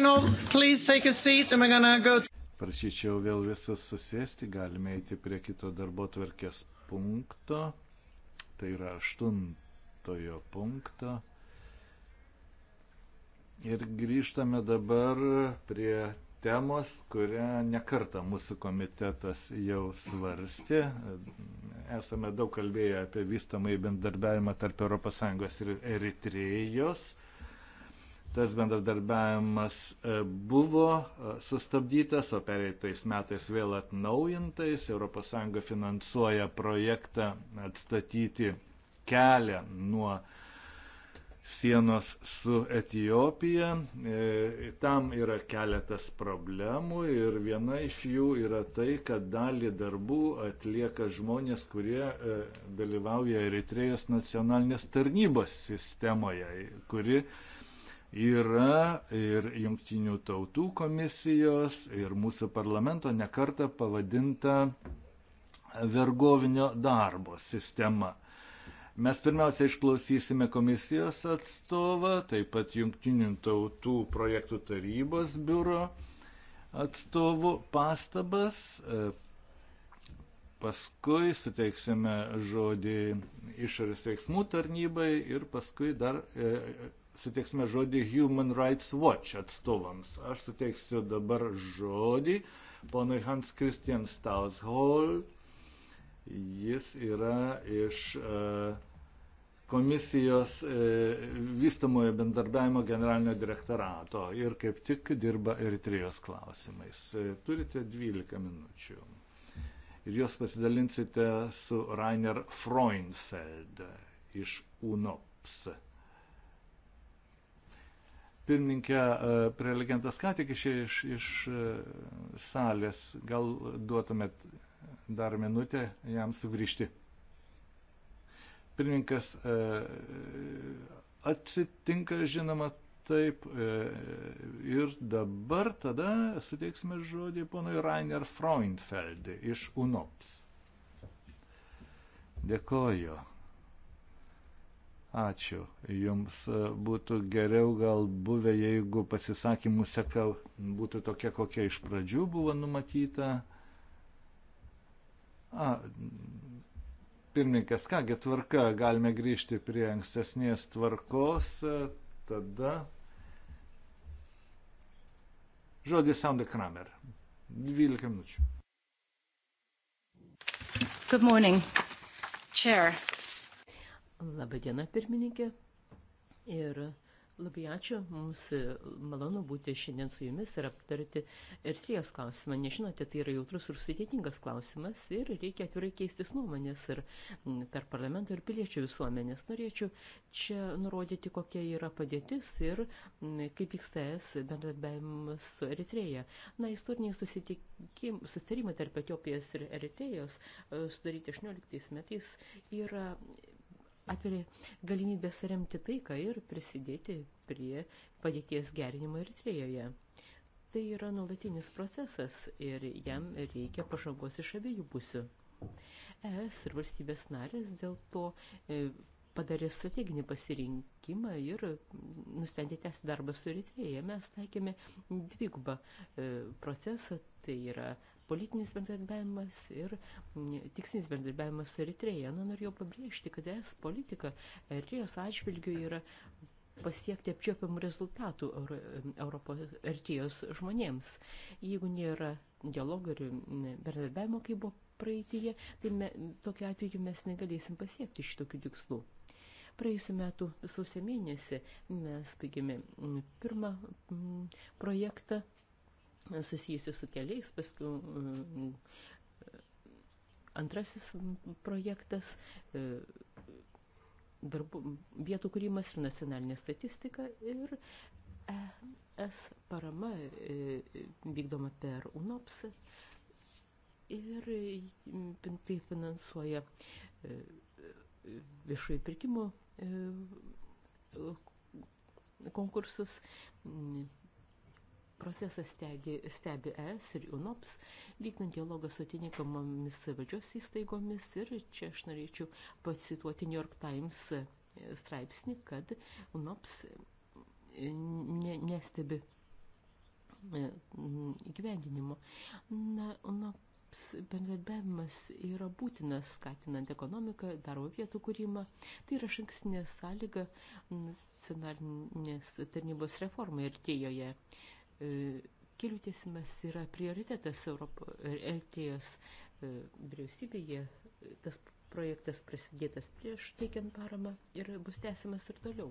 can all please take a seat and we're gonna go. Prašyčiau vėl visus susėsti, galime eiti prie kito darbo tvarkės punkto, tai yra aštuntojo punkto. Ir grįžtame dabar prie temos, kurią nekarta mūsų komitetas jau svarstė. Esame daug kalbėję apie vystamą įbendarbiavimą tarp ES ir Eritrėjos tas bendradarbiavimas e, buvo e, sustabdytas, o pereitais metais vėl atnaujintais. ES finansuoja projektą atstatyti kelią nuo sienos su Etijopija. E, tam yra keletas problemų ir viena iš jų yra tai, kad dalį darbų atlieka žmonės, kurie dalyvauja Eritrejos nacionalinės tarnybos sistemoje, kuri uh, yra ir jungtinių tautų komisijos, ir mūsų parlamento nekarta pavadinta vergovinio darbo sistema. Mes pirmiausia išklausysime komisijos atstovą, taip pat jungtinių tautų projektų tarybos biuro atstovų pastabas, paskui suteiksime žodį išorės veiksmų tarnybai ir paskui dar e, suteiksime žodį Human Rights Watch atstovams. Aš suteiksiu dabar žodį ponui Hans Christian Staushol. Jis yra iš e, komisijos e, vystamojo bendarbiavimo generalinio direktorato ir kaip tik dirba Eritrijos klausimais. E, turite 12 minučių ir juos pasidalinsite su Rainer Freundfeld iš UNOPS pirmininkė, e, prelegentas ką tik išėjo iš, iš e, salės. Gal duotumėt dar minutę jam sugrįžti. Pirmininkas e, atsitinka, žinoma, taip. Ir dabar tada suteiksime žodį ponui Rainer Freundfeldui iš UNOPS. Dėkoju. Ačiū. Jums e, būtų geriau gal buvę, jeigu pasisakymų seka būtų tokia, kokia iš pradžių buvo numatyta. A, pirmininkas, kągi tvarka, galime grįžti prie ankstesnės tvarkos. E, tada žodis Sandra Kramer. 12 minučių. Good morning, Chair. Labadiena, pirmininkė. Ir labai ačiū. Mums malonu būti šiandien su jumis ir aptarti Eritrijos klausimą. Nežinote, tai yra jautrus ir sudėtingas klausimas ir reikia atvirai keistis nuomonės ir tarp parlamento ir piliečių visuomenės. Norėčiau čia nurodyti, kokia yra padėtis ir kaip vyksta es bendradarbiavimas su Eritreja. Na, istoriniai susitarimai tarp Etiopijos ir Eritrejos e, sudaryti 18 metais yra atveria galimybės remti taiką ir prisidėti prie padėties gerinimo Eritrėjoje. Tai yra nuolatinis procesas ir jam reikia pažangos iš abiejų pusių. ES ir valstybės narės dėl to e, padarė strateginį pasirinkimą ir nusprendė tęsti darbą su Eritrėja. Mes taikėme dvigubą e, procesą, tai yra politinis bendradarbiavimas ir mm, tikslinis bendradarbiavimas su Eritreja. Na, norėjau pabrėžti, kad es politika Eritrejos atžvilgių yra pasiekti apčiopiamų rezultatų Europos Eritrejos žmonėms. Jeigu nėra dialogų ir mm, bendradarbiavimo, kaip buvo praeitie, tai me, tokiu atveju mes negalėsim pasiekti šitokių tikslų. Praėjusiu metu sausio mėnesį mes baigėme mm, pirmą projektą susijusių su keliais, paskui mm, antrasis projektas e, darbų, vietų kūrimas ir nacionalinė statistika ir ES parama e, vykdoma per UNOPS ir mm, tai finansuoja e, viešųjų pirkimo konkursus mm, Procesas stegi, stebi ES ir UNOPS, vykdant dialogą su atitinkamomis valdžios įstaigomis ir čia aš norėčiau pacituoti New York Times e, straipsnį, kad UNOPS e, ne, nestebi e, įgyvendinimo. Na, UNOPS bendradarbiavimas yra būtinas skatinant ekonomiką, darbo vietų kūrimą. Tai yra šankstinė sąlyga nacionalinės tarnybos reformai ir dėjoje. E, kelių tiesimas yra prioritetas e, Elkijos e, vyriausybėje. Tas projektas prasidėtas prieš teikiant paramą ir bus tęsiamas ir toliau.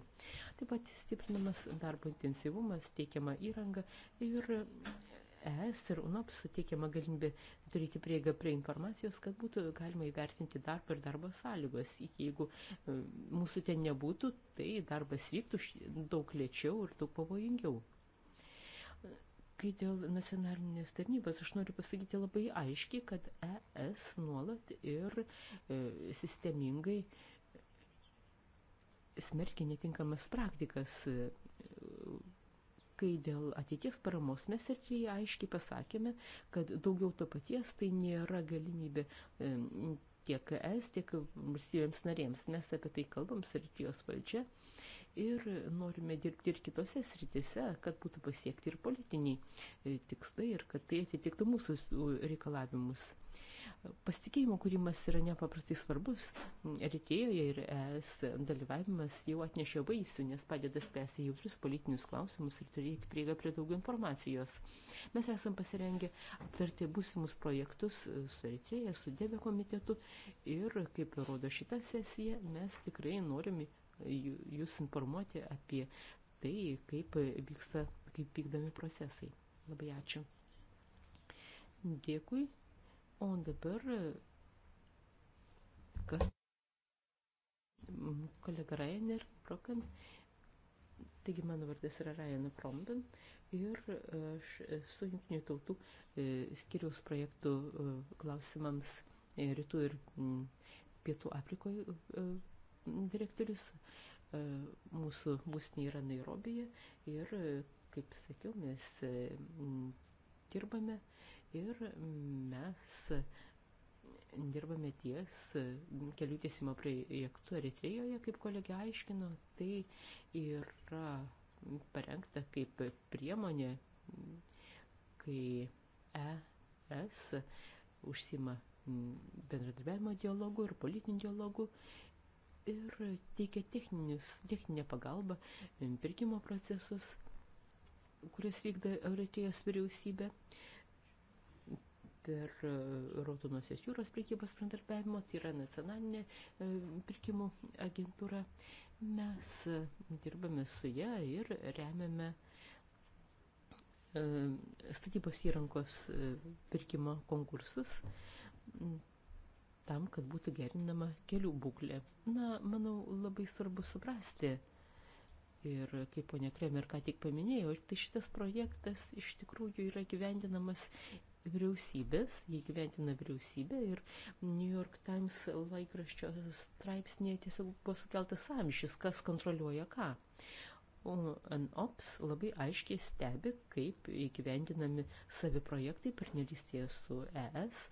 Taip pat stiprinamas darbo intensyvumas, teikiama įranga ir ES ir UNOP suteikiama galimybė turėti prieigą prie informacijos, kad būtų galima įvertinti darbą ir darbo sąlygos. Jeigu mūsų ten nebūtų, tai darbas vyktų daug lėčiau ir daug pavojingiau. Kai dėl nacionalinės tarnybos, aš noriu pasakyti labai aiškiai, kad ES nuolat ir e, sistemingai e, smerkia netinkamas praktikas. E, kai dėl ateities paramos mes ir aiškiai pasakėme, kad daugiau to paties tai nėra galimybė e, tiek ES, tiek valstybėms narėms. Mes apie tai kalbam, Serbijos valdžia ir norime dirbti ir kitose sritise, kad būtų pasiekti ir politiniai e, tikslai ir kad tai atitiktų mūsų reikalavimus. Pasitikėjimo kūrimas yra nepaprastai svarbus. Mm, Rytėjoje ir ES dalyvavimas jau atnešė vaisių, nes padeda spręsti jautrius politinius klausimus ir turėti prieigą prie daug informacijos. Mes esam pasirengę aptarti būsimus projektus e, su Rytėje, su Dėvė komitetu ir, kaip rodo šitą sesiją, mes tikrai norime jūs informuoti apie tai, kaip vyksta, kaip vykdami procesai. Labai ačiū. Dėkui. O dabar kas? Kolega Rainer Prokan. Taigi mano vardas yra Rainer Promben ir aš esu Junktinių tautų e, skiriaus projektų e, klausimams e, rytų ir pietų Afrikoje direktorius. E, mūsų būsnė yra Nairobija ir, e, kaip sakiau, mes e, dirbame ir mes dirbame ties kelių tiesimo projektu Eritrejoje, kaip kolegė aiškino, tai yra parengta kaip priemonė, kai ES užsima bendradarbiavimo dialogų ir politinių dialogų ir teikia techninę pagalbą, pirkimo procesus, kuriuos vykda Euretijos vyriausybė per e, Rautonosios jūros prekybos bendarbiavimo, tai yra nacionalinė e, pirkimų agentūra. Mes e, dirbame su ją ir remiame statybos įrankos pirkimo konkursus tam, kad būtų gerinama kelių būklė. Na, manau, labai svarbu suprasti. Ir kaip ponė Kremer ką tik paminėjo, tai šitas projektas iš tikrųjų yra gyvendinamas vyriausybės, jie gyventina vyriausybę ir New York Times laikraščio straipsnėje tiesiog buvo sukeltas amžys, kas kontroliuoja ką. O NOPS labai aiškiai stebi, kaip įgyvendinami savi projektai partnerystėje su ES,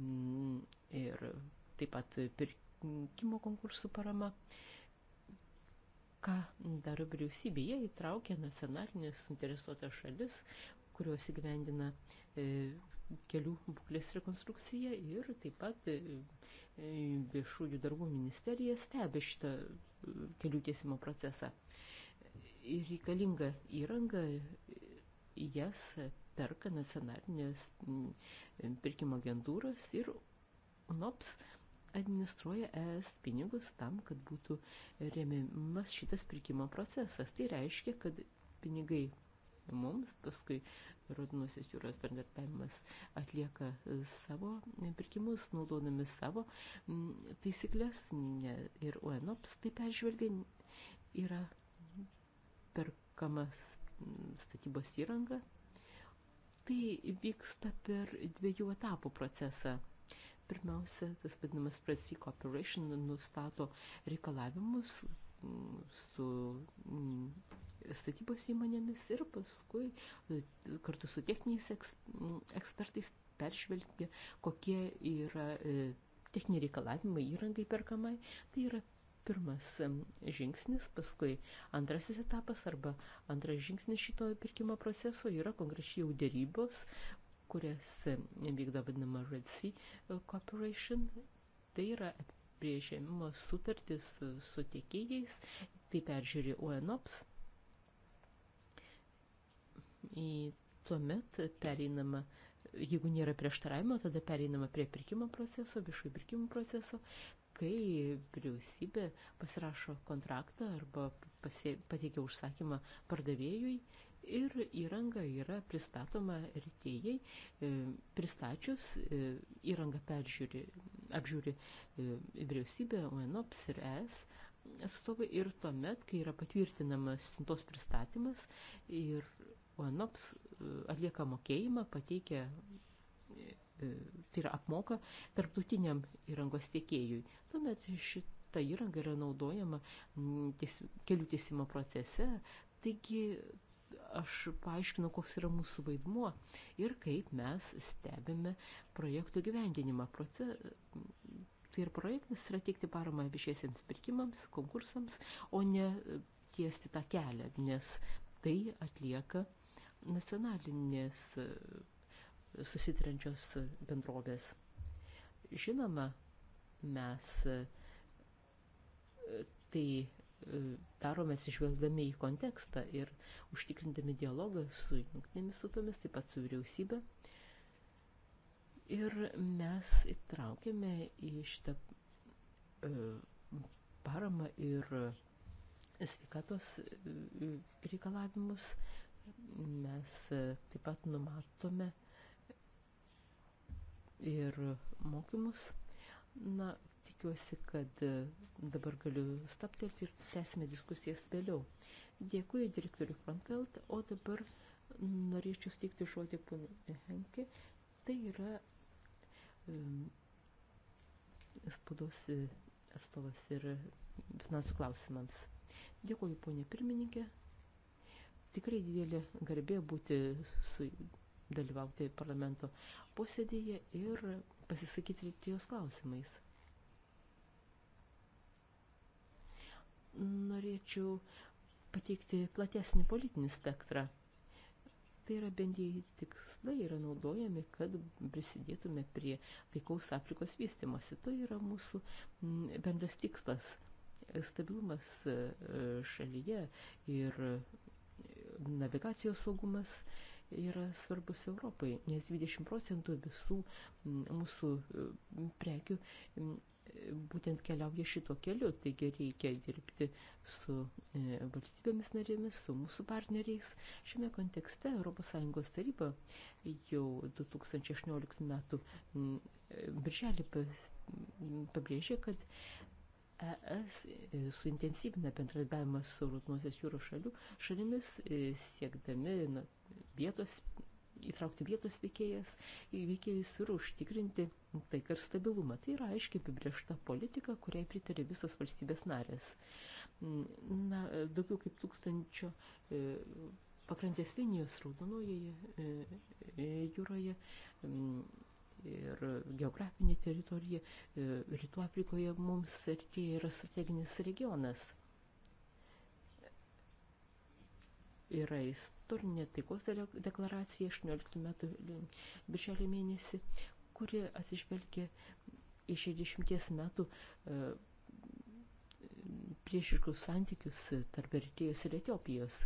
Mm, ir taip pat pirkimo konkursų parama. Ką daro vyriausybė? Jie įtraukia nacionalinės suinteresuotas šalis, kurios įgyvendina e, kelių būklės rekonstrukciją ir taip pat e, e, viešųjų darbų ministerija stebi šitą kelių tiesimo procesą. Ir reikalinga įranga jas perka nacionalinės pirkimo agentūros ir UNOPS administruoja ES pinigus tam, kad būtų remiamas šitas pirkimo procesas. Tai reiškia, kad pinigai mums, paskui Raudonosios jūros bendarbiavimas atlieka savo pirkimus, naudodami savo taisyklės ne, ir UNOPS e tai peržvelgia, yra perkamas statybos įranga, tai vyksta per dviejų etapų procesą. Pirmiausia, tas vadinamas Prasik Operation nustato reikalavimus mm, su mm, statybos įmonėmis ir paskui e, kartu su techniniais mm, ekspertais peržvelgia, kokie yra e, techniniai reikalavimai įrangai perkamai. Tai yra pirmas žingsnis, paskui antrasis etapas arba antras žingsnis šito pirkimo proceso yra konkrečiai jau dėrybos, kurias vykdo vadinama Red Sea e, Corporation. Tai yra apibrėžiamos sutartis su tiekėjais, tai peržiūri UNOPS. Į tuomet pereinama jeigu nėra prieštaravimo, tada pereinama prie pirkimo proceso, viešųjų pirkimų proceso, kai vyriausybė pasirašo kontraktą arba pasie, pateikia užsakymą pardavėjui ir įranga yra pristatoma rytėjai, e, pristačius e, įrangą peržiūri, apžiūri e, vyriausybė, UNOPS ir ES atstovai ir tuomet, kai yra patvirtinamas siuntos pristatymas ir UNOPS atlieka mokėjimą, pateikia E, tai yra apmoka tarptautiniam įrangos tiekėjui. Tuomet šita įranga yra naudojama ties, kelių tiesimo procese, taigi aš paaiškinau, koks yra mūsų vaidmuo ir kaip mes stebime projektų gyvendinimą. Proce... Tai ir projektas yra teikti paramą viešiesiems pirkimams, konkursams, o ne e, tiesti tą kelią, nes tai atlieka nacionalinės e, susitrenčios bendrovės. Žinoma, mes e, tai e, darome atsižvelgdami į kontekstą ir užtikrindami dialogą su jungtinėmis tautomis, taip pat su vyriausybė. Ir mes įtraukėme į šitą e, paramą ir sveikatos reikalavimus. Mes taip pat numatome ir mokymus. Na, tikiuosi, kad e, dabar galiu staptelti ir tęsime diskusijas vėliau. Dėkuoju direktoriui Frankelt, o dabar norėčiau steikti žodį ponui Henke. Tai yra um, spaudos e, atstovas ir finansų klausimams. Dėkuoju, ponė pirmininkė. Tikrai didelė garbė būti su dalyvauti parlamento posėdėje ir pasisakyti Lietuvos klausimais. Norėčiau pateikti platesnį politinį spektrą. Tai yra bendrieji tikslai, yra naudojami, kad prisidėtume prie taikaus Afrikos vystimosi. Tai yra mūsų bendras tikslas - stabilumas e, e, šalyje ir e, navigacijos saugumas yra svarbus Europai, nes 20 procentų visų mūsų prekių būtent keliauja šito keliu, taigi reikia dirbti su e, valstybėmis narėmis, su mūsų partneriais. Šiame kontekste ES taryba jau 2018 m. birželį pabrėžė, kad ES suintensyvina bendradarbiavimą su Rautonosios jūros šalių, šalimis, e, siekdami na, vietos, įtraukti vietos veikėjas, veikėjus ir užtikrinti taiką ir stabilumą. Tai yra aiškiai apibriešta politika, kuriai pritarė visos valstybės narės. Na, daugiau kaip tūkstančio e, pakrantės linijos Raudonoje e, jūroje ir geografinė teritorija. Rytų Afrikoje mums artėja yra strateginis regionas. Yra istorinė taikos deklaracija 18 metų birželio mėnesį, kuri atsižvelgia į 60 metų e, priešiškus santykius tarp Eritėjos ir Etiopijos.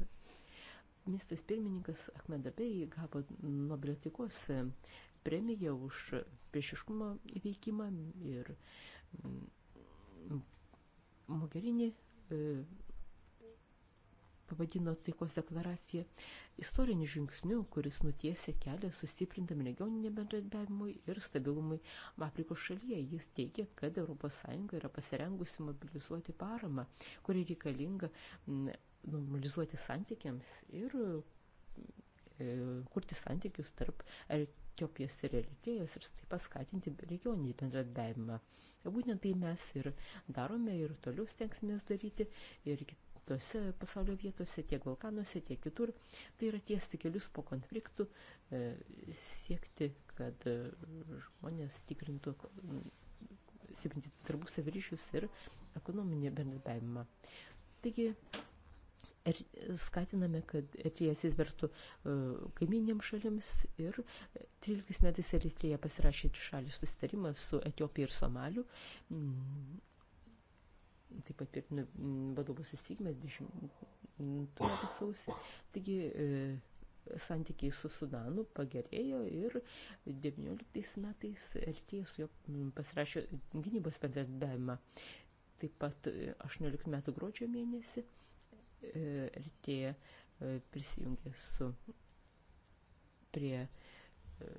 Ministras pirmininkas Ahmedabei gavo Nobelio taikos premiją už priešiškumo veikimą ir mm, Mogherini e, pavadino taikos deklaraciją istoriniu žingsniu, kuris nutiesė kelią sustiprintam regioniniam bendradarbiavimui ir stabilumui Afrikos šalyje. Jis teigia, kad ES yra pasirengusi mobilizuoti paramą, kuri reikalinga mm, normalizuoti santykiams ir e, kurti santykius tarp Etiopijos ir Eritrėjos ir tai paskatinti regioninį bendradarbiavimą. Būtent tai mes ir darome ir toliau stengsimės daryti ir kitose pasaulio vietose, tiek Balkanuose, tiek kitur. Tai yra tiesti kelius po konfliktų, e, siekti, kad e, žmonės tikrintų stiprinti tarpusavį ryšius ir ekonominį bendradarbiavimą. Taigi, skatiname, kad Eritrėjas įsvertų e, kaiminėms šalims ir 13 metais Eritrėja pasirašė trišalį susitarimą su Etiopija ir Somaliu. Mm, taip pat ir mm, vadovų susitikimas 20 sausį. Taigi e, santykiai su Sudanu pagerėjo ir 19 metais Eritrėja su jo mm, pasirašė gynybos bendradarbiavimą. Taip pat 18 e, metų gruodžio mėnesį artėja e, e, prisijungė su prie e,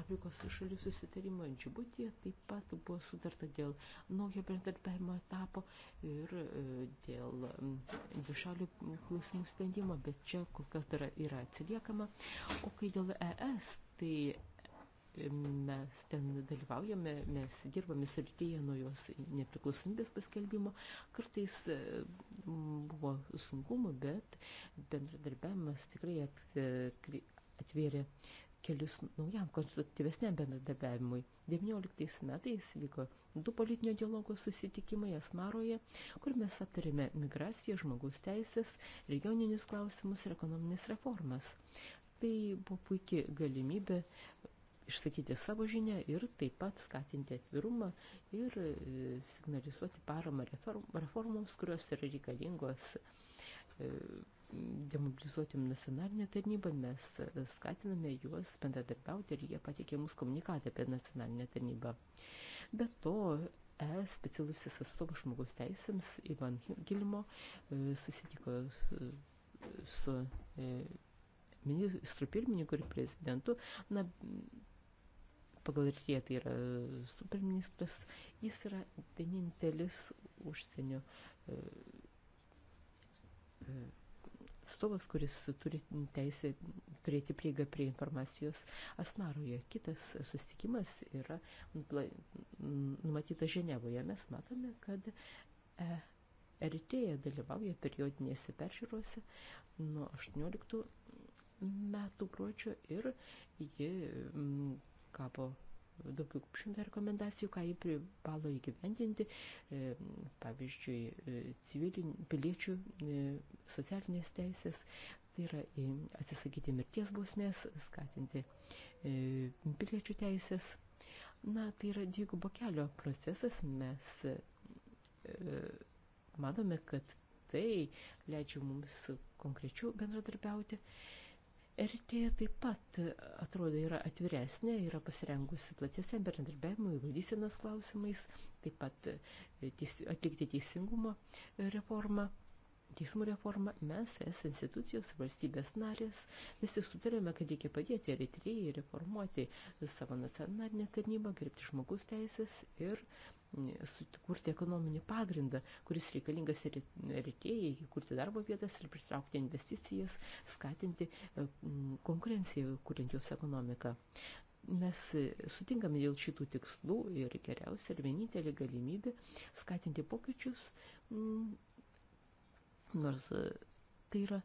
Afrikos šalių susitarimo Džibutėje taip pat buvo sutarta dėl naujo bendradarbiavimo etapo ir dėl dvišalių klausimų sprendimo, bet čia kol kas dar yra atsiliekama. O kai dėl ES, tai mes ten dalyvaujame, mes dirbame srityje nuo jos nepriklausomybės paskelbimo. Kartais e, buvo sunkumų, bet bendradarbiavimas tikrai atvėrė kelius naujam konstruktyvesniam bendradarbiavimui. 19 metais vyko du politinio dialogo susitikimai Asmaroje, kur mes aptarėme migraciją, žmogaus teisės, regioninius klausimus ir ekonominės reformas. Tai buvo puikia galimybė išsakyti savo žinę ir taip pat skatinti atvirumą ir e, signalizuoti paramą reformoms, kurios yra reikalingos e, demobilizuotim nacionalinę tarnybą, mes skatiname juos bendradarbiauti ir jie patikė mums komunikatą apie nacionalinę tarnybą. Be to, ES specialusis atstovas žmogaus teisėms Ivan Gilimo e, susitiko su ministru pirmininku ir prezidentu. Na, pagal ir tai yra superministras, jis yra vienintelis užsienio e, e, atstovas, kuris turi teisę turėti prieigą prie informacijos Asmaroje. Kitas susitikimas yra numatytas Ženevoje. Mes matome, kad e, Eritėja dalyvauja periodinėse peržiūrose nuo 18 metų gruodžio ir ji gavo daugiau kaip šimtą rekomendacijų, ką jį privalo įgyvendinti, e, pavyzdžiui, e, civilin, piliečių e, socialinės teisės, tai yra atsisakyti mirties bausmės, skatinti piliečių teisės. Na, tai yra dvigubo kelio procesas, mes manome, kad tai leidžia mums konkrečių bendradarbiauti. E, Ertė taip pat, e, atrodo, yra atviresnė, yra pasirengusi platesniam bendradarbiavimui, valdysenos klausimais, taip pat e, teis, atlikti teisingumo reformą. Teismų reforma, mes, es institucijos, valstybės narės, visi sutarėme, kad reikia padėti Eritrėjai reformuoti savo nacionalinę tarnybą, gerbti žmogus teisės ir sukurti ekonominį pagrindą, kuris reikalingas rytėjai, kurti darbo vietas ir pritraukti investicijas, skatinti e, konkurenciją, kuriant jos ekonomiką. Mes e, sutinkame dėl šitų tikslų ir geriausia ir vienintelė galimybė skatinti pokyčius, nors e, tai yra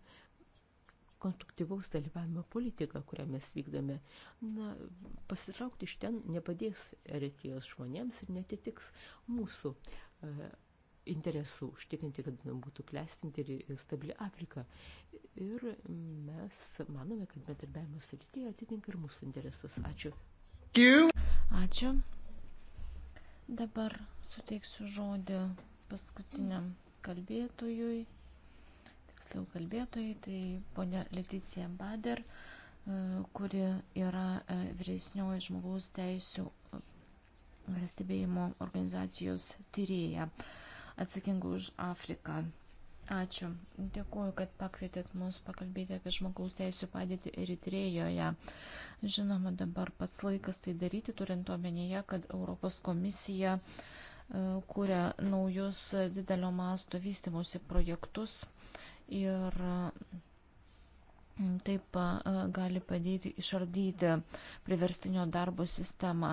konstruktyvaus dalyvavimo politika, kurią mes vykdome, na, pasitraukti iš ten nepadės Eritrijos žmonėms ir netitiks mūsų e, interesų užtikrinti, kad būtų klestinti ir stabili Afrika. Ir mes manome, kad bendarbiavimas Eritrijoje atitinka ir mūsų interesus. Ačiū. Ačiū. Dabar suteiksiu žodį paskutiniam kalbėtojui tiksliau kalbėtojai, tai ponia Leticija Bader, e, kuri yra e, vyresnioji žmogaus teisų e, stebėjimo organizacijos tyrėja, atsakinga už Afriką. Ačiū. Dėkuoju, kad pakvietėt mus pakalbėti apie žmogaus teisų padėtį Eritrėjoje. Žinoma, dabar pats laikas tai daryti, turint omenyje, kad Europos komisija kuria naujus didelio masto vystimosi projektus ir mm, taip gali padėti išardyti priverstinio darbo sistemą.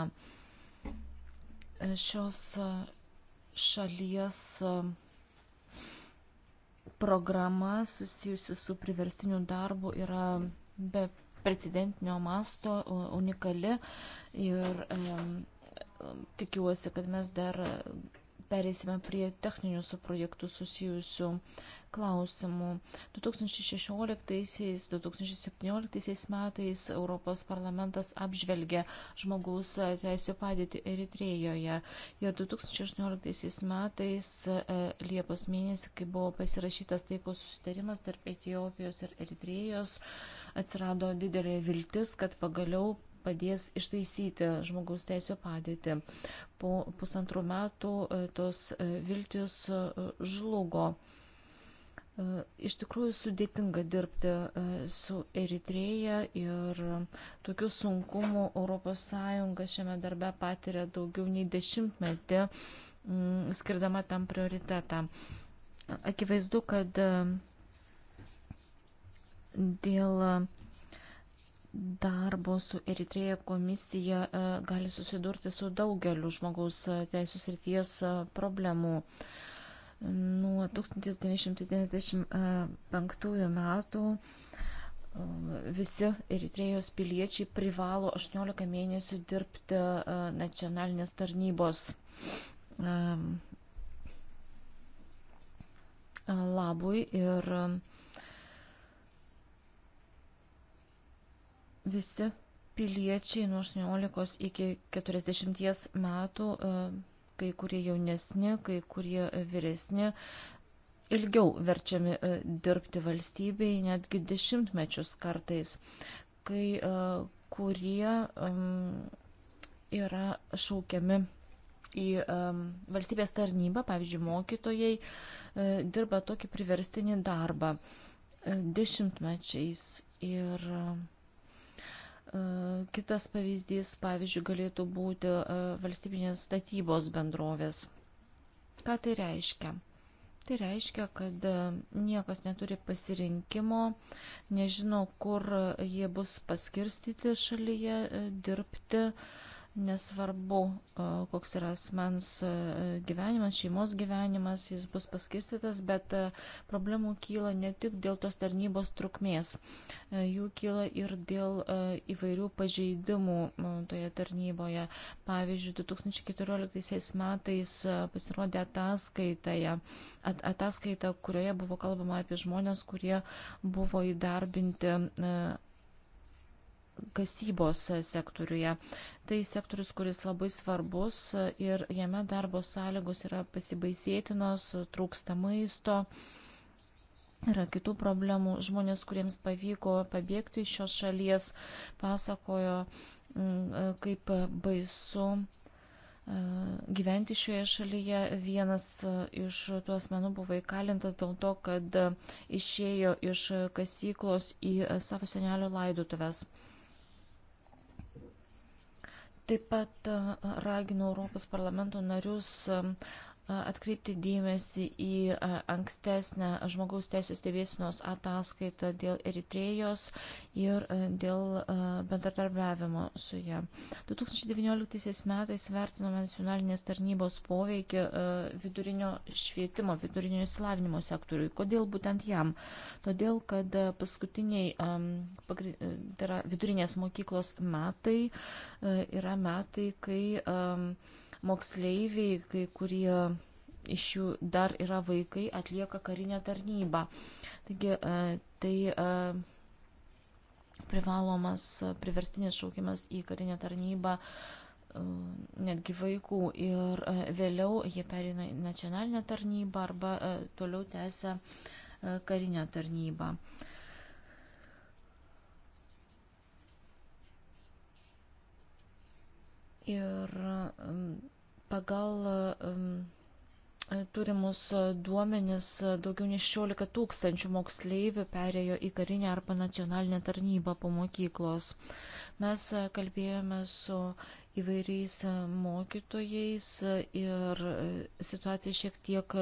Šios šalies programa susijusi su priverstiniu darbu yra be precedentinio masto, unikali ir tikiuosi, kad mes dar Pereisime prie techninių su projektu susijusių klausimų. 2016-2017 metais Europos parlamentas apžvelgė žmogaus teisų padėtį Eritrėjoje ir 2018 metais e, Liepos mėnesį, kai buvo pasirašytas taikos susitarimas tarp Etijopijos ir Eritrėjos, atsirado didelė viltis, kad pagaliau padės ištaisyti žmogaus teisų padėtį. Po pusantrų metų e, tos e, viltis e, žlugo. Iš tikrųjų sudėtinga dirbti su Eritreja ir tokių sunkumų ES šiame darbe patiria daugiau nei dešimtmetį, mm, skirdama tam prioritetą. Akivaizdu, kad dėl darbo su Eritrėja komisija e, gali susidurti su daugeliu žmogaus e, teisų srities e, problemų. Nuo 1995 metų visi Eritrėjos piliečiai privalo 18 mėnesių dirbti nacionalinės tarnybos labui ir uh, visi piliečiai nuo 18 iki 40 metų, e, kai kurie jaunesni, kai kurie vyresni, ilgiau verčiami e, dirbti valstybei, netgi dešimtmečius kartais, kai e, kurie yra šaukiami į valstybės tarnybą, pavyzdžiui, mokytojai dirba tokį priverstinį darbą dešimtmečiais ir E, kitas pavyzdys, pavyzdžiui, galėtų būti e, valstybinės statybos bendrovės. Ką tai reiškia? Tai reiškia, kad e, niekas neturi pasirinkimo, nežino, kur jie bus paskirstyti šalyje, dirbti. Uh, Nesvarbu, e, koks yra asmens e, gyvenimas, šeimos gyvenimas, jis bus paskirstytas, bet e, problemų kyla ne tik dėl tos tarnybos trukmės, jų kyla ir dėl įvairių pažeidimų toje tarnyboje. Pavyzdžiui, 2014 metais pasirodė ataskaitoje, at, ataskaita, kurioje buvo kalbama apie žmonės, kurie buvo įdarbinti kasybos sektoriuje. Tai sektorius, kuris labai svarbus ir jame darbo sąlygos yra pasibaisėtinos, trūksta maisto. Yra kitų problemų. Žmonės, kuriems pavyko pabėgti iš šios šalies, pasakojo, mm, kaip baisu e, gyventi šioje šalyje. Vienas e, iš tų asmenų buvo įkalintas dėl to, kad išėjo iš kasyklos į e, savo senelio laidotuves. Taip pat raginu Europos parlamento narius atkreipti dėmesį į ankstesnę žmogaus teisų stebėsinos ataskaitą dėl Eritrėjos ir dėl bendradarbiavimo su ją. 2019 metais vertinome nacionalinės tarnybos poveikį vidurinio švietimo, vidurinio įsilavinimo sektoriui. Kodėl būtent jam? Todėl, kad paskutiniai, tai yra vidurinės mokyklos metai, yra metai, kai moksleiviai, kai kurie iš jų dar yra vaikai, atlieka karinę tarnybą. Taigi e, tai e, privalomas priverstinis šaukimas į karinę tarnybą e, netgi vaikų ir vėliau jie perina į nacionalinę tarnybą arba toliau tęsia karinę tarnybą. Ir Pagal turimus duomenis daugiau nei 16 tūkstančių moksleivių perėjo į karinę arba nacionalinę tarnybą po mokyklos. Mes kalbėjome su įvairiais e, mokytojais e, ir e, situacija šiek tiek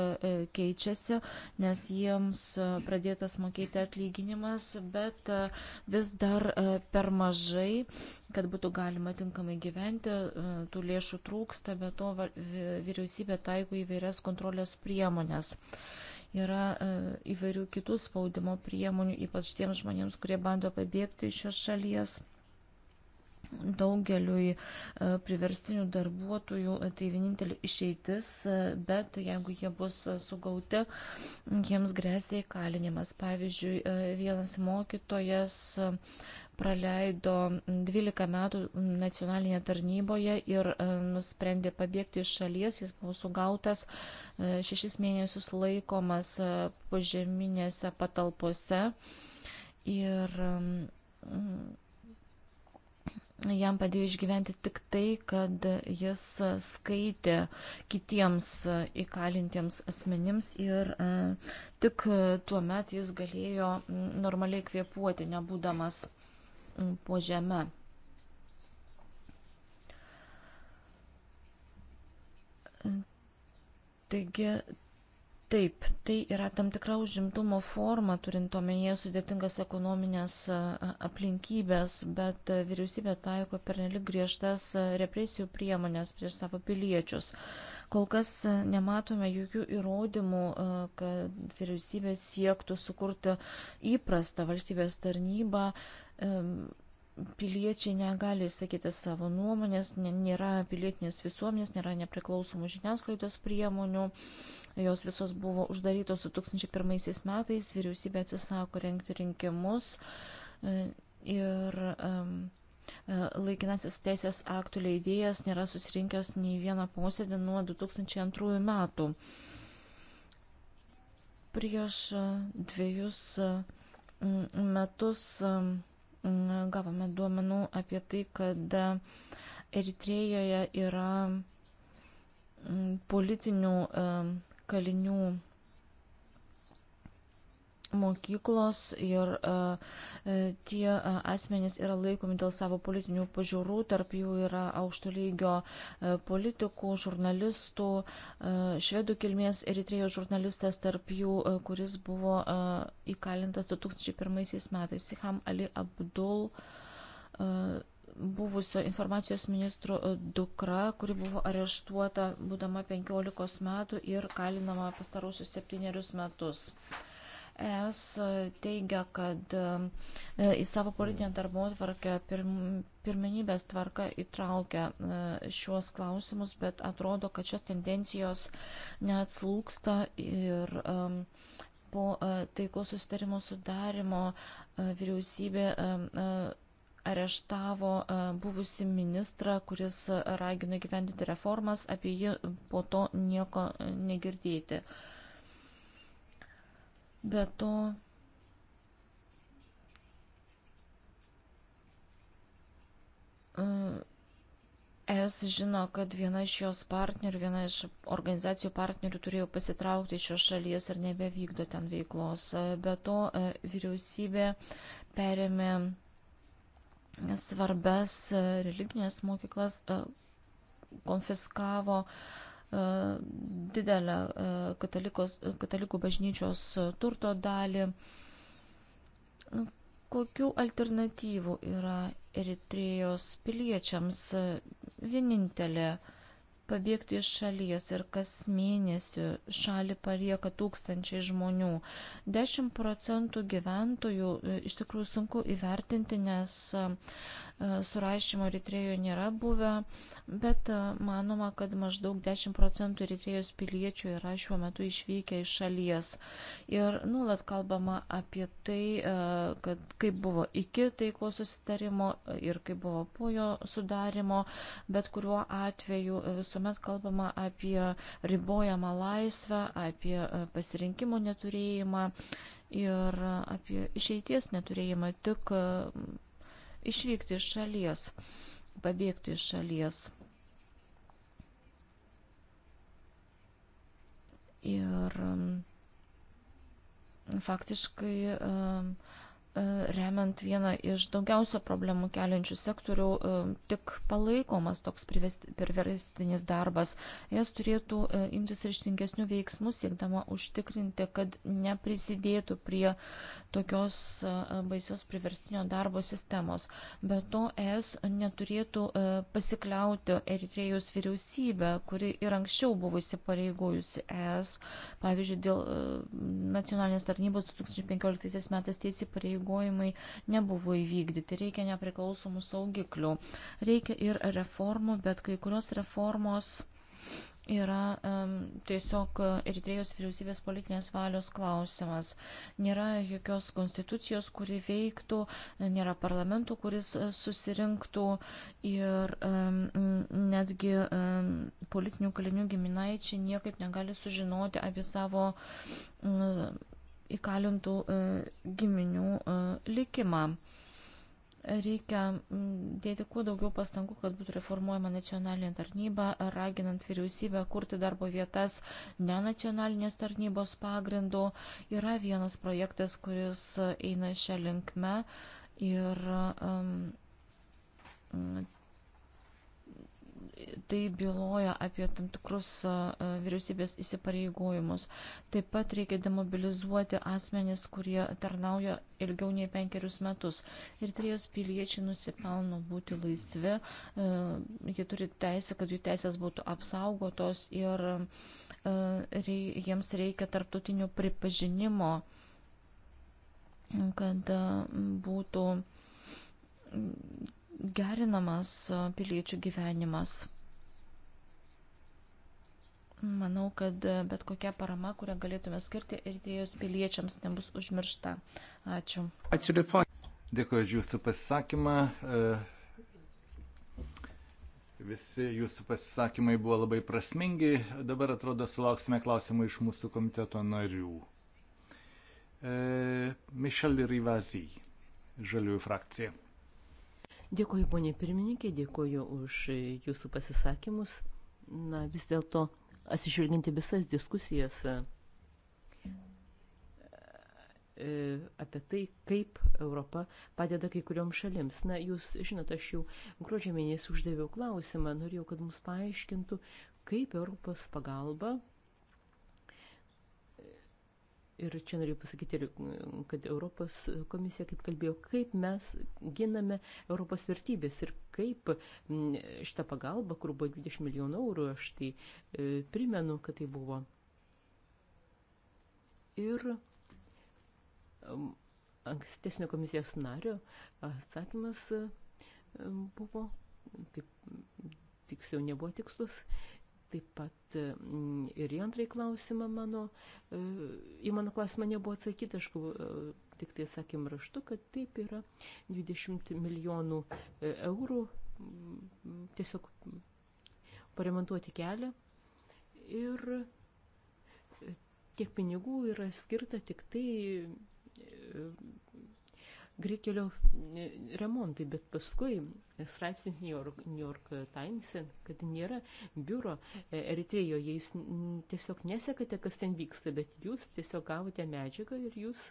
keičiasi, nes jiems pradėtas mokėti atlyginimas, bet vis dar per mažai, kad būtų galima tinkamai gyventi, tų lėšų trūksta, bet to vyriausybė taiko įvairias kontrolės priemonės yra įvairių kitų spaudimo priemonių, ypač tiems žmonėms, kurie bando pabėgti iš šios šalies daugeliui e, priverstinių darbuotojų e, tai vienintelė išeitis, e, bet jeigu jie bus sugauti, jiems grėsia įkalinimas. Pavyzdžiui, vienas mokytojas praleido 12 metų nacionalinėje tarnyboje ir nusprendė pabėgti iš šalies. Jis buvo sugautas 6 mėnesius laikomas požeminėse patalpose. Ir jam padėjo išgyventi tik tai, kad jis skaitė kitiems įkalintiems asmenims ir e, tik tuo met jis galėjo normaliai kvėpuoti, nebūdamas po žemę. Taigi Taip, tai yra tam tikra užimtumo forma, turint omenyje sudėtingas ekonominės aplinkybės, bet vyriausybė taiko pernelik griežtas represijų priemonės prieš savo piliečius. Kol kas nematome jokių įrodymų, kad vyriausybė siektų sukurti įprastą valstybės tarnybą. Piliečiai negali sakyti savo nuomonės, nėra pilietinės visuomenės, nėra nepriklausomų žiniasklaidos priemonių Jos visos buvo uždarytos 2001 metais, vyriausybė atsisako renkti rinkimus e, ir e, laikinasis teisės aktų leidėjas nėra susirinkęs nei vieną posėdį nuo 2002 metų. Prieš e, dviejus metus gavome duomenų apie tai, kad Eritrėjoje yra politinių kalinių mokyklos ir e, e, tie e, asmenys yra laikomi dėl savo politinių pažiūrų, tarp jų yra aukšto lygio politikų, žurnalistų, švedų kilmės Eritrėjos žurnalistas, tarp jų, kuris buvo įkalintas 2001 metais, Siham Ali Abdul buvusio informacijos ministro e, dukra, kuri buvo areštuota būdama 15 metų ir kalinama pastarosius septynerius metus. Es e, teigia, kad e, į savo politinę darbo tvarkę pirmenybės tvarka įtraukia šiuos klausimus, bet atrodo, kad šios tendencijos neatslūksta ir po taikos sustarimo sudarimo vyriausybė areštavo e, buvusi ministrą, kuris ragino gyventi reformas, apie jį po to nieko e, negirdėti. Be to, e, Es žino, kad viena iš jos partnerių, viena iš organizacijų partnerių turėjo pasitraukti iš šios šalies ir nebevykdo ten veiklos. Be to, vyriausybė perėmė svarbes e, religinės mokyklas e, konfiskavo e, didelę katalikų bažnyčios turto dalį. Nu, kokių alternatyvų yra Eritrėjos piliečiams? Vienintelė uh, pabėgti iš šalies ir kas mėnesį šalį palieka tūkstančiai žmonių. 10 procentų gyventojų e, iš tikrųjų sunku įvertinti, nes E, surašymo Eritrėjoje nėra buvę, bet e, manoma, kad maždaug 10 procentų Eritrėjos piliečių yra šiuo metu išvykę iš šalies. Ir nuolat kalbama apie tai, e, kad kaip buvo iki taiko susitarimo ir kaip buvo po jo sudarimo, bet kuriuo atveju visuomet kalbama apie ribojamą laisvę, apie pasirinkimo neturėjimą ir apie išeities neturėjimą tik išvykti iš šalies, pabėgti iš šalies. Ir um, faktiškai um, E, remiant vieną iš daugiausia problemų keliančių sektorių, e, tik palaikomas toks priverstinis darbas. Jas turėtų e, imtis ryštingesnių veiksmų, siekdama užtikrinti, kad neprisidėtų prie tokios baisios priverstinio darbo sistemos. Be to, es neturėtų pasikliauti Eritrėjos vyriausybę, kuri ir anksčiau buvo įsipareigojusi es, pavyzdžiui, dėl nacionalinės tarnybos 2015 metais tiesiai pareigų įsipareigojimai nebuvo įvykdyti. Reikia nepriklausomų saugiklių. Reikia ir reformų, bet kai kurios reformos yra um, tiesiog e, Eritrejos vyriausybės politinės valios klausimas. Nėra jokios konstitucijos, kuri veiktų, nėra parlamentų, kuris e, susirinktų ir um, netgi um, politinių kalinių giminaičiai niekaip negali sužinoti apie savo. Um, įkalintų e, giminių e, likimą. Reikia dėti kuo daugiau pastangų, kad būtų reformuojama nacionalinė tarnyba, raginant vyriausybę kurti darbo vietas ne nacionalinės tarnybos pagrindu. Yra vienas projektas, kuris eina šią linkmę ir um, tai byloja apie tam tikrus vyriausybės įsipareigojimus. Taip pat reikia demobilizuoti asmenys, kurie tarnauja ilgiau nei penkerius metus. Ir trijos piliečiai nusipelno būti laisvi, jie turi teisę, kad jų teisės būtų apsaugotos ir jiems reikia tarptautinio pripažinimo, kad būtų gerinamas piliečių gyvenimas. Manau, kad e, bet kokia parama, kurią galėtume skirti Eritrėjos piliečiams, nebus užmiršta. Ačiū. Ačiū, Liupo. Dėkuoju už jūsų pasisakymą. E, visi jūsų pasisakymai buvo labai prasmingi. Dabar atrodo sulauksime klausimų iš mūsų komiteto narių. E, Mišel Rivazy, Žaliųjų frakcija. Dėkuoju, ponė pirmininkė, dėkuoju už jūsų pasisakymus. Na, vis dėlto atsižvelginti visas diskusijas e, e, apie tai, kaip Europa padeda kai kurioms šalims. Na, jūs žinote, aš jau gruodžio mėnesį uždaviau klausimą, norėjau, kad mums paaiškintų, kaip Europos pagalba Ir čia noriu pasakyti, mm, kad Europos komisija, kaip kalbėjo, kaip mes giname Europos vertybės ir kaip mm, šitą pagalbą, kur buvo 20 milijonų eurų, aš tai e, primenu, kad tai buvo. Ir mm, ankstesnio komisijos nario atsakymas buvo, taip tiksliau nebuvo tikslus, Taip pat mm, ir į antrąjį klausimą mano, e, į mano klausimą nebuvo atsakyti, aišku, e, tik tai sakėm raštu, kad taip yra 20 milijonų e, eurų mm, tiesiog paremontuoti kelią ir tiek pinigų yra skirta tik tai greikelio e, remontai, bet paskui straipsnis New York, New York Times, kad nėra biuro e, Eritrejoje, jūs tiesiog nesekate, kas ten vyksta, bet jūs tiesiog gavote medžiagą ir jūs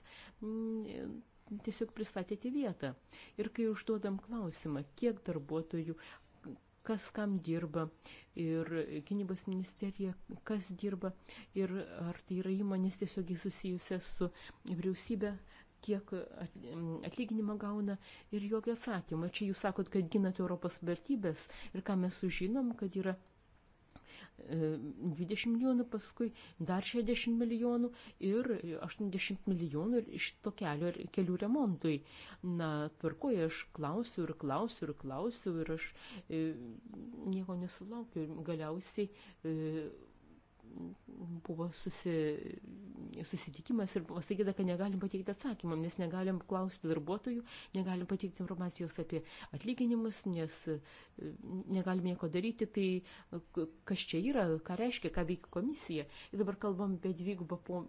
tiesiog pristatėte vietą. Ir kai užduodam klausimą, kiek darbuotojų kas kam dirba ir gynybos ministerija, kas dirba ir ar tai yra įmonės tiesiogiai susijusias su vyriausybė, kiek atlyginimą gauna ir jokio atsakymo. Čia jūs sakot, kad ginate Europos vertybės ir ką mes sužinom, kad yra 20 e, milijonų, paskui dar 60 milijonų ir 80 milijonų iš to kelio ir kelių remontui. Na, tvarkoju, aš klausiu ir klausiu ir klausiu ir aš e, nieko nesulaukiu. Galiausiai e, buvo susi, susitikimas ir pasakyta, kad negalim pateikti atsakymą, nes negalim klausti darbuotojų, negalim pateikti informacijos apie atlyginimus, nes e, negalim nieko daryti, tai kas čia yra, ką reiškia, ką veikia komisija. Ir dabar kalbam apie dvigubą po,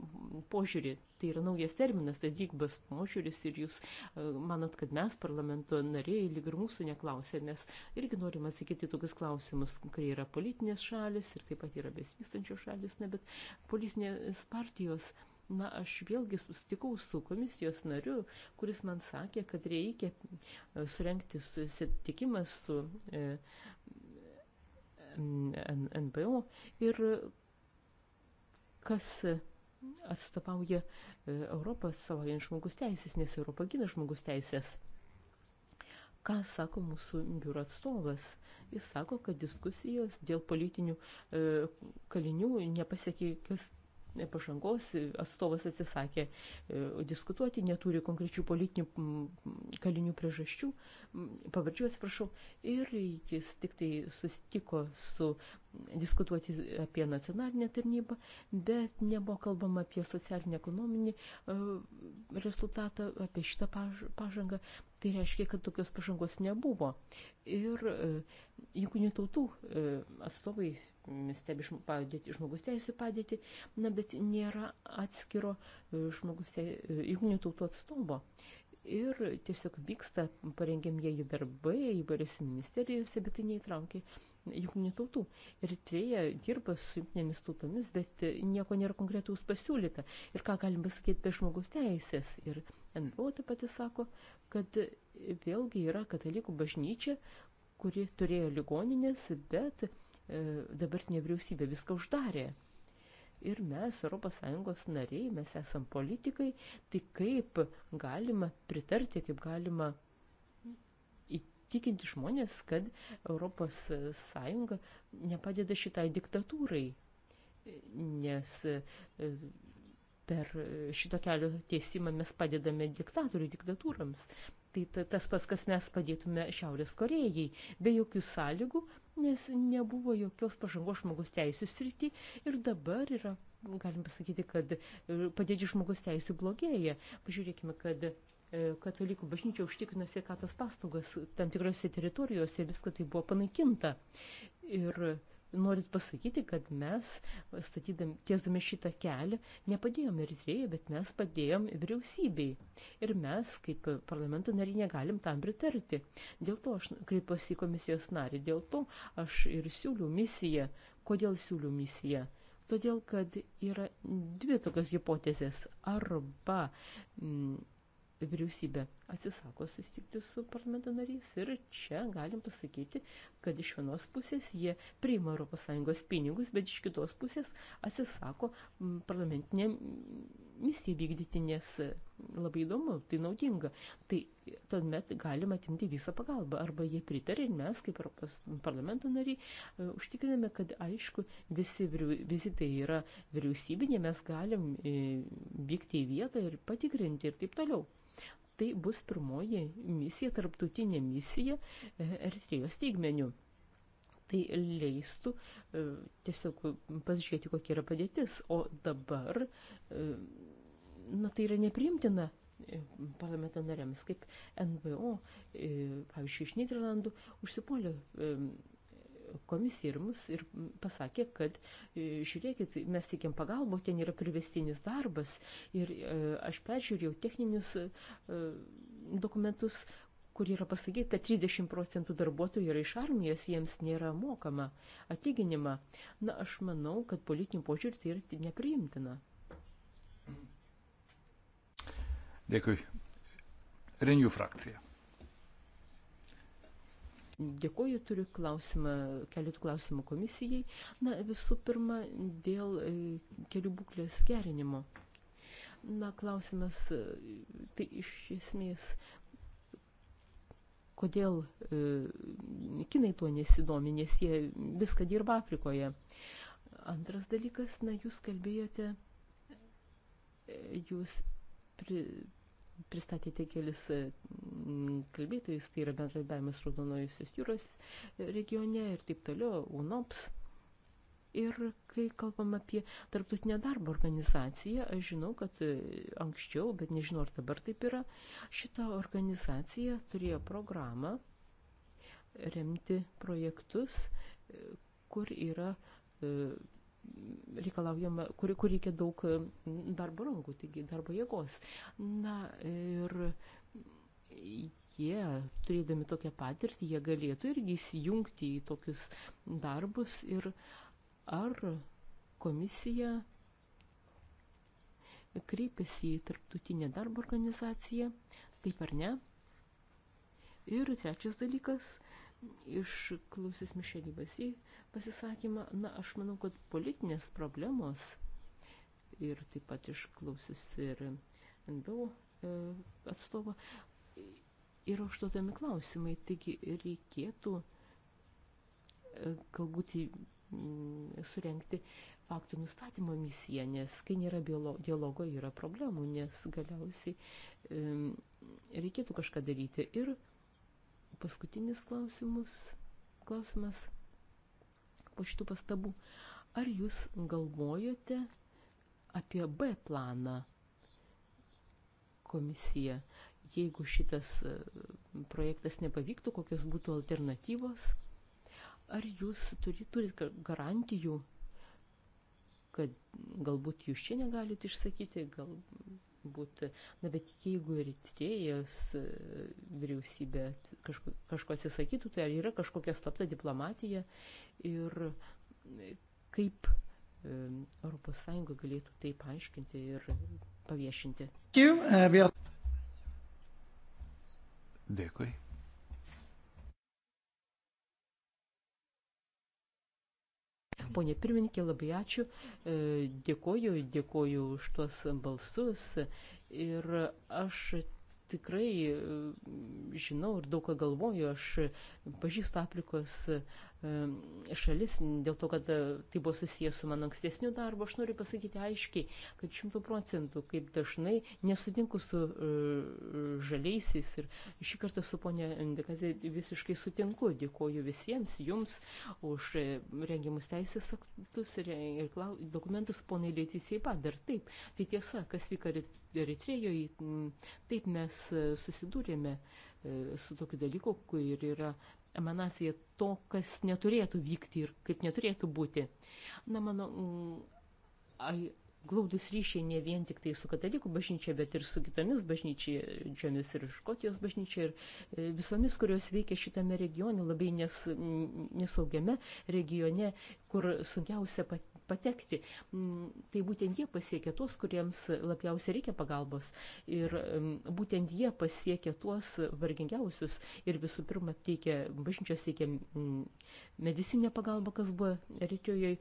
požiūrį, Tai yra naujas terminas, tai dygbas požiūris ir jūs e, manot, kad mes parlamento nariai lyg ir mūsų neklausė, mes irgi norim atsakyti tokius klausimus, kai yra politinės šalis ir taip pat yra besvystančios šalis, ne, bet politinės partijos. Na, aš vėlgi susitikau su komisijos nariu, kuris man sakė, kad reikia e, surenkti susitikimą su e, NPO ir kas atstovauja e, Europos savo žmogus teisės, nes Europa gina žmogus teisės. Ką sako mūsų biuro atstovas? Jis sako, kad diskusijos dėl politinių e, kalinių nepasiekė kas pažangos, atstovas atsisakė e, diskutuoti, neturi konkrečių politinių kalinių priežasčių, pavardžių atsiprašau, ir jis tik tai susitiko su diskutuoti apie nacionalinę tarnybą, bet nebuvo kalbama apie socialinį ekonominį e, rezultatą, apie šitą pažangą. Tai reiškia, kad tokios pažangos nebuvo. Ir e, jungtinių tautų e, atstovai stebi padėti, žmogus teisų padėti, na, bet nėra atskiro žmogus jungtinių tautų atstovo ir tiesiog vyksta parengėmieji darbai įvairiose ministerijose, bet tai neįtraukia jungtinių tautų. Ir trėja dirba su jungtinėmis tautomis, bet e, nieko nėra konkretaus pasiūlyta. Ir ką galim pasakyti apie žmogus teisės. Ir NVO taip pat sako, kad e, vėlgi yra katalikų bažnyčia, kuri turėjo ligoninės, bet e, dabartinė vyriausybė viską uždarė. Ir mes, ES nariai, mes esam politikai, tai kaip galima pritarti, kaip galima įtikinti žmonės, kad Europos Sąjunga nepadeda šitai diktatūrai, nes e, per šito kelio tiesimą mes padedame diktatorių diktatūrams. Tai tas pats, kas mes padėtume Šiaurės Korejai, be jokių sąlygų, nes nebuvo jokios pažangos žmogus teisų srity ir dabar yra, galim pasakyti, kad e, padėti žmogus teisų blogėja. Pažiūrėkime, kad E, katalikų bažnyčia užtikrino sveikatos paslaugas tam tikrose teritorijose ir viską tai buvo panaikinta. Ir norit pasakyti, kad mes, statydami, tiesdami šitą kelią, nepadėjom Eritrėjai, bet mes padėjom vyriausybei. Ir mes, kaip parlamento nariai, negalim tam pritarti. Dėl to aš kreipiuosi į komisijos narį, dėl to aš ir siūliu misiją. Kodėl siūliu misiją? Todėl, kad yra dvi tokios hipotezės. Arba m, mm, vyriausybę atsisako susitikti su parlamento nariais ir čia galim pasakyti, kad iš vienos pusės jie priima ES pinigus, bet iš kitos pusės atsisako parlamentinė misija vykdyti, nes labai įdomu, tai naudinga. Tai tuomet galima atimti visą pagalbą. Arba jie pritarė ir mes, kaip Europos parlamento nariai, e, užtikriname, kad aišku, visi vizitai yra vyriausybinė, mes galim e, vykti į vietą ir patikrinti ir taip toliau tai bus pirmoji misija, tarptautinė misija e, Eritrėjos teigmenių. Tai leistų e, tiesiog pasižiūrėti, kokia yra padėtis. O dabar, e, na tai yra nepriimtina parlamento nariams, kaip NVO, pavyzdžiui, iš Niderlandų užsipuolė komisiją ir mus ir pasakė, kad e, žiūrėkit, mes teikiam pagalbą, ten yra privestinis darbas ir e, aš peržiūrėjau techninius e, dokumentus, kur yra pasakyta, 30 procentų darbuotojų yra iš armijos, jiems nėra mokama atlyginima. Na, aš manau, kad politinių požiūrį tai yra nepriimtina. Dėkui. Renijų frakcija. Dėkoju, turiu klausimą, keletų klausimų komisijai. Na, visų pirma, dėl e, kelių būklės gerinimo. Na, klausimas, e, tai iš esmės, kodėl e, kinai tuo nesidomi, nes jie viską dirba Afrikoje. Antras dalykas, na, jūs kalbėjote, jūs pri, pristatėte kelis mm, kalbėtojus, tai yra bendradarbiavimas Raudonojusios jūros regione ir taip toliau, UNOPS. Ir kai kalbam apie tarptautinę darbo organizaciją, aš žinau, kad e, anksčiau, bet nežinau, ar dabar taip yra, šita organizacija turėjo programą remti projektus, e, kur yra e, reikalaujama, kur, kur reikia daug mm, darbo rankų, taigi darbo jėgos. Na ir jie, turėdami tokią patirtį, jie galėtų irgi įsijungti į tokius darbus ir ar komisija kreipiasi į tarptautinę darbo organizaciją, taip ar ne. Ir trečias dalykas, išklausęs Mišelį Basį pasisakymą, na, aš manau, kad politinės problemos ir taip pat išklausęs ir NBO e, atstovą yra užduodami klausimai, taigi reikėtų e, galbūt surenkti faktų nustatymo misiją, nes kai nėra dialogo, yra problemų, nes galiausiai reikėtų kažką daryti ir paskutinis klausimus, klausimas po šitų pastabų. Ar jūs galvojate apie B planą komisiją? Jeigu šitas e, projektas nepavyktų, kokios būtų alternatyvos? Ar jūs turit, turit garantijų, kad galbūt jūs čia negalite išsakyti, gal būti. Na, bet jeigu Eritrėjos e, vyriausybė kažko, kažko atsisakytų, tai ar yra kažkokia slapta diplomatija ir e, kaip ES galėtų tai paaiškinti ir paviešinti. Uh, Dėkui. Pone pirmininkė, labai ačiū. E, dėkoju, dėkoju už tuos balsus. Ir aš tikrai e, žinau ir daug ką galvoju. Aš pažįstu Afrikos šalis, dėl to, kad e, tai buvo susijęs su mano ankstesniu darbu, aš noriu pasakyti aiškiai, kad šimtų procentų, kaip dažnai, nesutinku su e, žaliaisiais ir šį kartą su ponė Indikazė visiškai sutinku. Dėkoju visiems jums už e, rengiamus teisės aktus ir, ir klau, dokumentus, ponai Lėtysiai pat, dar taip. Tai tiesa, kas vyka Eritrejoje, taip mes susidūrėme su tokiu dalyku, kur yra emanacija to, kas neturėtų vykti ir kaip neturėtų būti. Na, mano, mm, ai, glaudus ryšiai ne vien tik tai su katalikų bažnyčia, bet ir su kitomis bažnyčiomis ir Škotijos bažnyčia ir e, visomis, kurios veikia šitame regione, labai nes, nesaugiame regione, kur sunkiausia pat patekti. Mm, tai būtent jie pasiekia tuos, kuriems labiausiai reikia pagalbos. Ir mm, būtent jie pasiekia tuos vargingiausius. Ir visų pirma, teikia, bažnyčios teikia mm, medicinę pagalbą, kas buvo Eritrijoje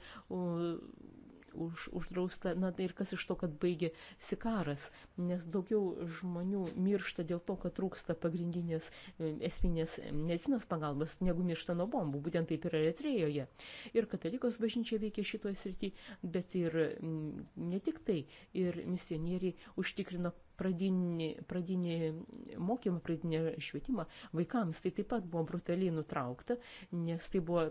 už, uždrausta. Na tai ir kas iš to, kad baigėsi karas, nes daugiau žmonių miršta dėl to, kad trūksta pagrindinės e, esminės medicinos pagalbos, negu miršta nuo bombų. Būtent taip yra Eritrejoje. Ir katalikos bažnyčia veikia šitoje srityje, bet ir ne tik tai, ir misionieriai užtikrino pradinį, pradinį mokymą, pradinį švietimą vaikams, tai taip pat buvo brutaliai nutraukta, nes tai buvo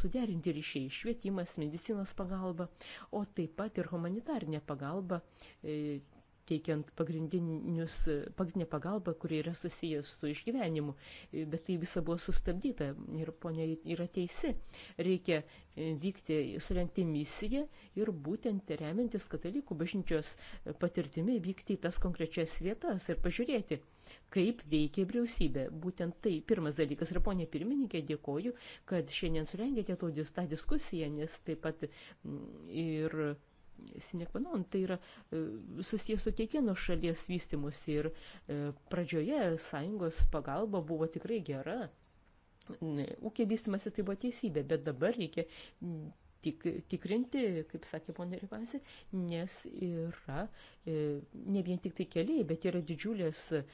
suderinti ryšiai švietimas, medicinos pagalba, o taip pat ir humanitarinė pagalba e, teikiant pagrindinę pagalbą, kuri yra susijęs su išgyvenimu. Bet tai visa buvo sustabdyta ir ponia yra teisi. Reikia e, vykti, surenti misiją ir būtent remiantis katalikų bažnyčios patirtimi vykti į tas konkrečias vietas ir pažiūrėti, kaip veikia vyriausybė. Būtent tai pirmas dalykas. Ir ponė pirmininkė, dėkoju, kad šiandien surengėte tą diskusiją, nes taip pat ir sinekvanon, nu, tai yra e, susijęs su kiekvienos šalies vystimus ir e, pradžioje sąjungos pagalba buvo tikrai gera. Ūkio vystimasi tai buvo teisybė, bet dabar reikia tik, tikrinti, kaip sakė ponė Rivasi, nes yra e, ne vien tik tai keliai, bet yra didžiulės e,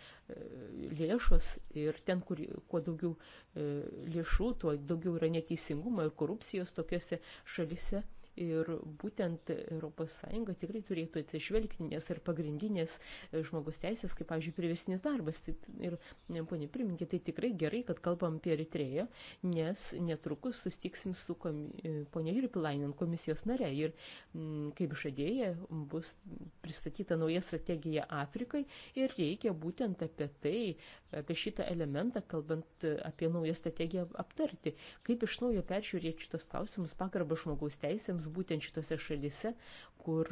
lėšos ir ten, kur kuo daugiau e, lėšų, tuo daugiau yra neteisingumo ir korupcijos tokiuose šalise. E, Ir būtent ES tikrai turėtų atsižvelgti, nes ir pagrindinės e, žmogus teisės, kaip, pavyzdžiui, priversinis darbas. Tai ir, e, ponė pirminkė, tai tikrai gerai, kad kalbam apie Eritreją, nes netrukus sustiksim su komi, e, ponė Juripilainen, komisijos nare. Ir, mm, kaip žadėję, bus pristatyta nauja strategija Afrikai ir reikia būtent apie tai, apie šitą elementą, kalbant apie naują strategiją aptarti. Kaip iš naujo peržiūrėti šitos klausimus pagarbą žmogaus teisėms, veiksmus būtent šitose šalise, kur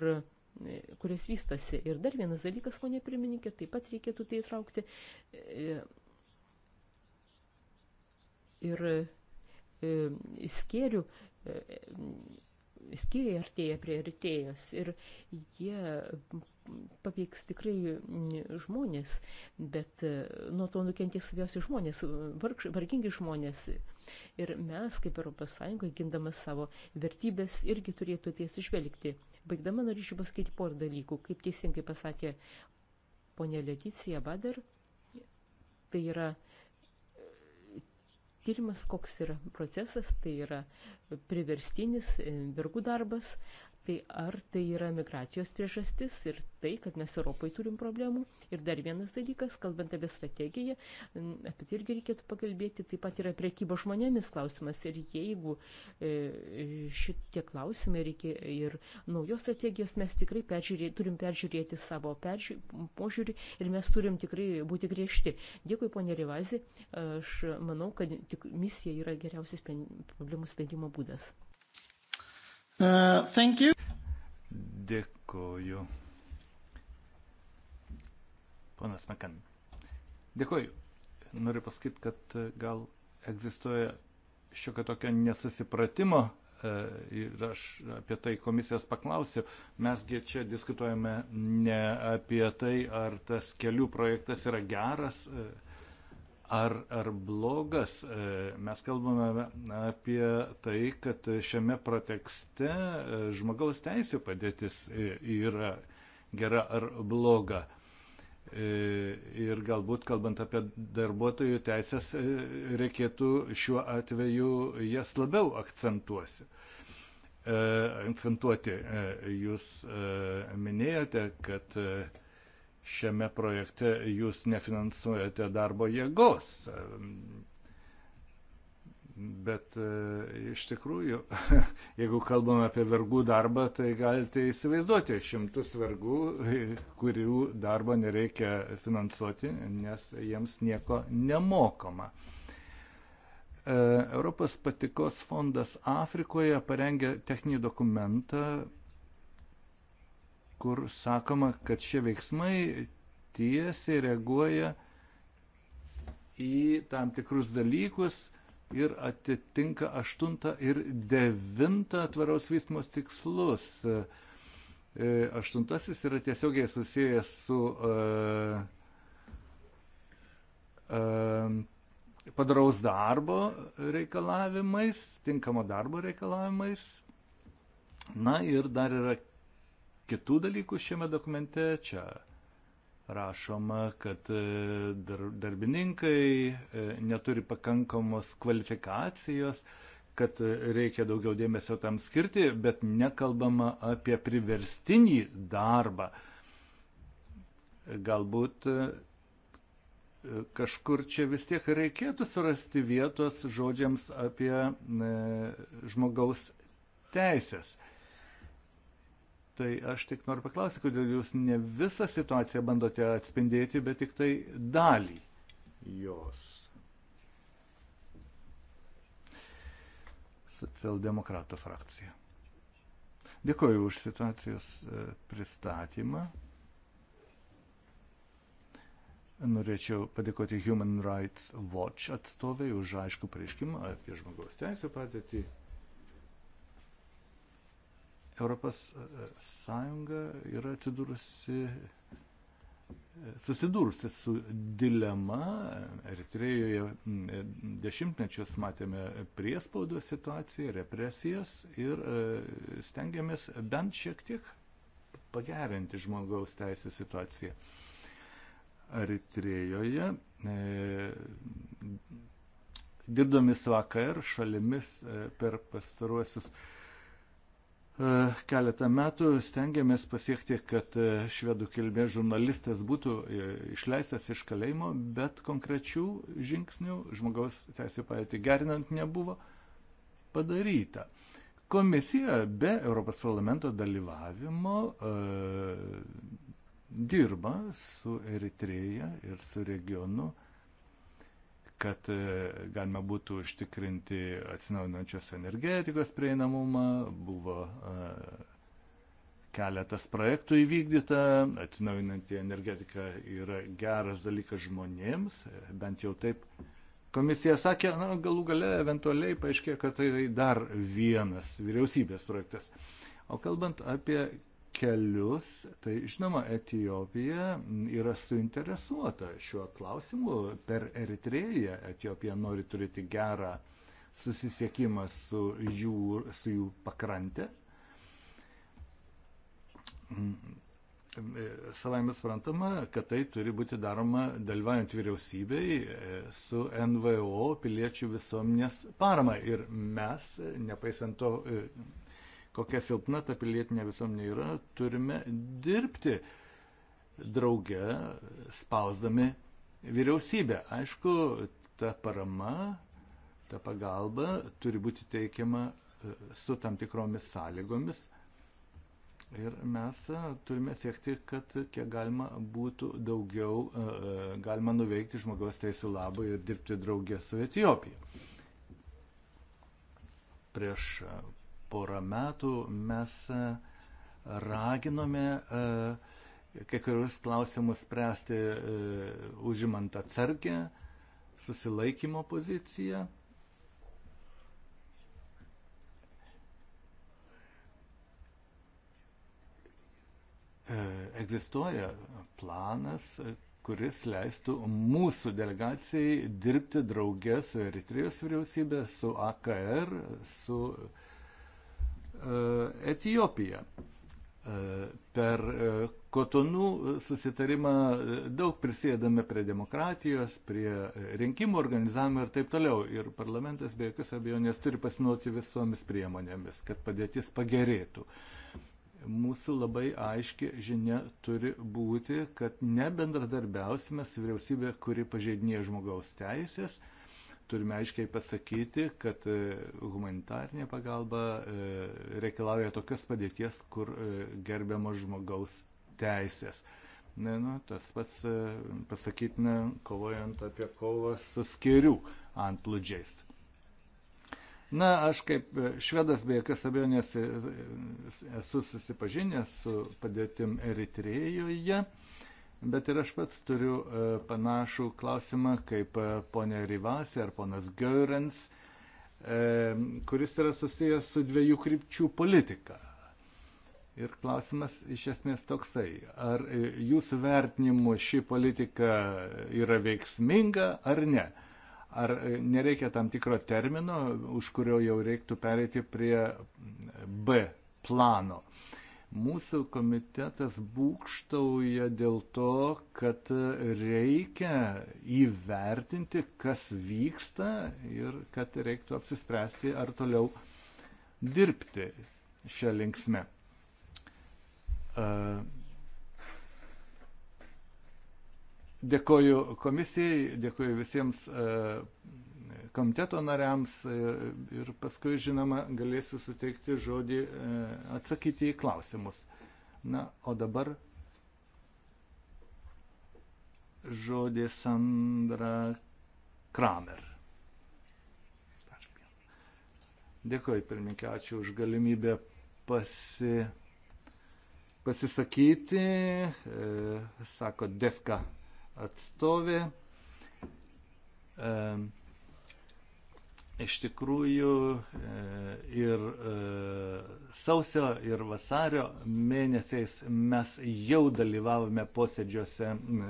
kurios vystosi. Ir dar vienas dalykas, ponė pirmininkė, taip pat reikėtų tai įtraukti. Ir e, skėrių, e, skėriai artėja prie artėjos ir jie paveiks tikrai žmonės, bet e, nuo to nukentės labiausiai žmonės, varg, vargingi žmonės. žmonės Ir mes, kaip Europos Sąjunga, gindamas savo vertybės, irgi turėtų tai atsižvelgti. Baigdama norėčiau pasakyti porą dalykų. Kaip teisingai pasakė ponė Leticija Bader, tai yra e, tyrimas, koks yra procesas, tai yra priverstinis e, vergų darbas, tai ar tai yra migracijos priežastis ir tai, kad mes Europoje turim problemų. Ir dar vienas dalykas, kalbant apie strategiją, apie tai irgi reikėtų pakalbėti, taip pat yra priekybo žmonėmis klausimas. Ir jeigu e, šitie klausimai reikia ir naujos strategijos, mes tikrai peržiūrė, turim peržiūrėti savo peržiū, požiūrį ir mes turim tikrai būti griežti. Dėkui, ponė Rivazi, aš manau, kad tik misija yra geriausias problemų sprendimo būdas. Uh, Dėkoju. Ponas Mekan. Dėkoju. Noriu pasakyti, kad uh, gal egzistuoja šiokio tokio nesusipratimo uh, ir aš apie tai komisijos paklausiu. Mesgi čia diskutuojame ne apie tai, ar tas kelių projektas yra geras, uh, ar, ar blogas. E, mes kalbame apie tai, kad šiame protekste e, žmogaus teisų padėtis e, yra gera ar bloga. Ir galbūt kalbant apie darbuotojų teisės, reikėtų šiuo atveju jas labiau akcentuosi. Akcentuoti. Jūs minėjote, kad šiame projekte jūs nefinansuojate darbo jėgos. Bet e, iš tikrųjų, jeigu kalbame apie vergų darbą, tai galite įsivaizduoti šimtus vergų, kurių darbo nereikia finansuoti, nes jiems nieko nemokama. E, Europos patikos fondas Afrikoje parengė techninį dokumentą kur sakoma, kad šie veiksmai tiesiai reaguoja į tam tikrus dalykus ir atitinka 8 ir 9 tvaraus vystimos tikslus. E, aštuntasis yra tiesiogiai susijęs su uh, uh, padaraus darbo reikalavimais, tinkamo darbo reikalavimais. Na ir dar yra kitų dalykų šiame dokumente. Čia rašoma, kad e, darbininkai e, neturi pakankamos kvalifikacijos, kad e, reikia daugiau dėmesio tam skirti, bet nekalbama apie priverstinį darbą. Galbūt kažkur čia vis tiek reikėtų surasti vietos žodžiams apie žmogaus teisės. Tai aš tik noriu paklausyti, kodėl jūs ne visą situaciją bandote atspindėti, bet tik tai dalį jos. Socialdemokratų frakcija. Dėkoju už situacijos e, pristatymą. Norėčiau padėkoti Human Rights Watch atstoviai už aišku pareiškimą apie žmogaus teisų padėtį Europos e, Sąjunga yra atsidūrusi, e, susidūrusi su dilema. Eritrėjoje dešimtmečius matėme priespaudo situaciją, represijas ir e, stengiamės bent šiek tiek pagerinti žmogaus teisę situaciją. Eritrėjoje dirbdami su AKR šalimis per pastaruosius E, keletą metų stengiamės pasiekti, kad e, švedų kilmės žurnalistas būtų e, išleistas iš kalėjimo, bet konkrečių žingsnių žmogaus teisė padėti gerinant nebuvo padaryta. Komisija be Europos parlamento dalyvavimo e, dirba su Eritreja ir su regionu e, kad e, galima būtų užtikrinti atsinaujinančios energetikos prieinamumą, buvo e, keletas projektų įvykdyta, atsinaujinanti energetika yra geras dalykas žmonėms, bent jau taip komisija sakė, na, galų gale eventualiai paaiškėjo, kad tai dar vienas vyriausybės projektas. O kalbant apie kelius, tai žinoma, Etijopija yra suinteresuota šiuo klausimu. Per Eritrėją Etijopija nori turėti gerą susisiekimą su jų, su jų pakrante. Savai mes suprantama, kad tai turi būti daroma dalyvaujant vyriausybei e, su NVO piliečių visuomenės parama. Ir mes, nepaisant to, e, kokia silpna ta pilietinė visuomenė yra, turime dirbti drauge, spausdami vyriausybę. Aišku, ta parama, ta pagalba turi būti teikiama e, su tam tikromis sąlygomis. Ir mes e, turime siekti, kad kiek galima būtų daugiau, e, galima nuveikti žmogaus teisų labui ir dirbti draugė su Etijopija. Prieš porą metų mes e, raginome e, kai kurios klausimus spręsti e, užimant atsargę susilaikymo poziciją. Egzistuoja planas, kuris leistų mūsų delegacijai dirbti draugę su Eritrijos vyriausybė, su AKR, su uh, E, Etijopija. E, per e, kotonų susitarimą daug prisėdame prie demokratijos, prie rinkimų organizavimo ir taip toliau. Ir parlamentas be jokios abejonės turi pasinuoti visomis priemonėmis, kad padėtis pagerėtų. Mūsų labai aiški žinia turi būti, kad nebendradarbiausime su vyriausybė, kuri pažeidinėja žmogaus teisės, uh, turime aiškiai pasakyti, kad e, humanitarinė pagalba e, reikalauja tokios padėties, kur e, gerbiamos žmogaus teisės. Ne, nu, tas pats pasakytina, kovojant apie kovą su skirių ant plūdžiais. Na, aš kaip švedas be jokios abejonės esu susipažinęs su padėtim Eritrėjoje. Bet ir aš pats turiu e, panašų klausimą kaip e, ponė Rivasi ar ponas Görens, e, kuris yra susijęs su dviejų krypčių politika. Ir klausimas iš esmės toksai, ar jūsų vertinimu ši politika yra veiksminga ar ne? Ar nereikia tam tikro termino, už kurio jau reiktų pereiti prie B plano? Mūsų komitetas būkštauja dėl to, kad reikia įvertinti, kas vyksta ir kad reiktų apsispręsti, ar toliau dirbti šią linksmę. Dėkoju komisijai, dėkoju visiems komiteto nariams e, ir paskui, žinoma, galėsiu suteikti žodį e, atsakyti į klausimus. Na, o dabar žodį Sandra Kramer. Dėkoju, pirmininkė, ačiū už galimybę pasi, pasisakyti, e, sako Defka atstovė. E, iš tikrųjų e, ir e, sausio ir vasario mėnesiais mes jau dalyvavome posėdžiuose e,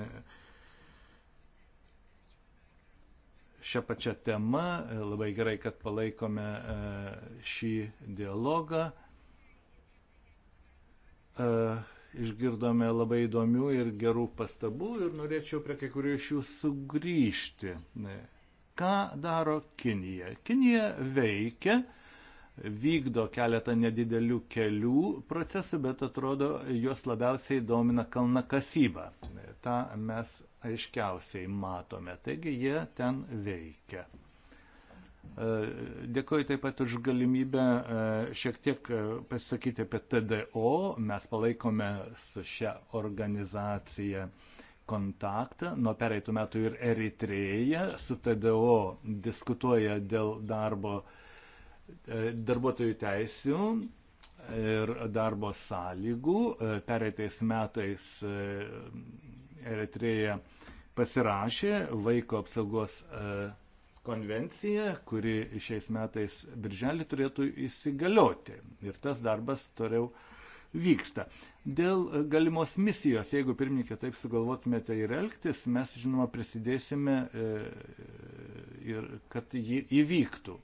šią pačią temą. Labai gerai, kad palaikome šį dialogą. Išgirdome labai įdomių ir gerų pastabų ir norėčiau prie kai kurių iš jų sugrįžti. Ką daro Kinija? Kinija veikia, vykdo keletą nedidelių kelių procesų, bet atrodo, juos labiausiai domina kalnakasyba. Ta mes aiškiausiai matome. Taigi jie ten veikia. E, dėkoju taip pat už galimybę e, šiek tiek e, pasakyti apie TDO. Mes palaikome su šia organizacija kontaktą nuo pereitų metų ir Eritrėja su TDO diskutuoja dėl darbo, e, darbuotojų teisių ir darbo sąlygų. E, pereitais metais e, Eritrėja pasirašė vaiko apsaugos konvenciją, kuri šiais metais birželį turėtų įsigalioti. Ir tas darbas toliau vyksta. Dėl e, galimos misijos, jeigu pirmininkė taip sugalvotumėte ir elgtis, mes žinoma prisidėsime e, e, ir kad ji įvyktų.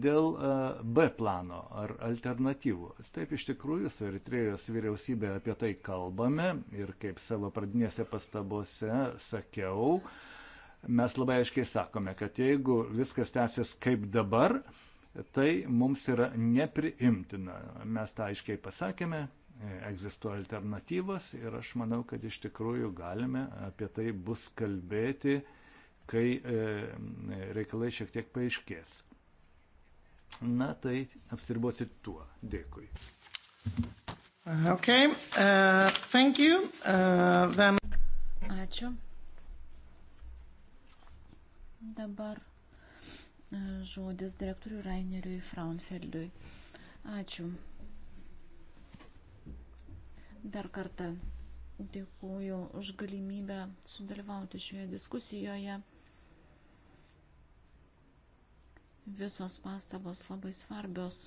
Dėl B plano ar alternatyvų. Taip iš tikrųjų su Eritrėjos vyriausybė apie tai kalbame ir kaip savo pradinėse pastabose sakiau, mes labai aiškiai sakome, kad jeigu viskas tęsis kaip dabar, tai mums yra nepriimtina. Mes tą aiškiai pasakėme, E, egzistuoja alternatyvas ir aš manau, kad iš tikrųjų galime apie tai bus kalbėti, kai e, reikalai šiek tiek paaiškės. Na tai apsiribosiu tuo. Dėkui. Okay, uh, thank you. Uh, then... Ačiū. Dabar uh, žodis direktoriui Raineriui Fraunfeldui. Ačiū. Dar kartą dėkuoju už galimybę sudalyvauti šioje diskusijoje. Visos pastabos labai svarbios.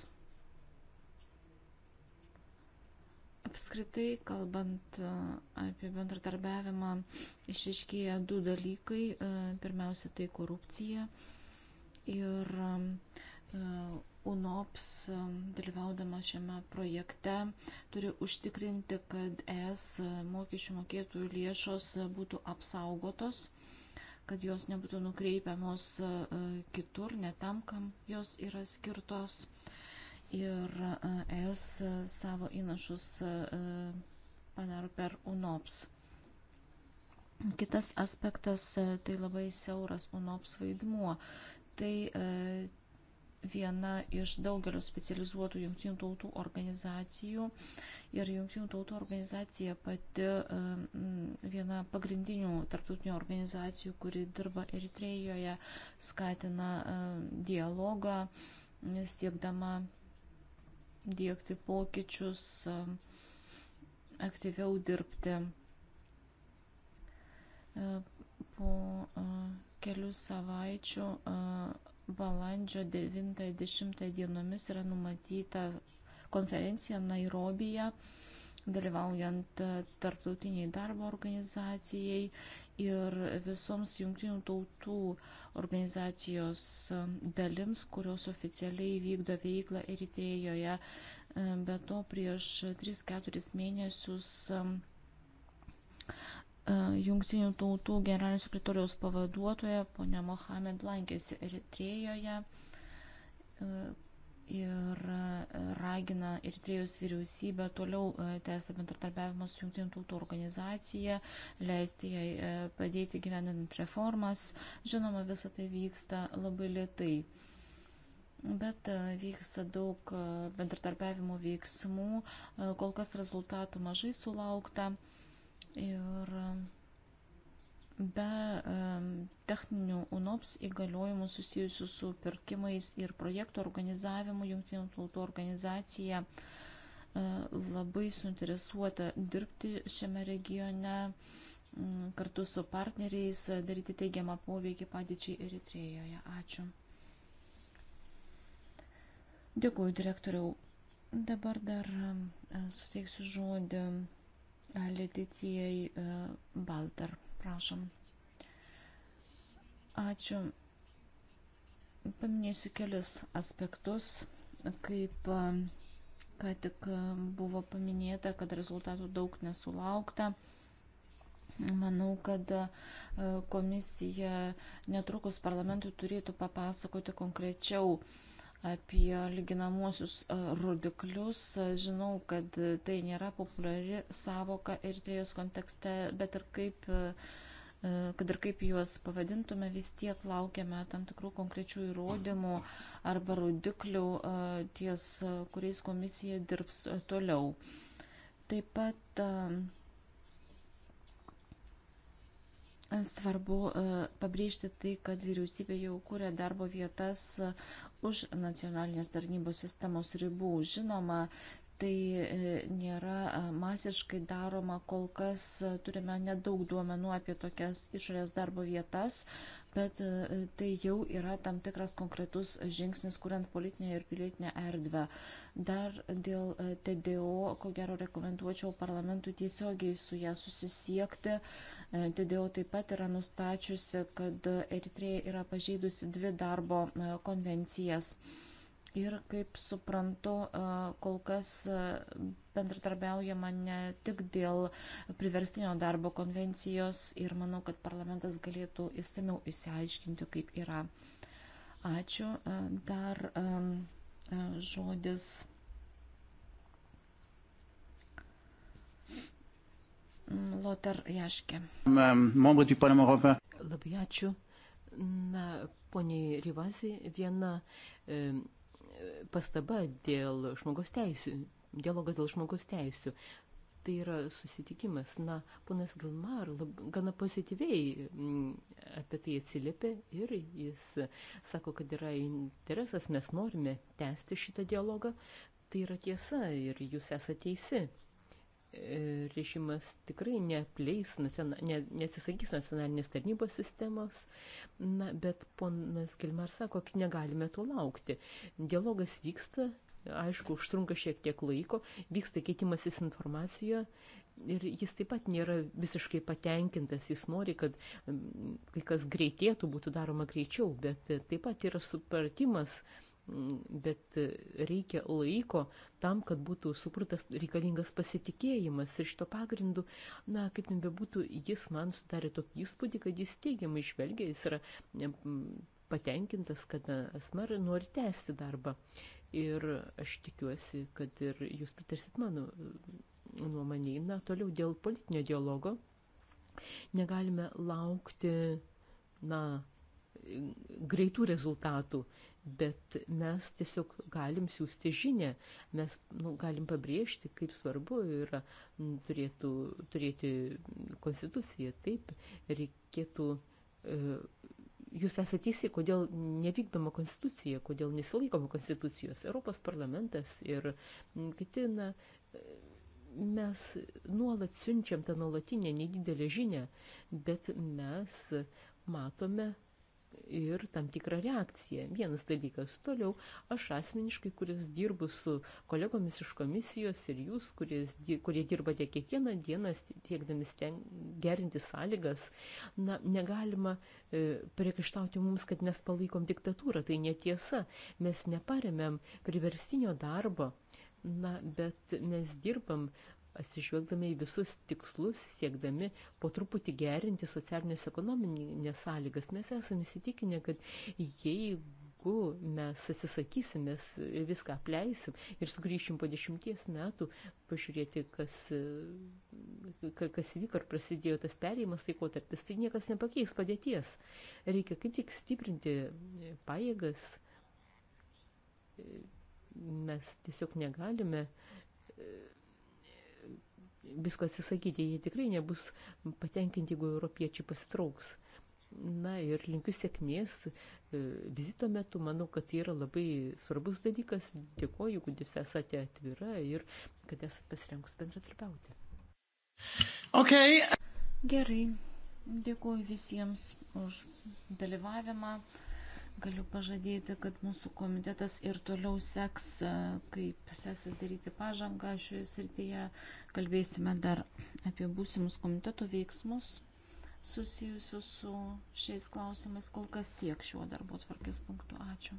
Apskritai, kalbant e, apie bendradarbiavimą, išiškėja du dalykai. E, pirmiausia, tai korupcija ir e, UNOPS, dalyvaudama šiame projekte, turi užtikrinti, kad ES mokesčių mokėtojų lėšos būtų apsaugotos, kad jos nebūtų nukreipiamos kitur, ne tam, kam jos yra skirtos. Ir ES savo įnašus padaro per UNOPS. Kitas aspektas - tai labai siauras UNOPS vaidmuo. Tai viena iš daugelio specializuotų jungtinių tautų organizacijų ir jungtinių tautų organizacija pati viena pagrindinių tarptautinių organizacijų, kuri dirba Eritrejoje, skatina dialogą, siekdama dėkti pokyčius, aktyviau dirbti. Po kelių savaičių balandžio 9-10 dienomis yra numatyta konferencija Nairobija, dalyvaujant tarptautiniai darbo organizacijai ir visoms jungtinių tautų organizacijos dalims, kurios oficialiai vykdo veiklą Eritrėjoje. Be to prieš 3-4 mėnesius E, Jungtinių tautų generalinio sekretoriaus pavaduotoja ponia Mohamed lankėsi Eritrėjoje e, ir e, ragina Eritrėjos vyriausybę toliau tęsti bendradarbiavimą su Junktinių tautų organizacija, leisti jai padėti gyvenant reformas. Žinoma, visa tai vyksta labai lietai. Bet vyksta daug bendradarbiavimo veiksmų, kol kas rezultatų mažai sulaukta. Ir um, be um, techninių UNOPS įgaliojimų susijusių su pirkimais ir projektų organizavimu Junktinių tautų organizacija uh, labai suinteresuota dirbti šiame regione mm, kartu su partneriais, uh, daryti teigiamą poveikį padėčiai Eritrėjoje. Ačiū. Dėkuoju direktoriau. Dabar dar um, suteiksiu žodį Leticijai e, Baltar. Prašom. Ačiū. Paminėsiu kelius aspektus, kaip e, ką tik e, buvo paminėta, kad rezultatų daug nesulaukta. Manau, kad komisija netrukus parlamentui turėtų papasakoti konkrečiau apie lyginamosius e, rodiklius. Žinau, kad tai nėra populiari savoka Eritrėjos kontekste, bet ir kaip, e, e, kad ir kaip juos pavadintume, vis tiek laukiame tam tikrų konkrečių įrodymų arba rodiklių, ties kuriais komisija dirbs toliau. Taip pat Svarbu e, pabrėžti tai, kad vyriausybė jau kūrė darbo vietas e, už nacionalinės tarnybos sistemos ribų. Žinoma, tai e, nėra e, masiškai daroma, kol kas e, turime nedaug duomenų apie tokias išorės darbo vietas, bet tai jau yra tam tikras konkretus žingsnis, kuriant politinę ir pilietinę erdvę. Dar dėl TDO, ko gero rekomenduočiau parlamentui tiesiogiai su ją susisiekti. TDO taip pat yra nustačiusi, kad Eritreja yra pažeidusi dvi darbo konvencijas. Ir kaip suprantu, e, kol kas e, bendratarbiaujama ne tik dėl priverstinio darbo konvencijos ir manau, kad parlamentas galėtų įsimiau įsiaiškinti, kaip yra. Ačiū. E, dar žodis. Lotar Jaškė. Labai ačiū. Na, poniai Rivasi, viena e, pastaba dėl žmogaus teisų, dialogas dėl žmogaus teisų. Tai yra susitikimas. Na, ponas Gilmar lab, gana pozityviai mm, apie tai atsiliepė ir jis sako, kad yra interesas, mes norime tęsti šitą dialogą. Tai yra tiesa ir jūs esate teisi režimas tikrai neapleis, nesisakys nacionalinės tarnybos sistemos, na, bet ponas Kilmar sako, kad negalime to laukti. Dialogas vyksta, aišku, užtrunka šiek tiek laiko, vyksta keitimasis informacijoje ir jis taip pat nėra visiškai patenkintas, jis nori, kad mm, kai kas greitėtų, būtų daroma greičiau, bet taip pat yra supratimas, kad Mm, bet e, reikia laiko tam, kad būtų sukurtas reikalingas pasitikėjimas. Ir šito pagrindu, na, kaip nebebūtų, jis man sudarė tokį įspūdį, kad jis teigiamai išvelgia, jis yra patenkintas, kad e, Asmar nori tęsti darbą. Ir aš tikiuosi, kad ir jūs pritarsit mano e, nuomonį. Na, toliau dėl politinio dialogo negalime laukti, na, greitų rezultatų bet mes tiesiog galim siūsti žinę, mes nu, galim pabrėžti, kaip svarbu yra turėtų, turėti konstituciją, taip reikėtų. E, jūs esate teisi, kodėl nevykdoma konstitucija, kodėl nesilaikoma konstitucijos. Europos parlamentas ir kiti, na, e, mes nuolat siunčiam tą nuolatinę nedidelę žinę, bet mes matome, ir tam tikrą reakciją. Vienas dalykas. Toliau aš asmeniškai, kuris dirbu su kolegomis iš komisijos ir jūs, kuris, kurie dirbate kiekvieną dieną siekdami gerinti sąlygas, na, negalima e, priekaištauti mums, kad mes palaikom diktatūrą. Tai netiesa. Mes neparemėm priverstinio darbo. Na, bet mes dirbam atsižvelgdami į visus tikslus, siekdami po truputį gerinti socialinės ekonominės sąlygas. Mes esame įsitikinę, kad jeigu mes atsisakysim, mes viską apleisim ir sugrįšim po dešimties metų pažiūrėti, kas, kas vyko ar prasidėjo tas perėjimas laikotarpis, tai niekas nepakeis padėties. Reikia kaip tik stiprinti pajėgas mes tiesiog negalime visko atsisakyti, jie tikrai nebus patenkinti, jeigu europiečiai pasitrauks. Na ir linkiu sėkmės e, vizito metu, manau, kad tai yra labai svarbus dalykas. Dėkoju, kad jūs esate atvira ir kad esate pasirengus bendradarbiauti. Okay. Gerai, dėkoju visiems už dalyvavimą. Galiu pažadėti, kad mūsų komitetas ir toliau seks, e, kaip seksis daryti pažangą šioje srityje. Kalbėsime dar apie būsimus komiteto veiksmus susijusius su šiais klausimais. Kol kas tiek šiuo darbo tvarkės punktu. Ačiū.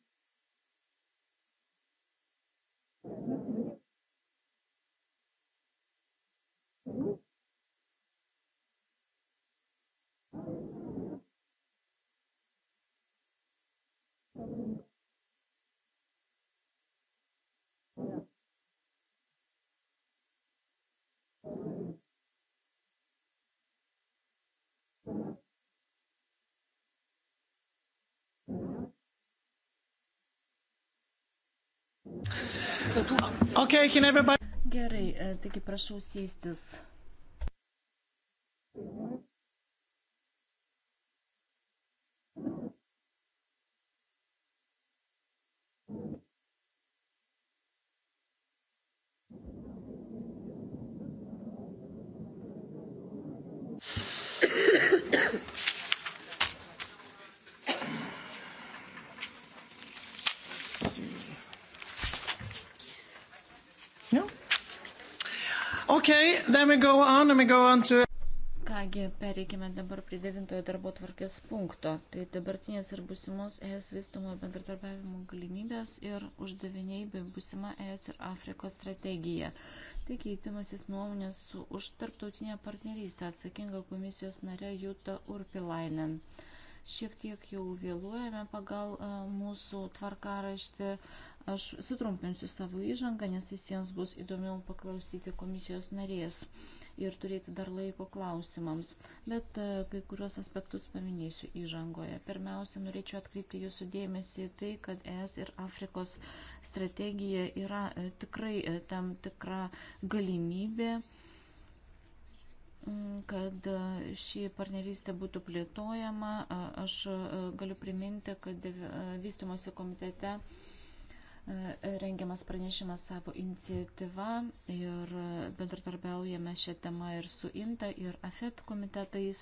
Gerai, e, taigi prašau sėstis. Okay, then we go on, and we go on to... Kągi, pereikime dabar prie devintojo darbo tvarkės punkto. Tai dabartinės ir busimos ES vystumo bendradarbiavimo galimybės ir uždaviniai bei busima ES ir Afrikos strategija. Tai keitimasis nuomonės už tarptautinę partnerystę atsakinga komisijos narė Juta Urpilainen. Šiek tiek jau vėluojame pagal e, mūsų tvarkaraštį. Uh, Aš sutrumpinsiu savo įžangą, nes visiems bus įdomiau paklausyti komisijos narės ir turėti dar laiko klausimams. Bet e, kai kuriuos aspektus paminėsiu įžangoje. Pirmiausia, norėčiau atkreipti jūsų dėmesį į tai, kad ES ir Afrikos strategija yra e, tikrai e, tam tikra galimybė kad ši partnerystė būtų plėtojama. Aš galiu priminti, kad vystimosi komitete E, rengiamas pranešimas savo iniciatyva ir bendradarbiaujame šią temą ir su INTA ir AFET komitetais.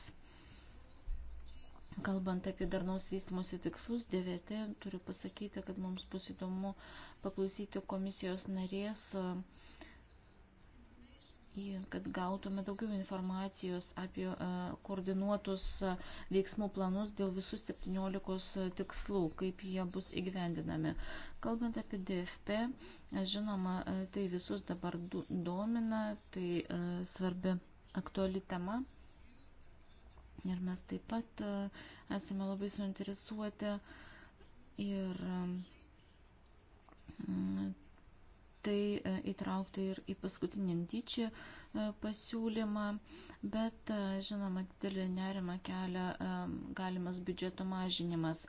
Kalbant apie darnaus vystimosi tikslus, DVT, turiu pasakyti, kad mums bus įdomu paklausyti komisijos narės. Uh, kad gautume daugiau informacijos apie e, koordinuotus e, veiksmų planus dėl visų 17 tikslų, kaip jie bus įgyvendinami. Kalbant apie DFP, žinoma, e, tai visus dabar domina, tai svarbi aktuali tema. Ir mes taip pat esame labai suinteresuoti ir tai e, įtraukti ir į paskutinį tyčį e, pasiūlymą, bet e, žinoma, didelį nerimą kelia galimas biudžeto mažinimas.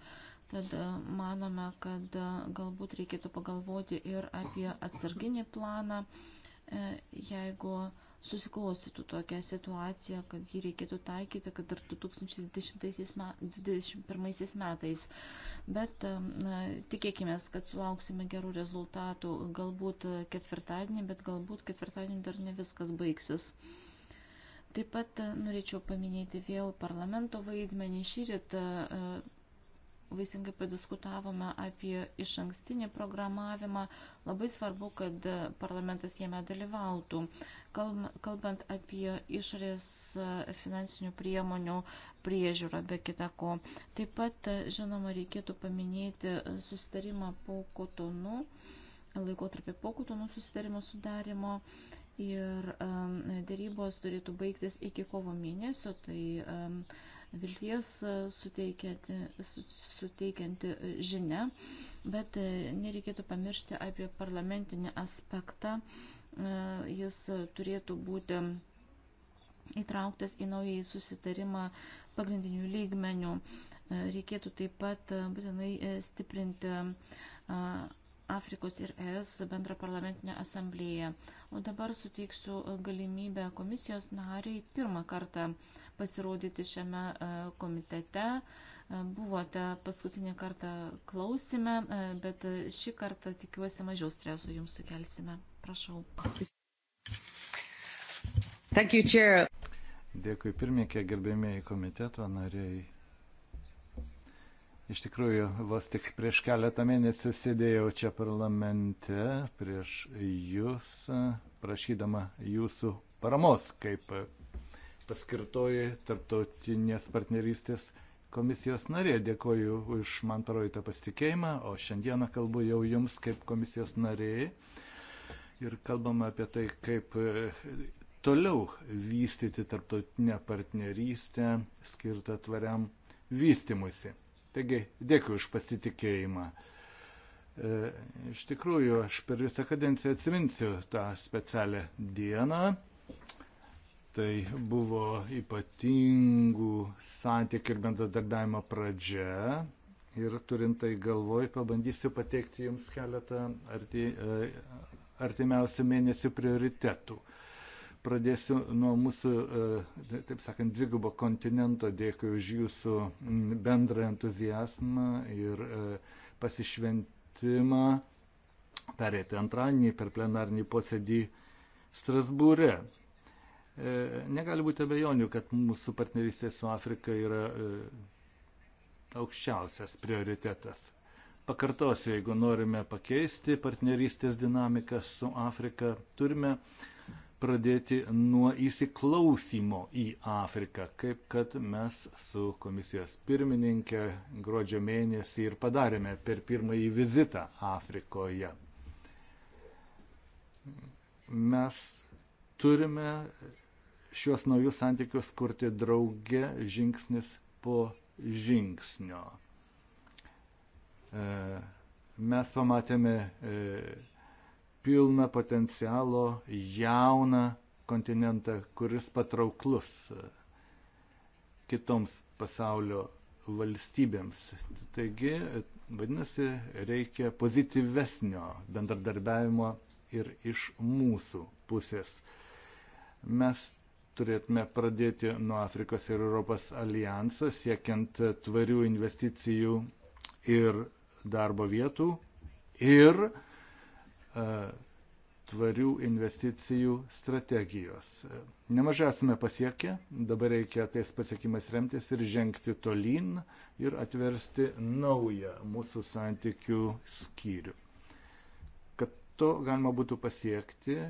Tad manome, kad galbūt reikėtų pagalvoti ir apie atsarginį planą, jeigu susiklostytų tokia situacija, kad jį reikėtų taikyti, kad ir 2021 metais. Bet na, tikėkime, kad sulauksime gerų rezultatų galbūt ketvirtadienį, bet galbūt ketvirtadienį dar ne viskas baigsis. Taip pat norėčiau paminėti vėl parlamento vaidmenį. Šį rytą vaisingai padiskutavome apie iš ankstinį programavimą. Labai svarbu, kad parlamentas jame dalyvautų. Kalbant apie išorės e, finansinių priemonių priežiūrą be kita ko. Taip pat, e, žinoma, reikėtų paminėti e, susitarimą po kotonų, laikotarpį po kotonų susitarimo sudarimo. Ir um, dėrybos turėtų baigtis iki kovo mėnesio. Tai, um, vilties e, suteikianti e, žinia, bet e, nereikėtų pamiršti apie parlamentinį aspektą. Jis turėtų būti įtrauktas į naująjį susitarimą pagrindinių lygmenių. Reikėtų taip pat būtinai stiprinti Afrikos ir ES bendrą parlamentinę asamblėją. O dabar suteiksiu galimybę komisijos nariai pirmą kartą pasirodyti šiame e, komitete. E, buvote paskutinį kartą klausime, e, bet šį kartą tikiuosi mažiau streso jums sukelsime. Prašau. Thank you, Chair. Dėkui pirmininkė, gerbėmėjai komiteto nariai. Iš tikrųjų, vos tik prieš keletą mėnesių sėdėjau čia parlamente prieš jūs, prašydama jūsų paramos kaip paskirtoji tarptautinės partnerystės komisijos narė. Dėkoju už man parodytą pasitikėjimą, o šiandieną kalbu jau jums kaip komisijos narė ir kalbam apie tai, kaip e, toliau vystyti tarptautinę partnerystę skirtą tvariam vystimusi. Taigi, dėkui už pasitikėjimą. E, iš tikrųjų, aš per visą kadenciją atsiminsiu tą specialią dieną, tai buvo ypatingų santykių ir bendradarbiavimo pradžia. Ir turint tai galvoj, pabandysiu pateikti Jums keletą arti, e, artimiausių mėnesių prioritetų. Pradėsiu nuo mūsų, e, taip sakant, dvigubo kontinento. Dėkui už Jūsų bendrą entuzijazmą ir e, pasišventimą. Perėti antradienį per plenarnį posėdį Strasbūre. E, negali būti abejonių, kad mūsų partnerystė su Afrika yra e, aukščiausias prioritetas. Pakartosiu, jeigu norime pakeisti partnerystės dinamiką su Afrika, turime pradėti nuo įsiklausimo į Afriką, kaip kad mes su komisijos pirmininkė gruodžio mėnesį ir padarėme per pirmąjį vizitą Afrikoje. Mes turime šiuos naujus santykius kurti drauge žingsnis po žingsnio. E, mes pamatėme e, pilną potencialo jauną kontinentą, kuris patrauklus e, kitoms pasaulio valstybėms. Taigi, vadinasi, reikia pozityvesnio bendradarbiavimo ir iš mūsų pusės. Mes turėtume pradėti nuo Afrikos ir Europos alijansą, siekiant tvarių investicijų ir darbo vietų ir uh, tvarių investicijų strategijos. Nemažai esame pasiekę, dabar reikia tais pasiekimais remtis ir žengti tolyn ir atversti naują mūsų santykių skyrių. Kad to galima būtų pasiekti,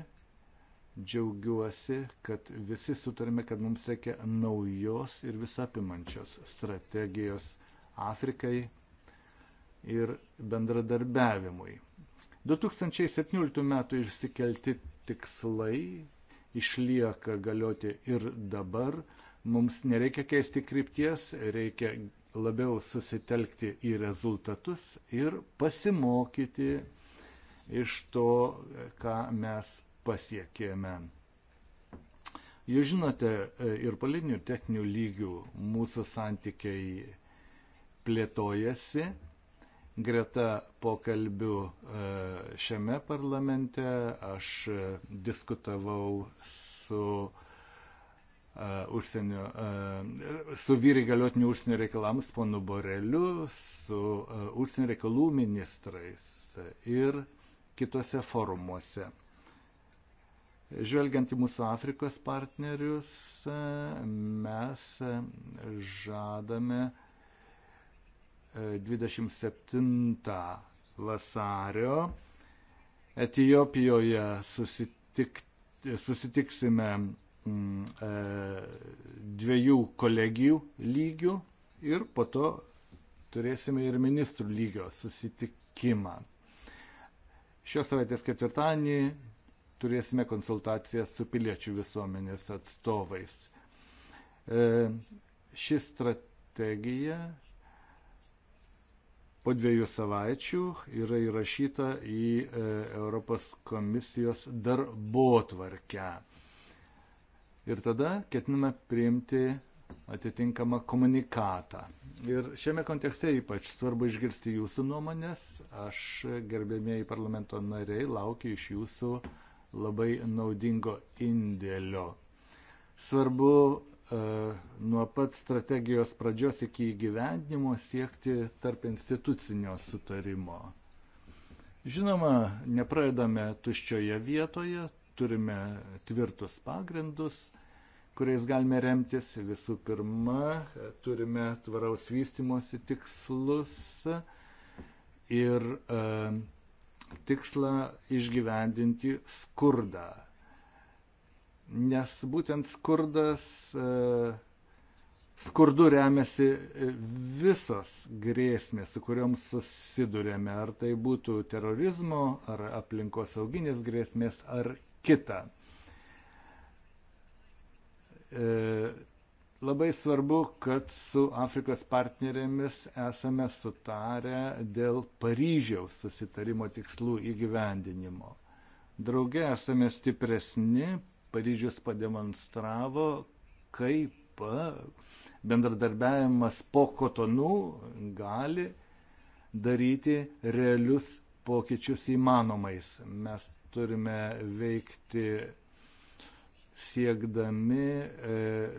Džiaugiuosi, kad visi sutarime, kad mums reikia naujos ir visapimančios strategijos Afrikai ir bendradarbiavimui. 2017 m. išsikelti tikslai išlieka galioti ir dabar. Mums nereikia keisti krypties, reikia labiau susitelkti į rezultatus ir pasimokyti iš to, ką mes pasiekėme. Jūs žinote, e, ir politinių ir techninių lygių mūsų santykiai plėtojasi. Greta pokalbių e, šiame parlamente aš e, diskutavau su užsienio, su vyrai galiotiniu užsienio reikalams ponu Boreliu, su užsienio reikalų ministrais ir kitose forumuose. Žvelgiant į mūsų Afrikos partnerius, e, mes e, žadame 27 e, vasario Etijopijoje susitik, susitiksime mm, dviejų kolegijų lygių ir po to turėsime ir ministrų lygio susitikimą. Šios savaitės ketvirtadienį turėsime konsultaciją su piliečių visuomenės atstovais. E, ši strategija po dviejų savaičių yra įrašyta į e, Europos komisijos darbotvarkę. Ir tada ketiname priimti atitinkamą komunikatą. Ir šiame kontekste ypač svarbu išgirsti jūsų nuomonės. Aš gerbėmėjai parlamento nariai laukiu iš jūsų uh, labai naudingo indėlio. Svarbu e, nuo pat strategijos pradžios iki įgyvendinimo siekti tarp institucinio sutarimo. Žinoma, nepradedame tuščioje vietoje, turime tvirtus pagrindus, kuriais galime remtis. Visų pirma, turime tvaraus vystimosi tikslus ir e, tikslą išgyvendinti skurdą. Nes būtent skurdas, e, skurdu remiasi visos grėsmės, su kuriuom susidurėme, ar tai būtų terorizmo, ar aplinkosauginės grėsmės, ar kita e, Labai svarbu, kad su Afrikos partnerėmis esame sutarę dėl Paryžiaus susitarimo tikslų įgyvendinimo. Drauge esame stipresni, Paryžius pademonstravo, kaip e, bendradarbiavimas po kotonų gali daryti realius pokyčius įmanomais. Mes turime veikti siekdami e,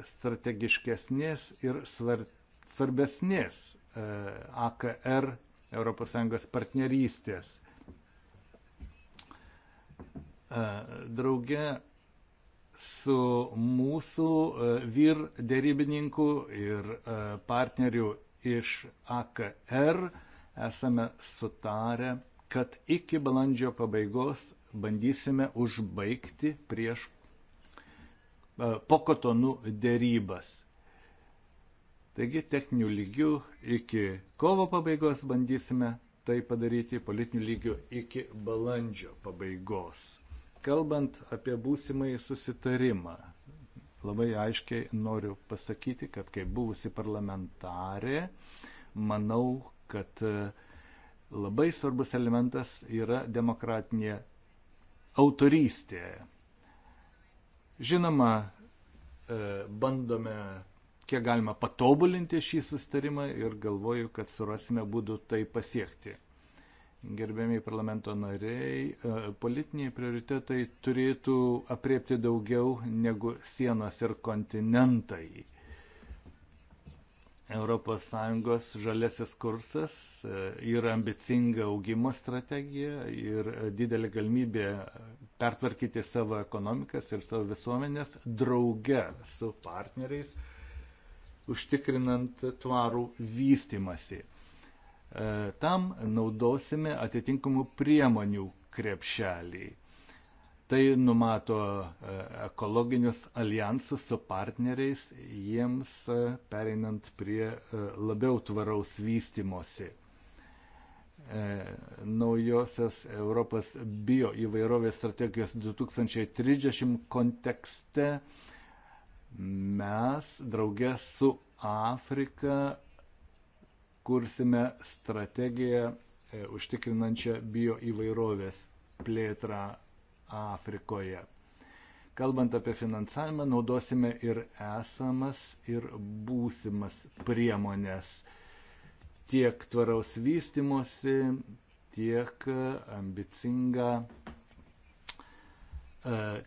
strategiškesnės ir svarbesnės e, AKR ES partnerystės. E, drauge su mūsų vyr dėrybininku ir partneriu iš AKR esame sutarę, kad iki balandžio pabaigos bandysime užbaigti prieš E, pokotonų dėrybas. Taigi techninių lygių iki kovo pabaigos bandysime tai padaryti, politinių lygių iki balandžio pabaigos. Kalbant apie būsimąjį susitarimą, labai aiškiai noriu pasakyti, kad kaip buvusi parlamentarė, manau, kad e, labai svarbus elementas yra demokratinė autorystė Žinoma, e, bandome kiek galima patobulinti šį sustarimą ir galvoju, kad surasime būdų tai pasiekti. Gerbėmiai parlamento nariai, e, politiniai prioritetai turėtų apriepti daugiau negu sienos ir kontinentai. ES žalėsis kursas e, yra ambicinga augimo strategija ir e, didelė galimybė e, pertvarkyti savo ekonomikas ir savo visuomenės drauge su partneriais, užtikrinant tvarų vystimasi. Tam naudosime atitinkamų priemonių krepšelį. Tai numato e, ekologinius alijansus su partneriais, jiems e, pereinant prie e, labiau tvaraus vystimosi. Naujosios Europos bio įvairovės strategijos 2030 kontekste mes draugės su Afrika kursime strategiją užtikrinančią bio įvairovės plėtrą Afrikoje. Kalbant apie finansavimą, naudosime ir esamas, ir būsimas priemonės tiek tvaraus vystimosi, tiek ambicingą e,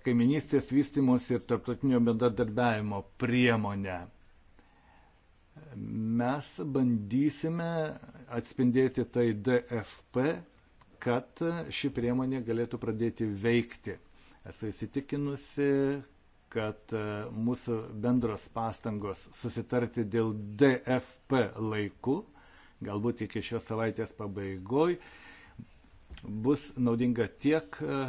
kaiminystės vystimosi ir tarptautinio bendradarbiavimo priemonę. Mes bandysime atspindėti tai DFP kad ši priemonė galėtų pradėti veikti. Esu įsitikinusi, kad e, mūsų bendros pastangos susitarti dėl DFP laiku, galbūt iki šios savaitės pabaigoj, bus naudinga tiek e,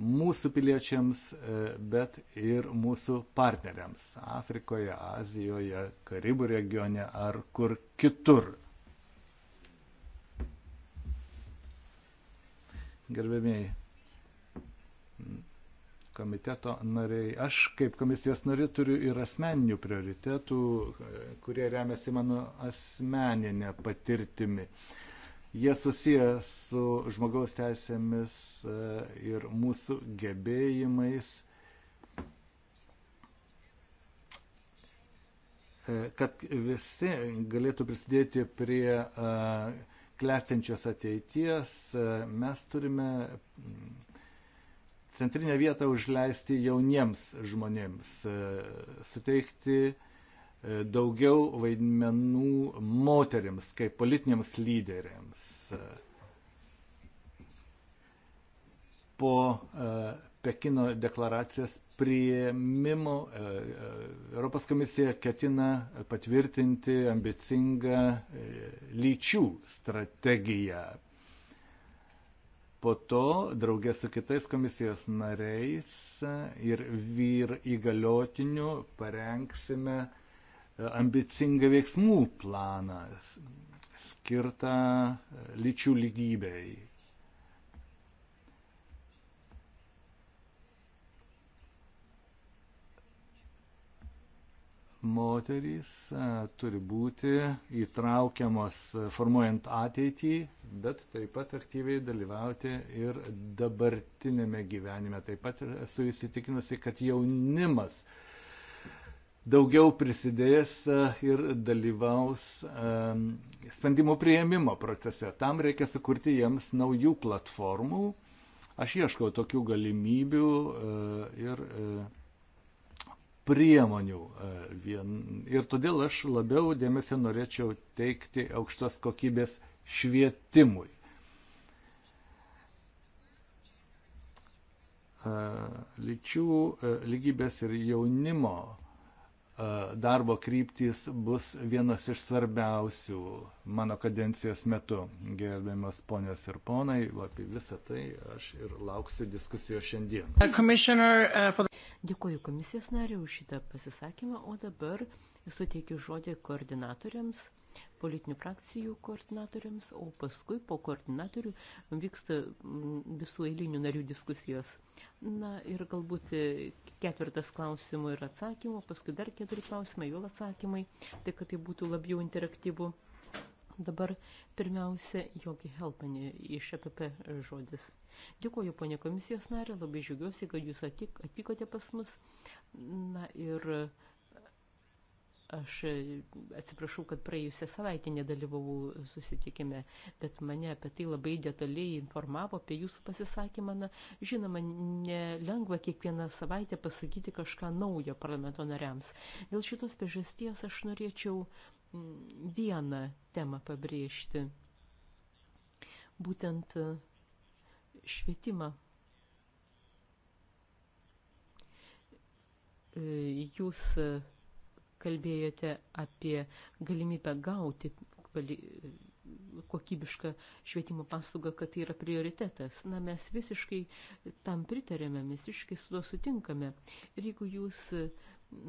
mūsų piliečiams, e, bet ir mūsų partneriams Afrikoje, Azijoje, Karibų regione ar kur kitur. gerbėmiai komiteto nariai. Aš kaip komisijos nari turiu ir asmeninių prioritetų, e, kurie remiasi mano asmeninė patirtimi. Jie susiję su žmogaus teisėmis e, ir mūsų gebėjimais e, kad visi galėtų prisidėti prie uh, klestinčios ateities, e, mes turime mm, centrinę vietą užleisti jauniems žmonėms, e, suteikti e, daugiau vaidmenų moteriams kaip politiniams lyderiams. Po Pekino deklaracijas prieimimo e, e, Europos komisija ketina patvirtinti ambicingą e, lyčių strategiją. Po to, draugė su kitais komisijos nariais ir vyr įgaliotiniu, parengsime ambicingą veiksmų planą skirtą lyčių lygybei moterys e, turi būti įtraukiamos e, formuojant ateitį, bet taip pat aktyviai dalyvauti ir dabartinėme gyvenime. Taip pat esu įsitikinusi, kad jaunimas daugiau prisidės e, ir dalyvaus sprendimų prieimimo procese. Tam reikia sukurti jiems naujų platformų. Aš ieškau tokių galimybių ir. ir priemonių. E, ir todėl aš labiau dėmesį norėčiau teikti aukštos kokybės švietimui. E, lyčių e, lygybės ir jaunimo E, darbo kryptys bus vienas iš svarbiausių mano kadencijos metu. Gerbiamas ponios ir ponai, apie visą tai aš ir lauksiu diskusijos šiandien. Uh, uh, Dėkuoju komisijos nariu už šitą pasisakymą, o dabar suteikiu žodį koordinatoriams politinių frakcijų koordinatoriams, o paskui po koordinatorių vyksta mm, visų eilinių narių diskusijos. Na ir galbūt e, ketvirtas klausimų ir atsakymų, paskui dar keturi klausimai, vėl atsakymai, tai kad tai būtų labiau interaktyvu. Dabar pirmiausia, Jogi Helpani iš EPP žodis. Dėkuoju, ponė komisijos narė, labai žiūriuosi, kad jūs atvykote pas mus. Na ir uh, Aš e, atsiprašau, kad praėjusią savaitę nedalyvavau susitikime, bet mane apie tai labai detaliai informavo apie jūsų pasisakymą. Na, žinoma, nelengva kiekvieną savaitę pasakyti kažką naujo parlamento nariams. Dėl šitos priežasties aš norėčiau mm, vieną temą pabrėžti. Būtent e, švietimą. E, jūs kalbėjote apie galimybę gauti kokybišką švietimo paslaugą, kad tai yra prioritetas. Na, mes visiškai tam pritarėme, mes visiškai su to sutinkame. Ir jeigu jūs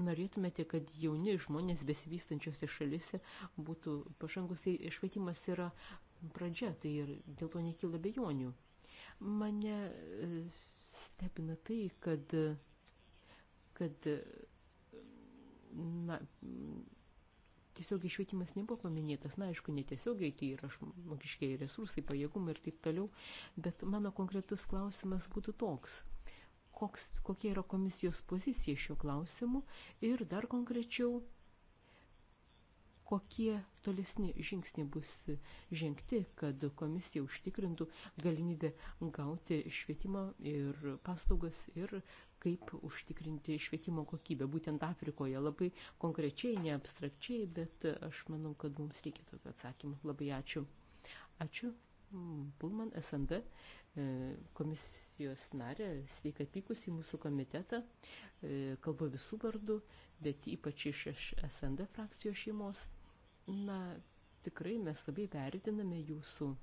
norėtumėte, kad jauni žmonės besivystančiose šalise būtų pažangus, tai švietimas yra pradžia, tai ir dėl to nekyla bejonių. Mane e, stebina tai, kad, kad na, tiesiogiai švietimas nebuvo paminėtas, na, aišku, netiesiogiai, tai yra žmogiškiai resursai, pajėgumai ir taip toliau, bet mano konkretus klausimas būtų toks. Koks, kokia yra komisijos pozicija šiuo klausimu ir dar konkrečiau, kokie tolesni žingsniai bus žengti, kad komisija užtikrintų galimybę gauti švietimą ir paslaugas ir kaip užtikrinti švietimo kokybę, būtent Afrikoje, labai konkrečiai, ne abstrakčiai, bet aš manau, kad mums reikia tokio atsakymų. Labai ačiū. Ačiū. Pulman, mm, SND, e, komisijos narė, sveika atvykus į mūsų komitetą, e, kalbu visų vardų, bet ypač iš SND frakcijos šeimos. Na, tikrai mes labai vertiname jūsų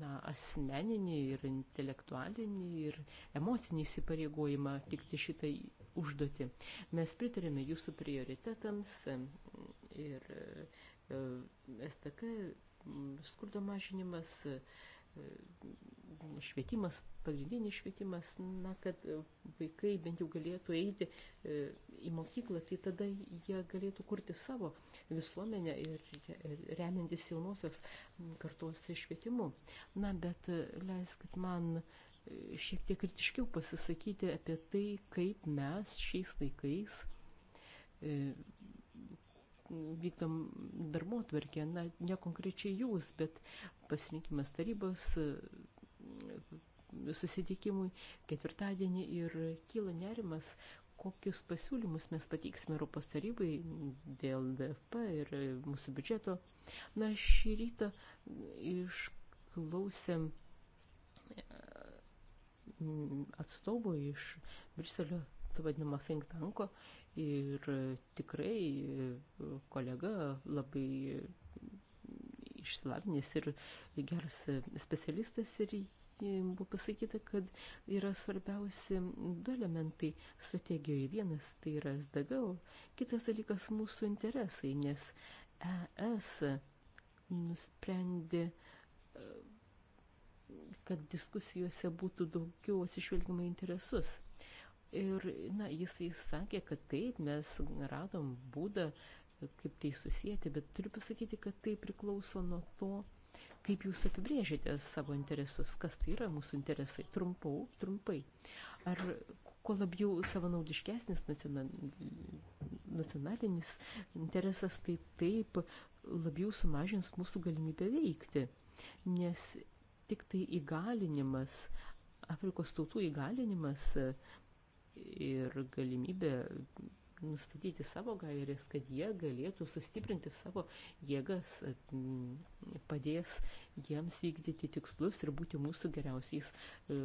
na, asmeninį ir intelektualinį ir emocinį įsipareigojimą atlikti šitą užduotį. Mes pritarėme jūsų prioritetams ir e, STK skurdo mažinimas, E, švietimas, pagrindinis švietimas, na, kad e, vaikai bent jau galėtų eiti e, į mokyklą, tai tada jie galėtų kurti savo visuomenę ir remiantis jaunosios kartos švietimu. Na, bet leiskit man šiek tiek kritiškiau pasisakyti apie tai, kaip mes šiais laikais vykdom darbo tvarkę, na, ne konkrečiai jūs, bet pasirinkimas tarybos e, susitikimui ketvirtadienį ir kyla nerimas, kokius pasiūlymus mes pateiksime Europos tarybai dėl DFP ir mūsų biudžeto. Na, šį rytą išklausėm e, atstovo iš Briselio, to vadinamo think tanko, Ir tikrai e, kolega labai išsilavinęs ir geras specialistas ir buvo pasakyta, kad yra svarbiausi du elementai strategijoje. Vienas tai yra SDG, kitas dalykas mūsų interesai, nes ES nusprendė, e, kad diskusijose būtų daugiau atsižvelgiama interesus. Ir, na, jisai sakė, kad taip, mes radom būdą, kaip tai susijęti, bet turiu pasakyti, kad tai priklauso nuo to, kaip jūs apibrėžite savo interesus, kas tai yra mūsų interesai, trumpau, trumpai. Ar kuo labiau savanaudiškesnis nacionalinis interesas, tai taip labiau sumažins mūsų galimybę veikti, nes tik tai įgalinimas, Afrikos tautų įgalinimas ir galimybę nustatyti savo gairės, kad jie galėtų sustiprinti savo jėgas, padės jiems vykdyti tikslus ir būti mūsų geriausiais e,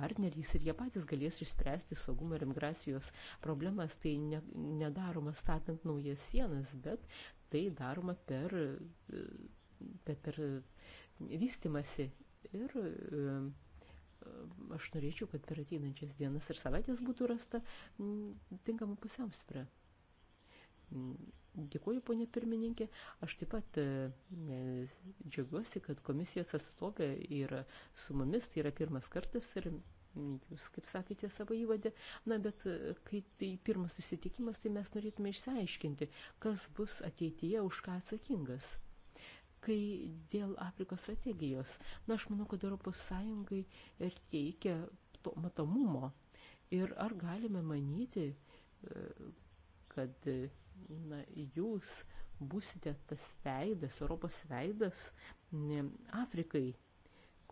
partneriais ir jie patys galės išspręsti saugumo ir migracijos problemas. Tai ne, nedaroma statant naujas sienas, bet tai daroma per, e, per, per vystimasi ir e, aš norėčiau, kad per ateinančias dienas ir savaitės būtų rasta tinkama pusiausvyrė. Dėkuoju, ponė pirmininkė. Aš taip pat e, džiaugiuosi, kad komisijos atstovė yra su mumis, tai yra pirmas kartas ir jūs, kaip sakėte, savo įvadė. Na, bet e, kai tai pirmas susitikimas, tai mes norėtume išsiaiškinti, kas bus ateityje už ką atsakingas kai dėl Afrikos strategijos. Na, aš manau, kad Europos Sąjungai reikia to matomumo. Ir ar galime manyti, e, kad na, jūs būsite tas veidas, Europos veidas ne, Afrikai,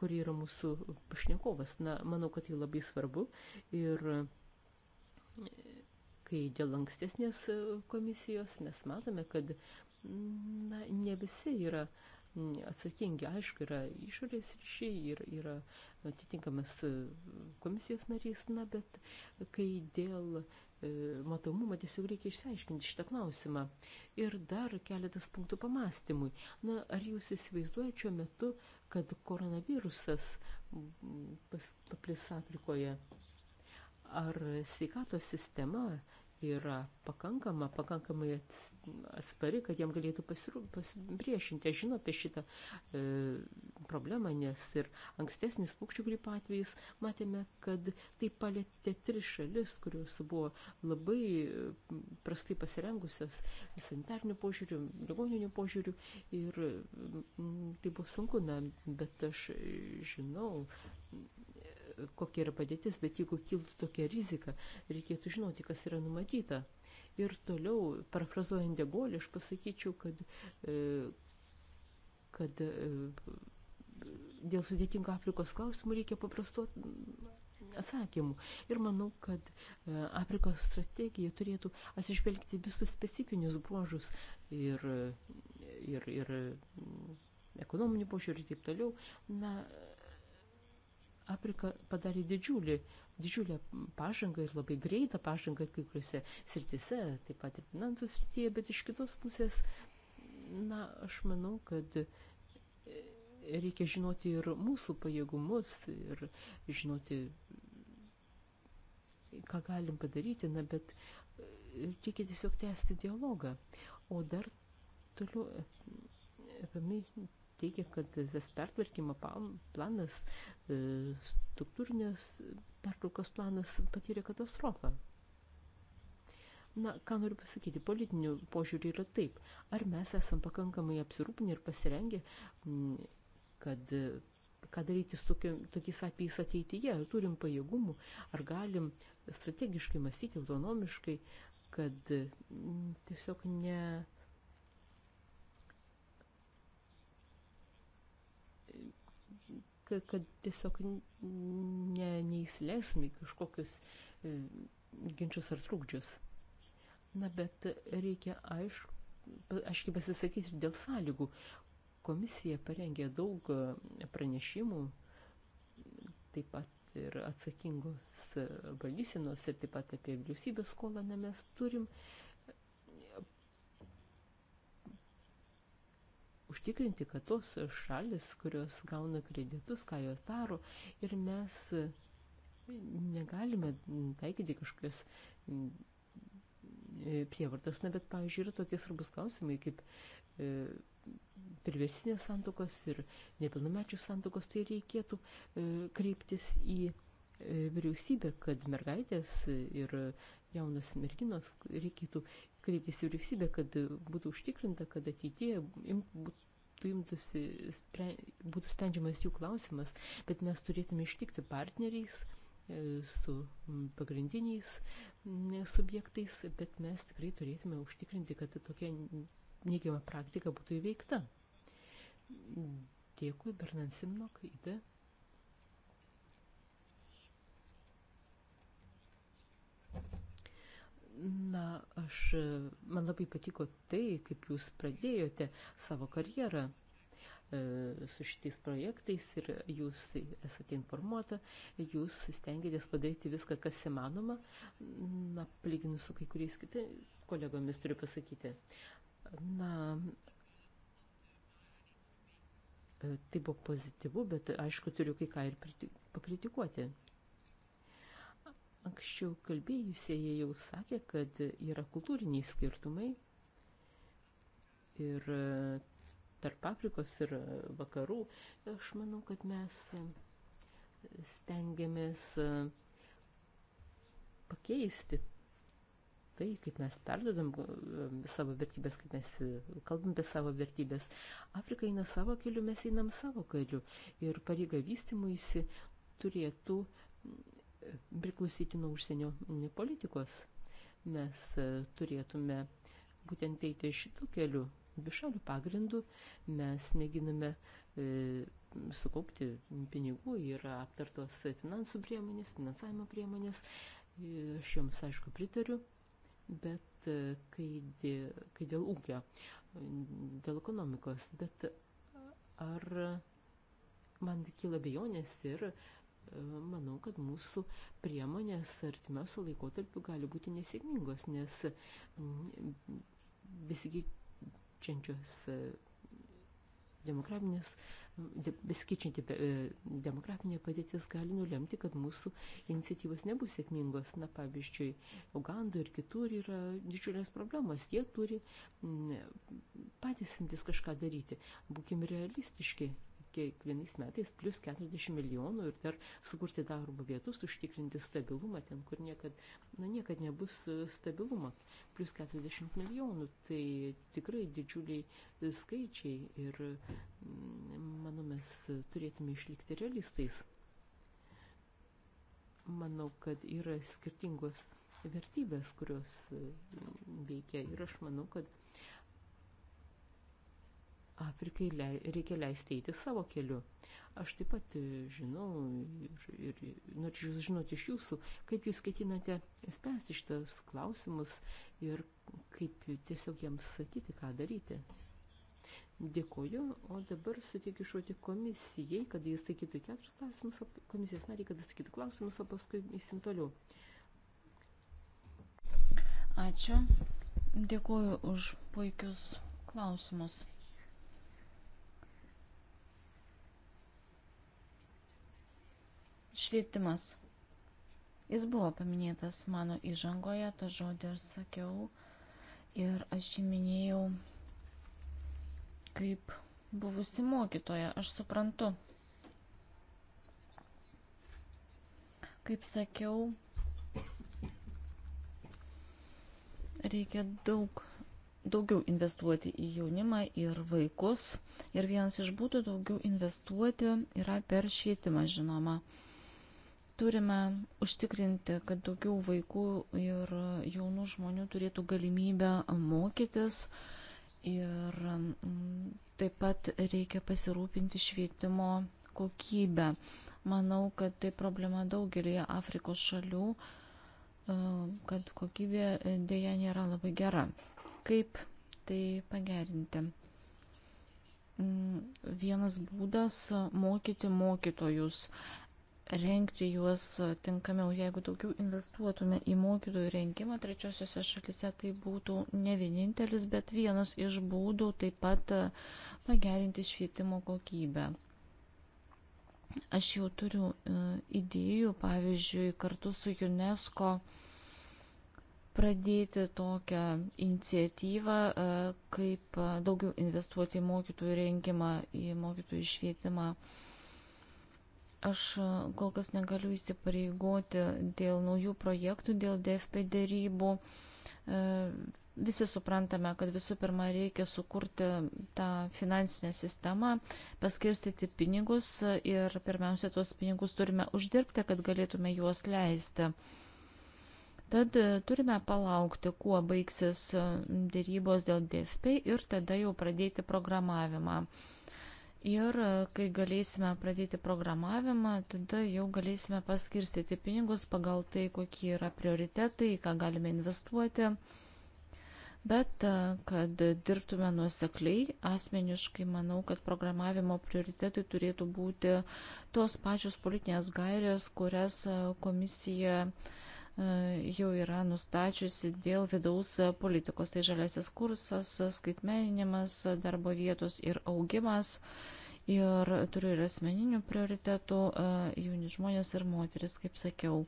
kuri yra mūsų pašnekovas. Na, manau, kad tai labai svarbu. Ir e, kai dėl ankstesnės e, komisijos mes matome, kad Na, ne visi yra mm, atsakingi, aišku, yra išorės ryšiai ir yra atitinkamas e, komisijos narys, na, bet kai dėl e, matomumą tiesiog reikia išsiaiškinti šitą klausimą. Ir dar keletas punktų pamastymui. Na, ar jūs įsivaizduojate šiuo metu, kad koronavirusas paplis Afrikoje? Ar sveikatos sistema yra pakankama, pakankamai atspari, kad jam galėtų pasipriešinti. Aš žinau apie šitą e, problemą, nes ir ankstesnis paukščių gripo atvejais matėme, kad tai palėtė tris šalis, kurios buvo labai e, prastai pasirengusios sanitarnių požiūrių, ligoninių požiūrių ir m, tai buvo sunku, na, bet aš žinau, kokia yra padėtis, bet jeigu kiltų tokia rizika, reikėtų žinoti, kas yra numatyta. Ir toliau, parafrazuojant Degolį, aš pasakyčiau, kad, e, kad e, dėl sudėtingo Afrikos klausimų reikia paprastuoti atsakymų. Ir manau, kad e, Afrikos strategija turėtų atsižvelgti visus specifinius bruožus ir, ir, ir mm, ekonominių požiūrį ir taip toliau. Na, Afrika padarė didžiulį, didžiulę pažangą ir labai greitą pažangą kai kuriuose srityse, taip pat ir finansų srityje, bet iš kitos pusės, na, aš manau, kad e, reikia žinoti ir mūsų pajėgumus, ir žinoti, ką galim padaryti, na, bet e, reikia tiesiog tęsti dialogą. O dar toliau, apie e, teigia, kad tas pertvarkymo planas, e, struktūrinės pertraukos planas patyrė katastrofą. Na, ką noriu pasakyti, politinių požiūrį yra taip. Ar mes esam pakankamai apsirūpinę ir pasirengę, kad ką daryti su tokiais atvejais ateityje, ar turim pajėgumų, ar galim strategiškai mąstyti, autonomiškai, kad tiesiog ne, kad tiesiog ne, neįsileistume į kažkokius e, ginčius ar trūkdžius. Na, bet reikia aišku, aiškiai pasisakyti ir dėl sąlygų. Komisija parengė daug e, pranešimų, taip pat ir atsakingos e, valdysenos ir taip pat apie vyriausybės skolą, na mes turim uh, užtikrinti, kad tos šalis, kurios gauna kreditus, ką jos daro, ir mes negalime taikyti kažkokios e, prievartas. Na, bet, pavyzdžiui, yra tokie svarbus klausimai, kaip e, priversinės santokos ir nepilnamečių santokos, tai reikėtų e, kreiptis į vyriausybę, kad mergaitės ir jaunos merginos reikėtų kreiptis į vyriausybę, kad būtų užtikrinta, kad ateityje būtų, imtusi, spre, būtų sprendžiamas jų klausimas, bet mes turėtume ištikti partneriais su pagrindiniais subjektais, bet mes tikrai turėtume užtikrinti, kad tokia neigiama praktika būtų įveikta. Dėkui, Bernan Simnok, įdė. Na, aš, man labai patiko tai, kaip jūs pradėjote savo karjerą e, su šitais projektais ir jūs esate informuota, jūs stengiatės padaryti viską, kas įmanoma, na, palyginus su kai kuriais kitai kolegomis turiu pasakyti. Na, e, tai buvo pozityvu, bet aišku, turiu kai ką ir pakritikuoti. Anksčiau kalbėjusieji jau sakė, kad yra kultūriniai skirtumai ir e, tarp Afrikos ir vakarų. Aš manau, kad mes stengiamės e, pakeisti tai, kaip mes perdodam e, savo vertybės, kaip mes kalbam apie savo vertybės. Afrika eina savo keliu, mes einam savo keliu. Ir pareiga vystimuisi turėtų priklausyti nuo užsienio politikos. Mes e, turėtume būtent eiti šitų kelių, bišalių pagrindų. Mes mėginame e, sukaupti pinigų, yra aptartos finansų priemonės, finansavimo priemonės. E, aš joms, aišku, pritariu, bet e, kai, dė, kai dėl ūkio, dėl ekonomikos, bet ar man kyla bejonės ir manau, kad mūsų priemonės artimiausio laikotarpiu gali būti nesėkmingos, nes mm, besikeičiančios e, demografinės, besikeičianti e, demografinė padėtis gali nulemti, kad mūsų iniciatyvos nebus sėkmingos. Na, pavyzdžiui, Ugando ir kitur yra didžiulės problemos. Jie turi mm, patys imtis kažką daryti. Būkim realistiški kiekvienais metais plus 40 milijonų ir dar sukurti darbo vietus, užtikrinti stabilumą ten, kur niekad, na, niekad nebus e, stabilumo. Plus 40 milijonų, tai tikrai didžiuliai skaičiai ir, mm, manau, mes turėtume išlikti realistais. Manau, kad yra skirtingos vertybės, kurios mm, veikia ir aš manau, kad Afrikai lei, reikia leisti eiti savo keliu. Aš taip pat e, žinau ir, ir norėčiau nu, žinoti iš jūsų, kaip jūs ketinate spręsti šitas klausimus ir kaip tiesiog jiems sakyti, ką daryti. Dėkoju, o dabar suteikiu šuoti komisijai, kad jis sakytų keturis klausimus, komisijos nariai, kad jis sakytų klausimus, o paskui įsim toliau. Ačiū. Dėkoju už puikius klausimus. Švietimas. Jis buvo paminėtas mano įžangoje, tą žodį aš sakiau ir aš jį minėjau kaip buvusi mokytoja, aš suprantu. Kaip sakiau, reikia daug, daugiau investuoti į jaunimą ir vaikus. Ir vienas iš būtų daugiau investuoti yra per švietimą, žinoma. Turime užtikrinti, kad daugiau vaikų ir jaunų žmonių turėtų galimybę mokytis ir mm, taip pat reikia pasirūpinti švietimo kokybę. Manau, kad tai problema daugelėje Afrikos šalių, e, kad kokybė e, dėja nėra labai gera. Kaip tai pagerinti? Mm, vienas būdas - mokyti mokytojus renkti juos tinkamiau. Jeigu daugiau investuotume į mokytojų rengimą trečiosiuose šalise, tai būtų ne vienintelis, bet vienas iš būdų taip pat e, pagerinti švietimo kokybę. Aš jau turiu e, idėjų, pavyzdžiui, kartu su UNESCO pradėti tokią iniciatyvą, e, kaip daugiau investuoti į mokytojų rengimą, į mokytojų švietimą. Aš e, kol kas negaliu įsipareigoti dėl naujų projektų, dėl DFP dėrybų. E, visi suprantame, kad visų pirma reikia sukurti tą finansinę sistemą, paskirstyti pinigus ir pirmiausia, tuos pinigus turime uždirbti, kad galėtume juos leisti. Tad e, turime palaukti, kuo baigsis dėrybos dėl DFP ir tada jau pradėti programavimą. Ir e, kai galėsime pradėti programavimą, tada jau galėsime paskirstyti pinigus pagal tai, kokie yra prioritetai, ką galime investuoti. Bet e, kad dirbtume nuosekliai, asmeniškai manau, kad programavimo prioritetai turėtų būti tos pačios politinės gairės, kurias e, komisija uh, E, jau yra nustačiusi dėl vidaus politikos. Tai žaliasis kursas, skaitmeninimas, darbo vietos ir augimas. Ir turiu ir asmeninių prioritetų, e, jauni žmonės ir moteris, kaip sakiau.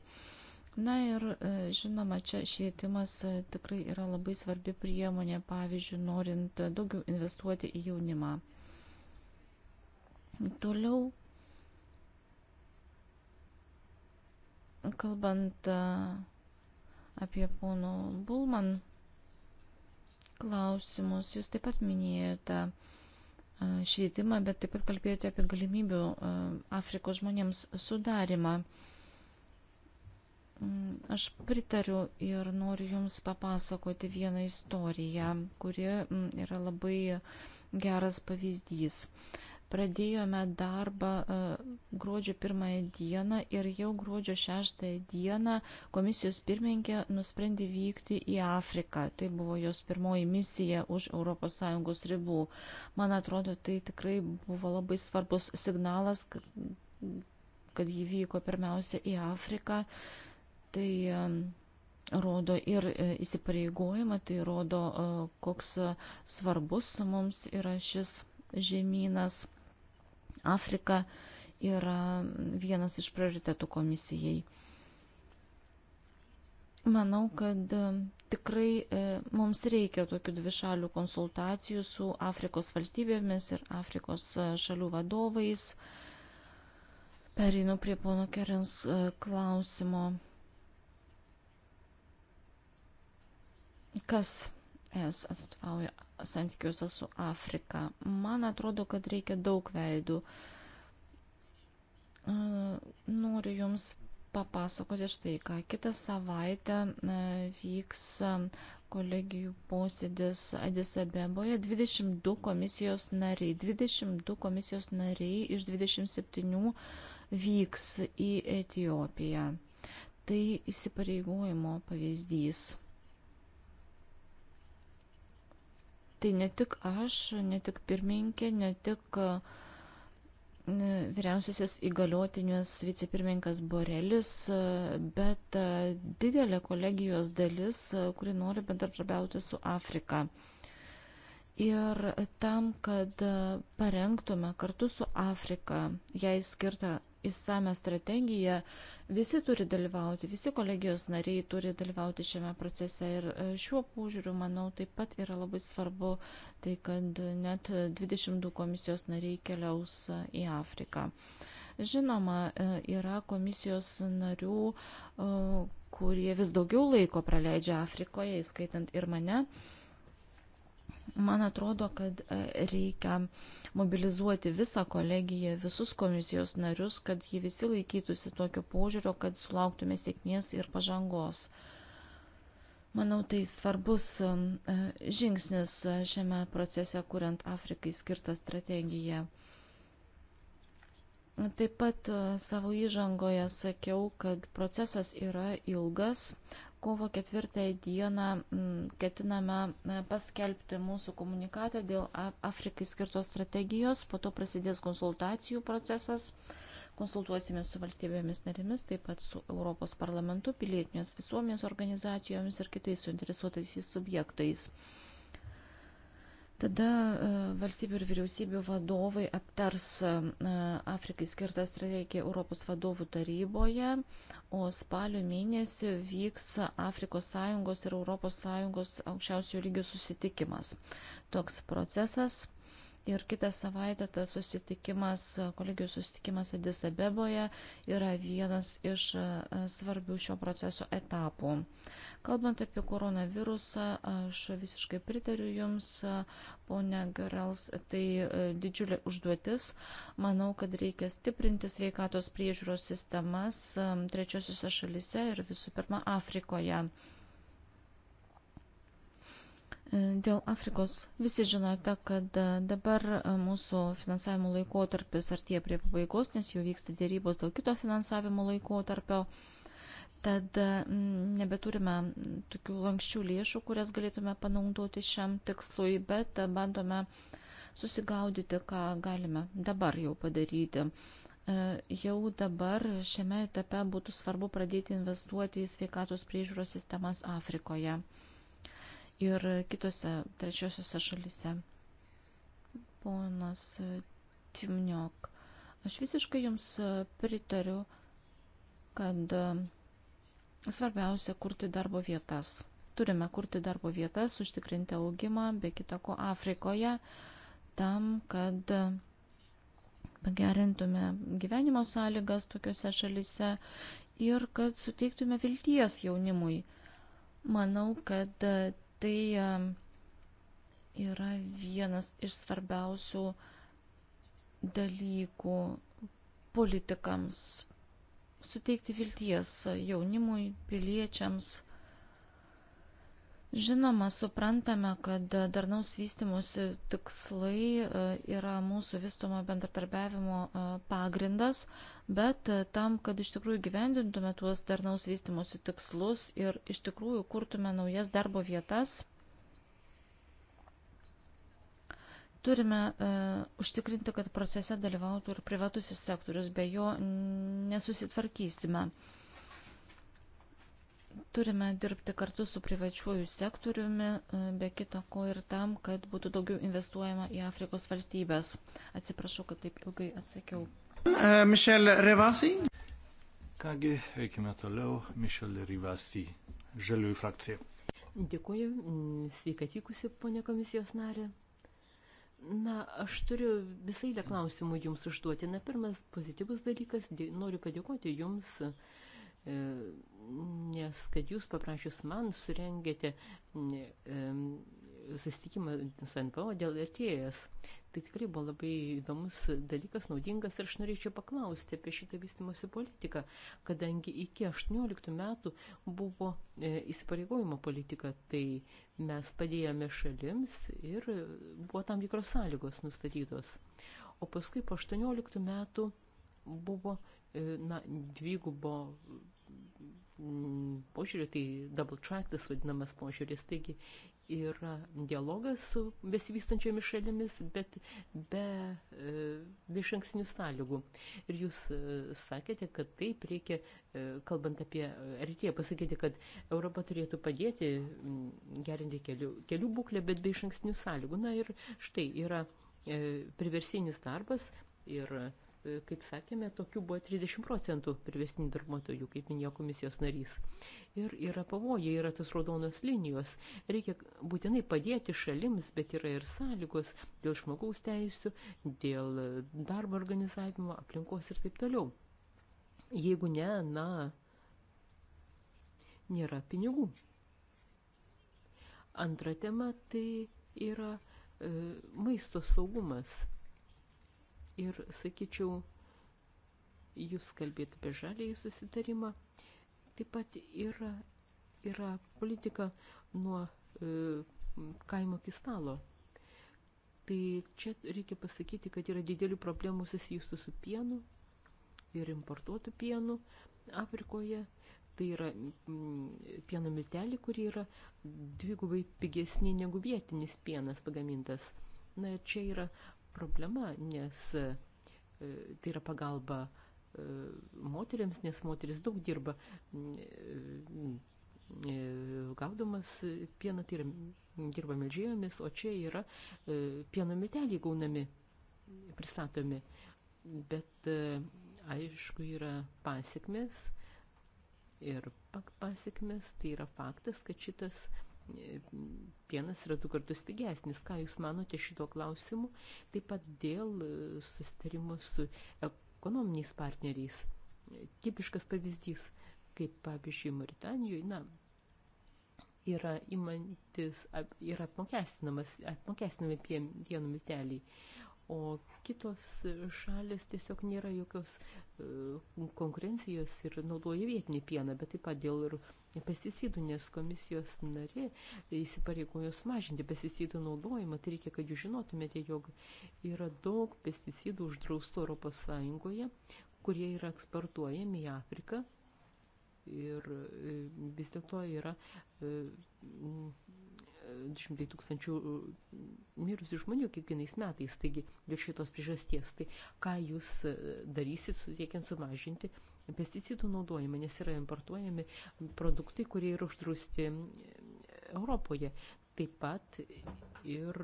Na ir e, žinoma, čia švietimas tikrai yra labai svarbi priemonė, pavyzdžiui, norint daugiau investuoti į jaunimą. Toliau Kalbant apie pono Bulman klausimus, jūs taip pat minėjote švietimą, bet taip pat kalbėjote apie galimybių Afrikos žmonėms sudarimą. Mm, aš pritariu ir noriu Jums papasakoti vieną istoriją, kuri mm, yra labai geras pavyzdys. Pradėjome darbą e, gruodžio pirmąją dieną ir jau gruodžio šeštąją dieną komisijos pirmininkė nusprendė vykti į Afriką. Tai buvo jos pirmoji misija už ES ribų. Man atrodo, tai tikrai buvo labai svarbus signalas, kad, kad jį vyko pirmiausia į Afriką. Tai e, rodo ir e, įsipareigojimą, tai rodo, koks svarbus mums yra šis žemynas. Afrika yra vienas iš prioritetų komisijai. Manau, kad e, tikrai e, mums reikia tokių dvišalių konsultacijų su Afrikos valstybėmis ir Afrikos e, šalių vadovais. Perinu prie pono Kerins e, klausimo. Kas es atstovauja santykiuose su Afrika. Man atrodo, kad reikia daug veidų. Noriu Jums papasakoti štai ką. Kitą savaitę vyks kolegijų posėdis Adisabeboje. 22 komisijos nariai. 22 komisijos nariai iš 27 vyks į Etijopiją. Tai įsipareigojimo pavyzdys. Tai ne tik aš, ne tik pirmininkė, ne tik e, vyriausiasis įgaliotinis vicepirmininkas Borelis, e, bet e, didelė kolegijos dalis, kuri nori bendradarbiauti su Afrika. Ir tam, kad parengtume kartu su Afrika jai skirtą įsame strategiją, visi turi dalyvauti, visi kolegijos nariai turi dalyvauti šiame procese ir e, šiuo požiūriu, manau, taip pat yra labai svarbu tai, kad net 22 komisijos nariai keliaus e, į Afriką. Žinoma, e, yra komisijos narių, kurie vis daugiau laiko praleidžia Afrikoje, įskaitant ir mane. Man atrodo, kad e, reikia mobilizuoti visą kolegiją, visus komisijos narius, kad jie visi laikytųsi tokio požiūrio, kad sulauktume sėkmės ir pažangos. Manau, tai svarbus e, žingsnis šiame procese, kuriant Afrikai skirtą strategiją. Taip pat e, savo įžangoje sakiau, kad procesas yra ilgas, Kovo ketvirtąją dieną ketiname e, paskelbti mūsų komunikatą dėl Afrikai skirtos strategijos, po to prasidės konsultacijų procesas. Konsultuosimės su valstybėmis narėmis, taip pat su Europos parlamentu, pilietinės visuomenės organizacijomis ir kitais suinteresuotais subjektais. Tada e, valstybių ir vyriausybių vadovai aptars e, Afrikai skirtą strategiją Europos vadovų taryboje, o spalio mėnesį vyks Afrikos sąjungos ir Europos sąjungos aukščiausių lygių susitikimas. Toks procesas. Ir kitą savaitę tas susitikimas, kolegijų susitikimas Adis Abeboje yra vienas iš e, svarbių šio proceso etapų. Uh, Kalbant apie koronavirusą, aš visiškai pritariu Jums, ponė Garels, tai e, didžiulė užduotis. Manau, kad reikia stiprinti sveikatos priežiūros sistemas trečiosiuose šalise ir visų pirma Afrikoje. E, dėl Afrikos visi žinote, kad e, dabar mūsų finansavimo laikotarpis artėja prie pabaigos, nes jau vyksta dėrybos dėl kito finansavimo laikotarpio. tarpio. Tad mm, nebeturime tokių lankščių lėšų, kurias galėtume panaudoti šiam tikslui, bet bandome susigaudyti, ką galime dabar jau padaryti. E, jau dabar šiame etape būtų svarbu pradėti investuoti į sveikatos priežiūros sistemas Afrikoje ir kitose trečiosiuose šalise. Ponas Timniok, aš visiškai Jums pritariu, kad Svarbiausia - kurti darbo vietas. Turime kurti darbo vietas, užtikrinti augimą, be kitako Afrikoje, tam, kad pagerintume gyvenimo sąlygas tokiuose šalise ir kad suteiktume vilties jaunimui. Manau, kad tai e, yra vienas iš svarbiausių dalykų politikams, suteikti vilties jaunimui, piliečiams. Žinoma, suprantame, kad darnaus vystimosi tikslai e, yra mūsų vystomo bendratarbiavimo e, pagrindas, bet e, tam, kad iš tikrųjų gyvendintume tuos darnaus vystimosi tikslus ir iš tikrųjų kurtume naujas darbo vietas, Turime e, užtikrinti, kad procese dalyvautų ir privatusis sektorius, be jo nesusitvarkysime. Turime dirbti kartu su privačiuoju sektoriumi, e, be kito ko ir tam, kad būtų daugiau investuojama į Afrikos valstybės. Atsiprašau, kad taip ilgai atsakiau. E, Mišel Revasi. Kągi, eikime toliau. Mišel Revasi, Žaliųjų frakcija. Dėkuoju. Sveika atvykusi, ponė komisijos narė. Na, aš turiu visai lė klausimų jums užduoti. Na, pirmas pozityvus dalykas, noriu padėkoti jums, e, nes kad jūs paprašius man surengėte e, susitikimą su NPO dėl atėjęs. Tai tikrai buvo labai įdomus dalykas, naudingas ir aš norėčiau paklausti apie šitą vystimosi politiką, kadangi iki 18 metų buvo e, įsipareigojimo politika, tai mes padėjome šalims ir buvo tam tikros sąlygos nustatytos. O paskui po 18 metų buvo e, na, dvigubo mm, požiūriu, tai double track tas vadinamas požiūris, taigi yra dialogas su besivystančiomis šalimis, bet be, e, be šanksinių sąlygų. Ir jūs e, sakėte, kad taip reikia, e, kalbant apie Eritiją, pasakyti, kad Europa turėtų padėti gerinti kelių, kelių būklę, bet be šanksinių sąlygų. Na ir štai yra priversinis darbas ir E, kaip sakėme, tokių buvo 30 procentų privesnių darbuotojų, kaip minėjo komisijos narys. Ir yra pavojai, yra tas raudonos linijos. Reikia būtinai padėti šalims, bet yra ir sąlygos dėl žmogaus teisų, dėl darbo organizavimo, aplinkos ir taip toliau. Jeigu ne, na, nėra pinigų. Antra tema tai yra e, maisto saugumas ir, sakyčiau, jūs kalbėt apie žalėjį susitarimą, taip pat yra, yra politika nuo e, kaimo iki stalo. Tai čia reikia pasakyti, kad yra didelių problemų susijusių su pienu ir importuotų pienų Afrikoje. Tai yra mm, pieno milteliai, kurie yra dvigubai pigesni negu vietinis pienas pagamintas. Na ir čia yra problema, nes e, tai yra pagalba e, moteriams, nes moteris daug dirba mm, e, mm, gaudamas pieną, tai yra mm, dirba melžėjomis, o čia yra pieno meteliai gaunami, pristatomi. Bet aišku yra pasiekmes ir pasiekmes, tai yra faktas, kad šitas pienas yra du kartus pigesnis. Ką Jūs manote šito klausimu? Taip pat dėl e, susitarimo su ekonominiais partneriais. Tipiškas pavyzdys, kaip pavyzdžiui Mauritanijoje, na, yra imantis, yra apmokestinamas, apmokestinami pieno meteliai, o kitos šalis tiesiog nėra jokios e, konkurencijos ir naudoja vietinį pieną, bet taip pat dėl ir pesticidų, nes komisijos narė įsipareigojo sumažinti pesticidų naudojimą, tai reikia, kad jūs žinotumėte, jog yra daug pesticidų uždraustų Europos Sąjungoje, kurie yra eksportuojami į Afriką ir e, vis dėlto yra e, 200 tūkstančių e, mirusių žmonių kiekvienais metais, taigi dėl šitos priežasties. Tai ką jūs e, darysit, sutiekiant sumažinti pesticidų naudojimą, nes yra importuojami produktai, kurie yra uždrausti Europoje. Taip pat ir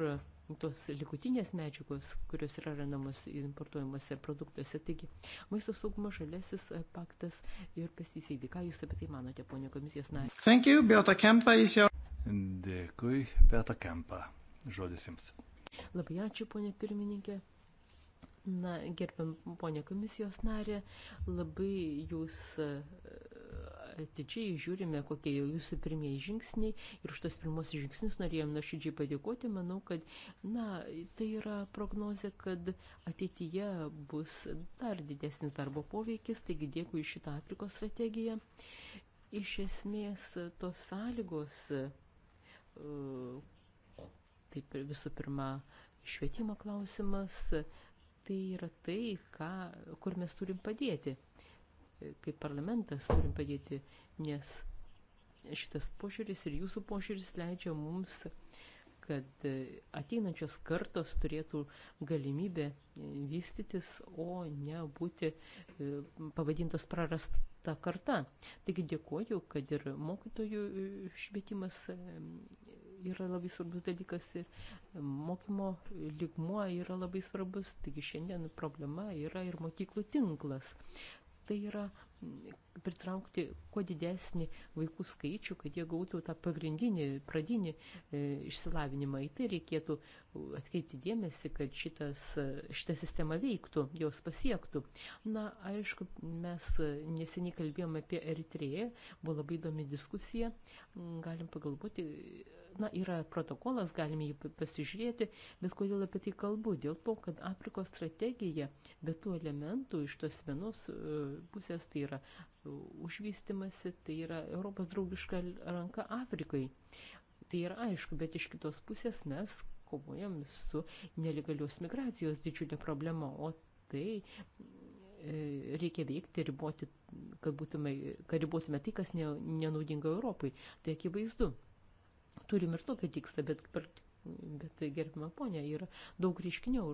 tos likutinės medžiagos, kurios yra ranamos importuojamuose produktuose. Taigi, maisto saugumo žalėsis e, paktas ir pesticidai. Ką Jūs apie tai manote, ponio komisijos narė? Thank you, Biota Kempa, is your... Dėkui, Beta Kempa. Žodis jums. Labai ačiū, ponė pirmininkė. Na, gerbiam ponė komisijos narė, labai jūs e, atidžiai žiūrime, kokie jūsų pirmieji žingsniai ir už tos pirmosius žingsnius norėjom nuoširdžiai padėkoti. Manau, kad, na, tai yra prognozė, kad ateityje bus dar didesnis darbo poveikis, taigi dėkui šitą Afrikos strategiją. Iš esmės, tos sąlygos taip ir visų pirma, švietimo klausimas, tai yra tai, ką, kur mes turim padėti. Kaip parlamentas turim padėti, nes šitas požiūris ir jūsų požiūris leidžia mums, kad ateinančios kartos turėtų galimybę vystytis, o ne būti e, pavadintos prarasta karta. Taigi dėkuoju, kad ir mokytojų švietimas yra labai svarbus dalykas ir mokymo ligmuo yra labai svarbus, taigi šiandien problema yra ir mokyklų tinklas. Tai yra mm, pritraukti kuo didesnį vaikų skaičių, kad jie gautų tą pagrindinį, pradinį e, išsilavinimą. Į tai reikėtų atkreipti dėmesį, kad šitas, e, šitą sistemą veiktų, jos pasiektų. Na, aišku, mes neseniai kalbėjome apie Eritreją, buvo labai įdomi diskusija, mm, galim pagalvoti na, yra protokolas, galime jį pasižiūrėti, bet kodėl apie tai kalbu? Dėl to, kad Afrikos strategija be tų elementų iš tos vienos e, pusės tai yra e, užvystimasi, tai yra Europos draugiška ranka Afrikai. Tai yra aišku, bet iš kitos pusės mes kovojam su nelegalios migracijos didžiulė problema, o tai e, reikia veikti, riboti, kad, būtume, kad ribotume tai, kas ne, nenaudinga Europai. Tai akivaizdu turim ir tokį tikslą, bet, bet tai, gerbima ponia, yra daug reiškinių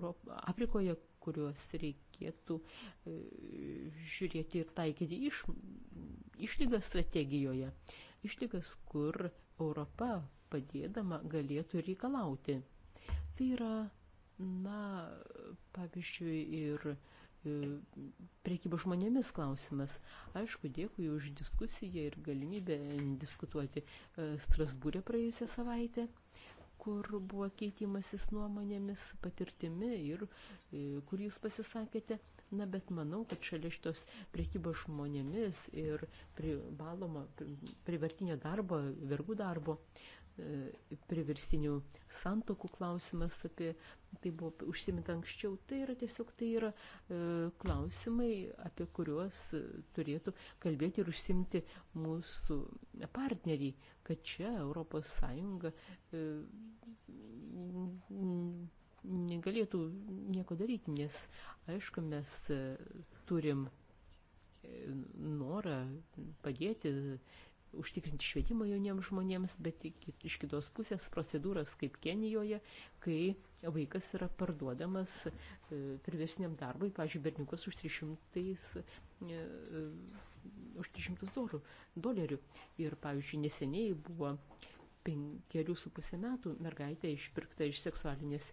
Afrikoje, kuriuos reikėtų e, žiūrėti ir taikyti iš, išlygas strategijoje. Išlygas, kur Europa padėdama galėtų reikalauti. Tai yra, na, pavyzdžiui, ir E, priekybos žmonėmis klausimas. Aišku, dėkui už diskusiją ir galimybę diskutuoti e, Strasbūrė praėjusią savaitę kur buvo keitimasis nuomonėmis, patirtimi ir e, kur jūs pasisakėte. Na, bet manau, kad šalia šitos priekybos žmonėmis ir privalomo privartinio darbo, vergų darbo, E, priversinių santokų klausimas, apie tai buvo užsiminta anksčiau, tai yra tiesiog tai yra e, klausimai, apie kuriuos turėtų kalbėti ir užsimti mūsų partneriai, kad čia Europos Sąjunga e, negalėtų nieko daryti, nes aišku, mes turim norą padėti užtikrinti švietimą jauniems žmonėms, bet iš kitos pusės procedūras kaip Kenijoje, kai vaikas yra parduodamas e, priversiniam darbui, pavyzdžiui, berniukas už 300 e, e, už 300 dolerių. Ir, pavyzdžiui, neseniai buvo penkerių su pusę metų mergaitė išpirkta iš seksualinės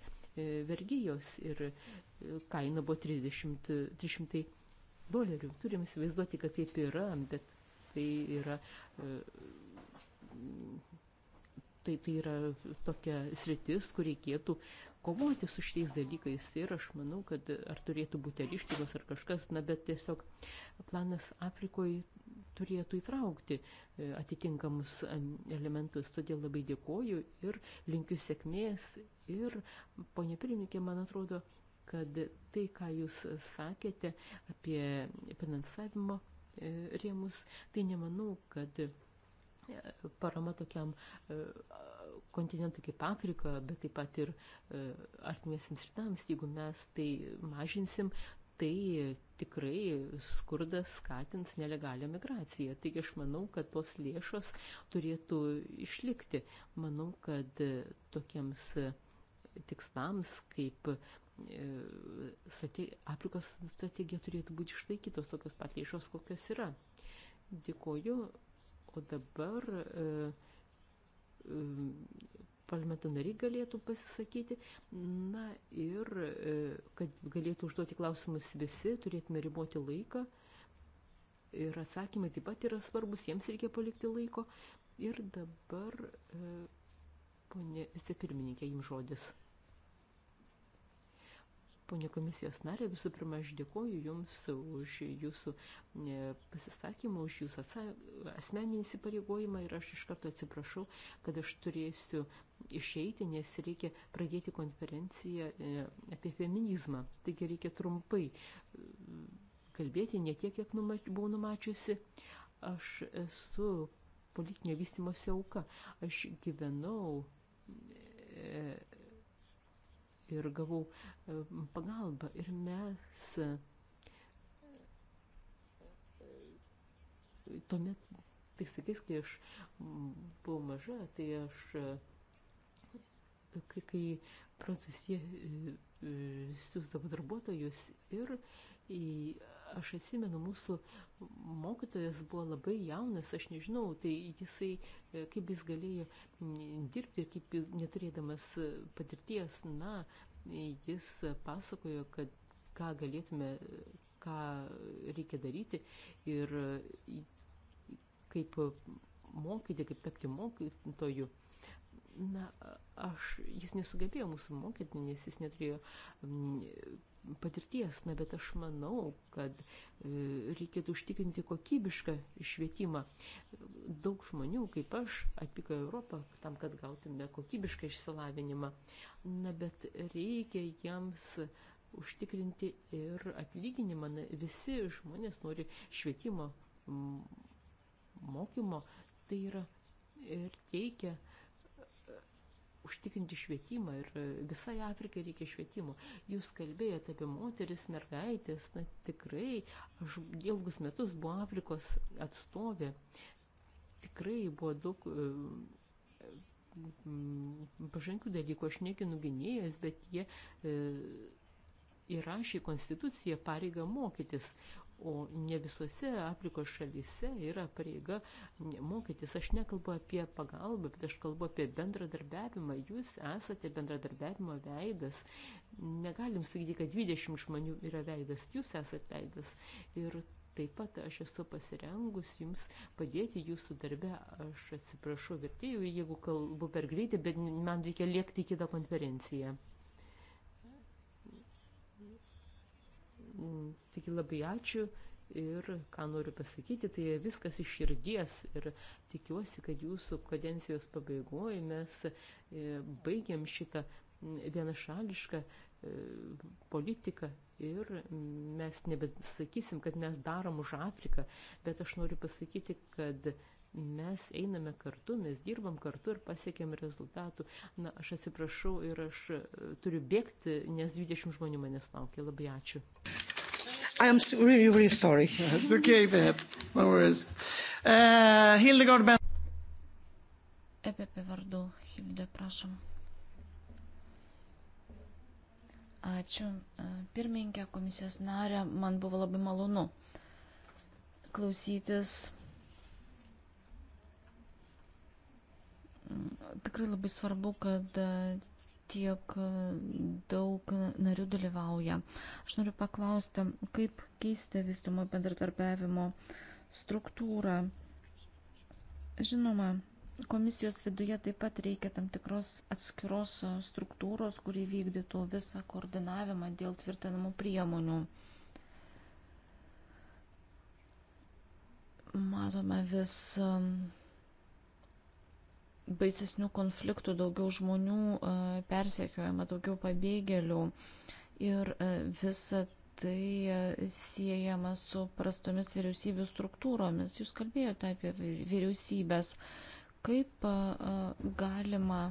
vergyjos ir kaina buvo 30, 300 dolerių. Turim įsivaizduoti, kad taip yra, bet tai yra, e, tai, tai yra tokia sritis, kur reikėtų kovoti su šiais dalykais ir aš manau, kad ar turėtų būti ryštimas ar kažkas, na bet tiesiog planas Afrikoje turėtų įtraukti e, atitinkamus elementus. Todėl labai dėkoju ir linkiu sėkmės ir, ponė pirmininkė, man atrodo, kad tai, ką jūs sakėte apie finansavimo E, rėmus, tai nemanau, kad e, parama tokiam e, kontinentui kaip Afrika, bet taip pat ir artimiesiams rytams, jeigu mes tai mažinsim, tai tikrai skurdas skatins nelegalią migraciją. Taigi aš manau, kad tos lėšos turėtų išlikti. Manau, kad tokiems tikslams kaip E, stati, Afrikos strategija turėtų būti išlaikytos tokios pat lėšos, kokios yra. Dėkoju. O dabar e, e, parlamento nariai galėtų pasisakyti. Na ir e, kad galėtų užduoti klausimus visi, turėtume riboti laiką. Ir atsakymai taip pat yra svarbus, jiems reikia palikti laiko. Ir dabar, e, ponė vicepirmininkė, jums žodis. Pone komisijos narė, visų pirma, aš dėkoju Jums už Jūsų e, pasisakymą, už Jūsų asmeninį įsipareigojimą ir aš iš karto atsiprašau, kad aš turėsiu išeiti, nes reikia pradėti konferenciją e, apie feminizmą. Taigi reikia trumpai e, kalbėti, ne tiek, kiek numač, buvau numačiusi. Aš esu politinio vystimosi auka. Aš gyvenau ir gavau e, pagalbą. Ir mes e, tuomet, tai sakys, kai aš buvau maža, tai aš, e, kai, kai prancūzija siūsdavo darbuotojus ir į Aš atsimenu, mūsų mokytojas buvo labai jaunas, aš nežinau, tai jisai, e, kaip jis galėjo dirbti ir kaip neturėdamas e, patirties, na, jis pasakojo, kad ką galėtume, e, ką reikia daryti ir kaip mokyti, kaip tapti mokytoju. Na, aš, jis nesugebėjo mūsų mokyti, nes jis neturėjo patirties, na, bet aš manau, kad e, reikėtų užtikrinti kokybišką švietimą. Daug žmonių, kaip aš, atvyko į Europą tam, kad gautume kokybišką išsilavinimą. Na, bet reikia jiems užtikrinti ir atlyginimą. Na, visi žmonės nori švietimo, mokymo. Tai yra ir reikia uh, užtikrinti švietimą ir e, visai Afrikai reikia švietimo. Jūs kalbėjote apie moteris, mergaitės, na tikrai, aš ilgus metus buvau Afrikos atstovė, tikrai buvo daug e, pažankių dalykų, aš nekinu gynėjos, bet jie e, įrašė konstituciją pareigą mokytis, O ne visose Afrikos šalyse yra pareiga mokytis. Aš nekalbu apie pagalbą, bet aš kalbu apie bendradarbiavimą. Jūs esate bendradarbiavimo veidas. Negalim sakyti, kad 20 žmonių yra veidas. Jūs esate veidas. Ir taip pat aš esu pasirengus jums padėti jūsų darbe. Aš atsiprašau vertėjų, jeigu kalbu per greitai, bet man reikia liekti į kitą konferenciją. Mm, taigi labai ačiū ir ką noriu pasakyti, tai viskas iš širdies ir tikiuosi, kad jūsų kadencijos pabaigoje mes e, baigiam šitą mm, vienašališką e, politiką ir mm, mes nebesakysim, kad mes darom už Afriką, bet aš noriu pasakyti, kad mes einame kartu, mes dirbam kartu ir pasiekėm rezultatų. Na, aš atsiprašau ir aš e, turiu bėgti, nes 20 žmonių manęs laukia. Labai ačiū. I am really, really sorry. It's okay, Pep. No worries. Uh, Hildegard Ben. EPP vardu Hilde, prašom. Ačiū. E, pirmininkė, komisijos narė, man buvo labai malonu klausytis mm, tikrai labai svarbu, kad e, tiek e, narių dalyvauja. Aš noriu paklausti, kaip keisti vystumo bendradarbiavimo struktūrą. Žinoma, komisijos viduje taip pat reikia tam tikros atskiros struktūros, kuri vykdytų visą koordinavimą dėl tvirtinamų priemonių. Matome vis baisesnių konfliktų, daugiau žmonių e, persekiojama, daugiau pabėgėlių. Ir e, visa tai e, siejama su prastomis vyriausybių struktūromis. Jūs kalbėjote apie vyriausybės. Kaip galima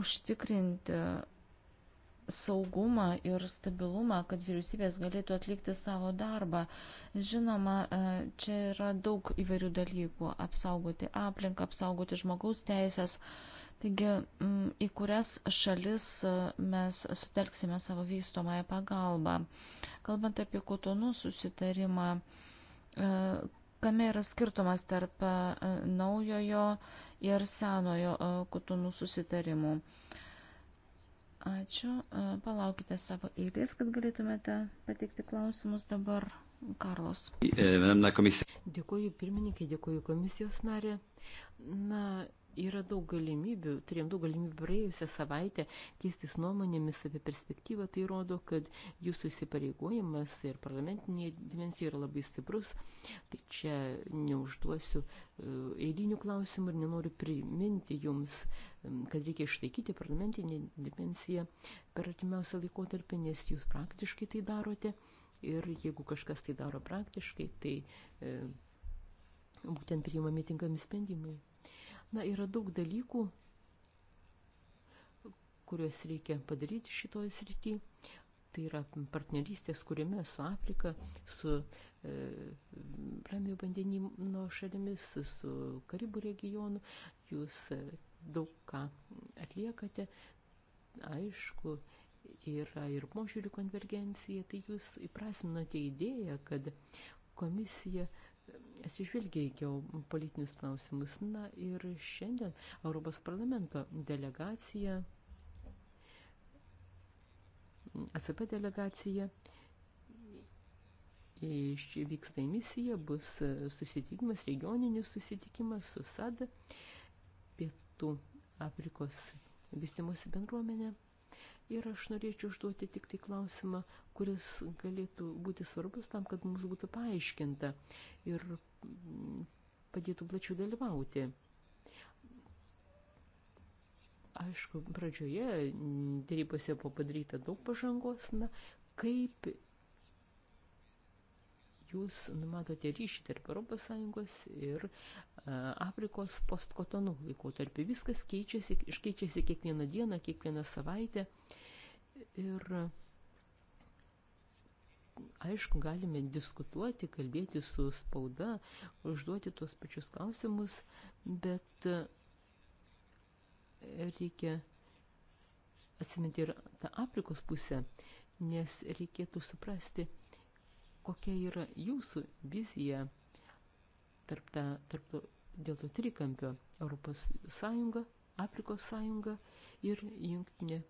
užtikrinti saugumą ir stabilumą, kad vyriausybės galėtų atlikti savo darbą. Žinoma, e, čia yra daug įvairių dalykų - apsaugoti aplinką, apsaugoti žmogaus teisės. Taigi, į kurias šalis e, mes sutelksime savo vystomąją pagalbą. Kalbant apie kotonų susitarimą, e, kame yra skirtumas tarp naujojo ir senojo kotonų susitarimų. Ačiū. Palaukite savo eilės, kad galėtumėte pateikti klausimus dabar. Karlos. E, dėkuoju pirmininkai, dėkuoju komisijos narė. Na, yra daug galimybių, turėjom daug galimybių praėjusią savaitę keistis nuomonėmis apie perspektyvą, tai rodo, kad jūsų įsipareigojimas ir parlamentinėje dimensijoje yra labai stiprus, tai čia neužduosiu e, eilinių klausimų ir nenoriu priminti jums, kad reikia išlaikyti parlamentinę dimensiją per artimiausią laikotarpį, nes jūs praktiškai tai darote ir jeigu kažkas tai daro praktiškai, tai e, būtent priimami tinkami sprendimai. Na, yra daug dalykų, kuriuos reikia padaryti šitoje srityje. Tai yra partnerystės kūrime su Afrika, su e, Ramio vandenino šalimis, su Karibų regionu. Jūs e, daug ką atliekate. Aišku, yra ir požiūrių konvergencija, tai jūs įprasminote idėją, kad komisija e, atsižvelgia į geopolitinius klausimus. Na ir šiandien Europos parlamento delegacija, ACP delegacija, vyksta į misiją, bus susitikimas, regioninis susitikimas su SAD, Pietų Afrikos vystimosi bendruomenė. Ir aš norėčiau užduoti tik tai klausimą, kuris galėtų būti svarbus tam, kad mums būtų paaiškinta ir mm, padėtų plačiau dalyvauti. Aišku, pradžioje mm, dėrybose buvo padaryta daug pažangos, na, kaip jūs numatote ryšį tarp ES ir e, Afrikos postkotonų laikotarpį. Viskas keičiasi, iškeičiasi kiekvieną dieną, kiekvieną savaitę. Ir aišku, galime diskutuoti, kalbėti su spauda, užduoti tuos pačius klausimus, bet e, reikia atsiminti ir tą Afrikos pusę, nes reikėtų suprasti, kokia yra jūsų vizija tarp, ta, tarp to, dėl to trikampio Europos Sąjunga, Afrikos Sąjunga ir Junktinė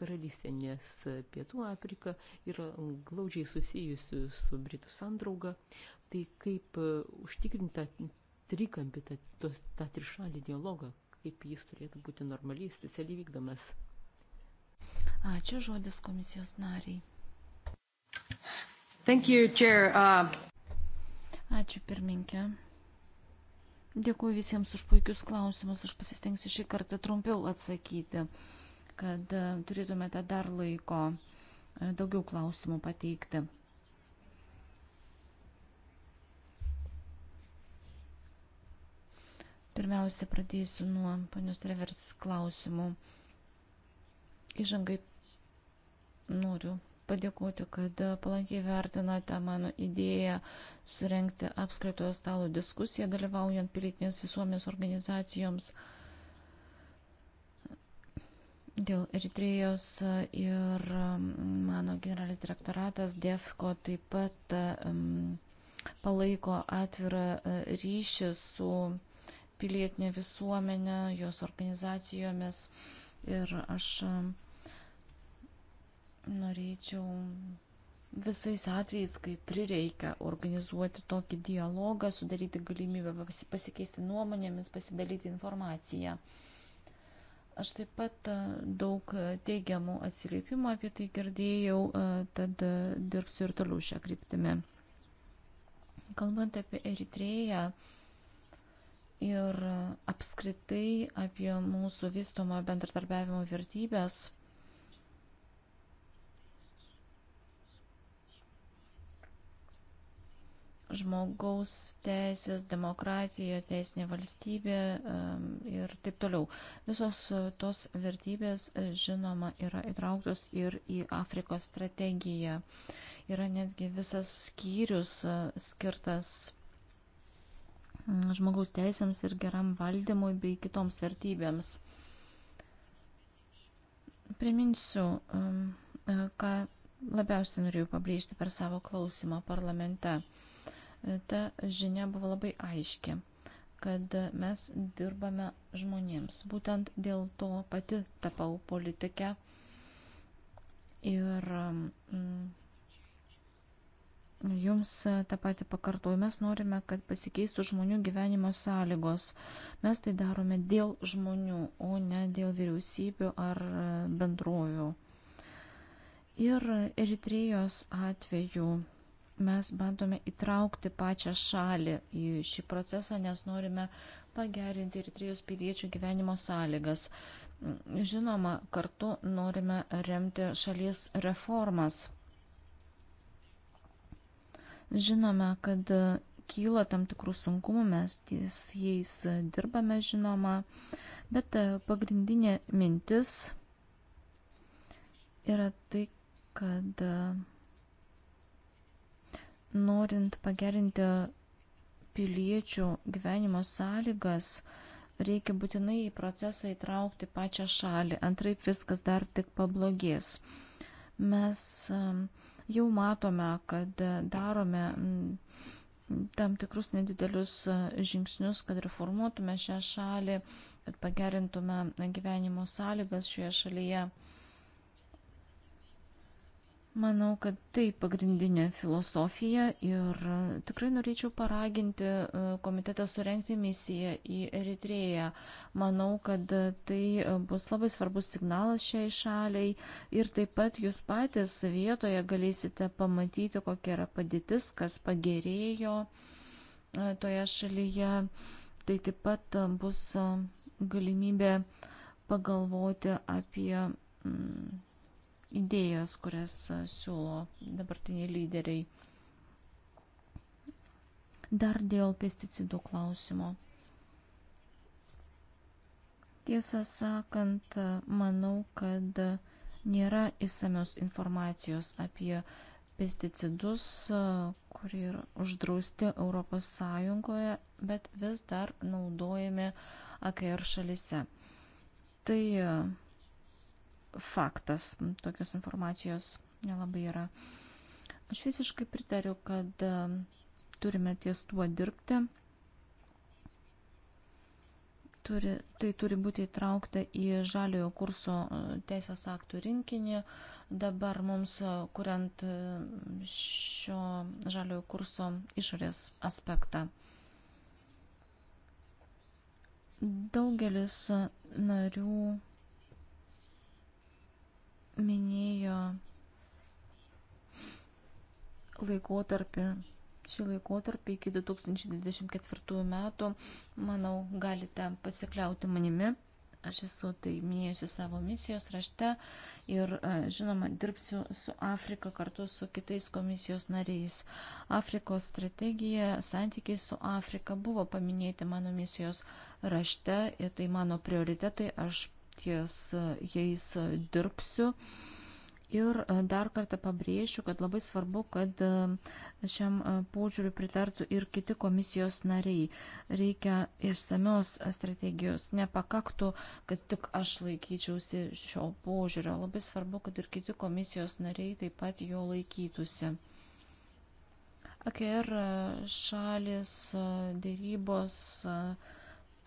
karalystė, nes Pietų Afrika yra glaudžiai susijusi su Britų sandrauga. Tai kaip e, užtikrinta trikampį, tą, tos, tą trišalį dialogą, kaip jis turėtų būti normaliai, specialiai vykdomas. Ačiū žodis komisijos nariai. Thank you, Chair. Uh... Ačiū pirminkė. Dėkuoju visiems už puikius klausimus. Aš pasistengsiu šį kartą trumpiau atsakyti, kad uh, turėtumėte dar laiko uh, daugiau klausimų pateikti. Pirmiausia, pradėsiu nuo panios revers klausimų. Įžangai noriu padėkoti, kad palankiai vertinote mano idėją surenkti apskritojo stalo diskusiją, dalyvaujant pilietinės visuomenės organizacijoms dėl Eritrėjos ir um, mano generalinis direktoratas DEFCO taip pat um, palaiko atvirą e, ryšį su pilietinė visuomenė, jos organizacijomis ir aš um, Norėčiau visais atvejais, kai prireikia organizuoti tokį dialogą, sudaryti galimybę pasikeisti nuomonėmis, pasidalyti informaciją. Aš taip pat e, daug teigiamų atsiliepimų apie tai girdėjau, e, tad e, dirbsiu ir toliau šią kryptimį. Kalbant apie Eritreją ir apskritai apie mūsų vystomą bendradarbiavimo vertybės, žmogaus teisės, demokratija, teisinė valstybė ir taip toliau. Visos tos vertybės, e, žinoma, yra įtrauktos ir į Afrikos strategiją. Yra netgi visas skyrius e, skirtas žmogaus teisėms ir geram valdymui bei kitoms vertybėms. Priminsiu, e, ką labiausiai norėjau pabrėžti per savo klausimą parlamente ta žinia buvo labai aiški, kad mes dirbame žmonėms. Būtent dėl to pati tapau politikę ir mm, Jums tą patį pakartoju. Mes norime, kad pasikeistų žmonių gyvenimo sąlygos. Mes tai darome dėl žmonių, o ne dėl vyriausybių ar bendrovių. Ir Eritrėjos atveju mes bandome įtraukti pačią šalį į šį procesą, nes norime pagerinti Eritrijos piliečių gyvenimo sąlygas. Žinoma, kartu norime remti šalies reformas. Žinome, kad kyla tam tikrų sunkumų, mes ties jais dirbame, žinoma, bet pagrindinė mintis yra tai, kad uh, norint pagerinti piliečių gyvenimo sąlygas, reikia būtinai į procesą įtraukti pačią šalį, antraip viskas dar tik pablogės. Mes um, jau matome, kad darome mm, tam tikrus nedidelius uh, žingsnius, kad reformuotume šią šalį, kad pagerintume gyvenimo sąlygas šioje šalyje. Manau, kad tai pagrindinė filosofija ir e, tikrai norėčiau paraginti e, komitetą surenkti misiją į Eritreją. Manau, kad e, tai bus labai svarbus signalas šiai šaliai ir taip pat jūs patys vietoje galėsite pamatyti, kokia yra padėtis, kas pagerėjo toje šalyje. Tai taip pat bus galimybė pagalvoti apie. Mm, idėjas, kurias e, siūlo dabartiniai lyderiai. Dar dėl pesticidų klausimo. Tiesą sakant, manau, kad nėra įsamios informacijos apie pesticidus, e, kurie yra uždrausti ES, bet vis dar naudojami AKR šalise. Tai e, faktas. Tokios informacijos nelabai yra. Aš visiškai pritariu, kad turime ties tuo dirbti. Turi, tai turi būti įtraukta į žaliojo kurso e, teisės aktų rinkinį. Dabar mums, e, kuriant e, šio žaliojo kurso išorės aspektą. Daugelis narių minėjo laikotarpį, šį laikotarpį iki 2024 metų, manau, galite pasikliauti manimi. Aš esu tai minėjusi savo misijos rašte ir, e, žinoma, dirbsiu su Afrika kartu su kitais komisijos nariais. Afrikos strategija, santykiai su Afrika buvo paminėti mano misijos rašte ir tai mano prioritetai. Aš ties e, jais e, dirbsiu. Ir e, dar kartą pabrėšiu, kad labai svarbu, kad šiam požiūriu pritartų ir kiti komisijos nariai. Reikia išsamios strategijos. Nepakaktų, kad tik aš laikyčiausi šio požiūrio. Labai svarbu, kad ir kiti komisijos nariai taip pat jo laikytųsi. AKR šalis dėrybos. Uh,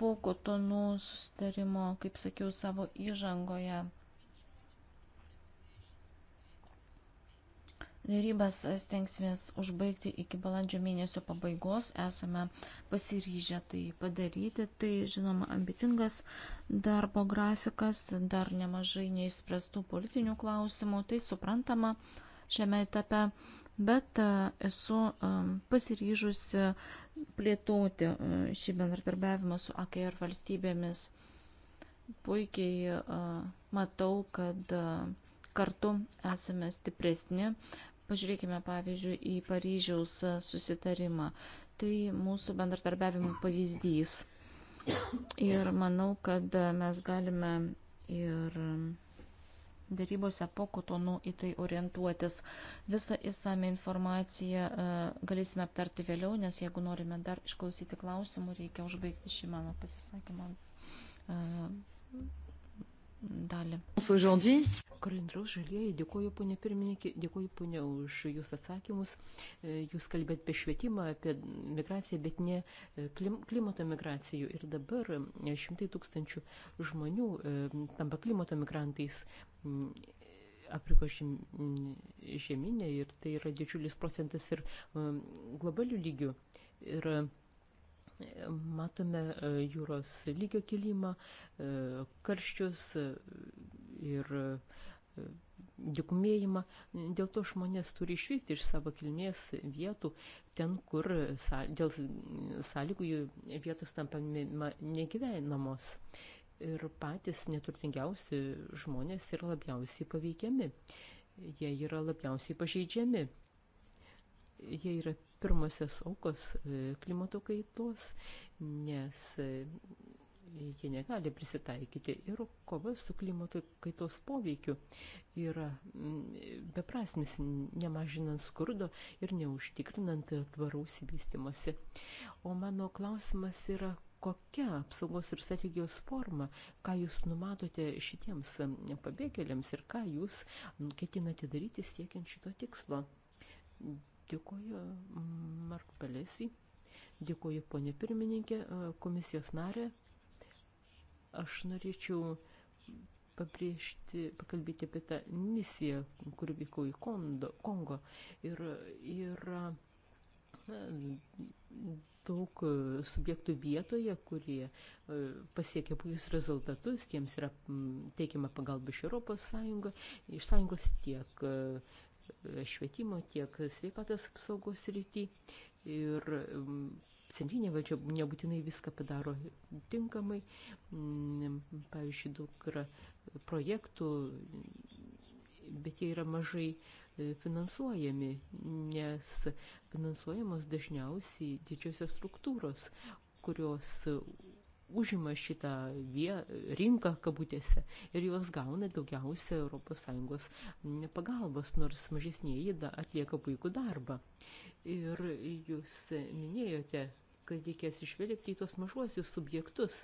po kotonų sustarimo, kaip sakiau savo įžangoje. Dėrybas stengsimės užbaigti iki balandžio mėnesio pabaigos, esame pasiryžę tai padaryti. Tai, žinoma, ambicingas darbo grafikas, dar nemažai neįspręstų politinių klausimų, tai suprantama šiame etape bet e, esu e, pasiryžusi plėtoti e, šį bendradarbiavimą su AKR valstybėmis. Puikiai matau, kad kartu esame stipresni. Pažiūrėkime, pavyzdžiui, į Paryžiaus susitarimą. Tai mūsų bendradarbiavimo pavyzdys. Ir manau, kad mes galime ir darybose po kotonų į tai orientuotis. Visą įsame informaciją e, galėsime aptarti vėliau, nes jeigu norime dar išklausyti klausimų, reikia užbaigti šį mano pasisakymą e, dalį. Kalendriaus žalieji, dėkuoju ponė pirmininkė, dėkuoju ponė už jūs atsakymus. E, jūs kalbėt apie švietimą, apie migraciją, bet ne e, klim, klimato migracijų. Ir dabar e, šimtai tūkstančių žmonių tampa klimato migrantais Afrikos žemynė ir tai yra didžiulis procentas ir globalių lygių. Ir matome e, jūros lygio kilimą, e, karščius e, ir dykumėjimą. Dėl to žmonės turi išvykti iš savo kilmės vietų, ten, kur dėl sąlygų jų vietos tampa negyvenamos. Ir patys neturtingiausi žmonės yra labiausiai paveikiami. Jie yra labiausiai pažeidžiami. Jie yra pirmosios aukos e, klimato kaitos, nes e, jie negali prisitaikyti ir kova su klimato kaitos poveikiu yra beprasmis, nemažinant skurdo ir neužtikrinant tvaraus įvystymosi. O mano klausimas yra, kokia apsaugos ir strategijos forma, ką jūs numatote šitiems pabėgėliams ir ką jūs ketinate daryti siekiant šito tikslo. Dėkuoju, Mark Pelesi. Dėkuoju, ponė pirmininkė, e, komisijos narė. Aš norėčiau pabrėžti, pakalbėti apie tą misiją, kuri vyko į Kondo, Kongo. Ir yra e, daug subjektų vietoje, kurie e, pasiekia puikius rezultatus, jiems yra teikiama pagalba iš Europos Sąjungos, iš Sąjungos tiek švietimo, tiek sveikatos apsaugos rytį ir mm, centrinė valdžia nebūtinai viską padaro tinkamai. Mm, pavyzdžiui, daug yra projektų, bet jie yra mažai e, finansuojami, nes finansuojamos dažniausiai didžiosios struktūros, kurios užima šitą vie, rinką kabutėse ir jos gauna daugiausia ES mm, pagalbos, nors mažesnėji atlieka puikų darbą. Ir jūs minėjote, kad reikės išvelgti į tuos mažuosius subjektus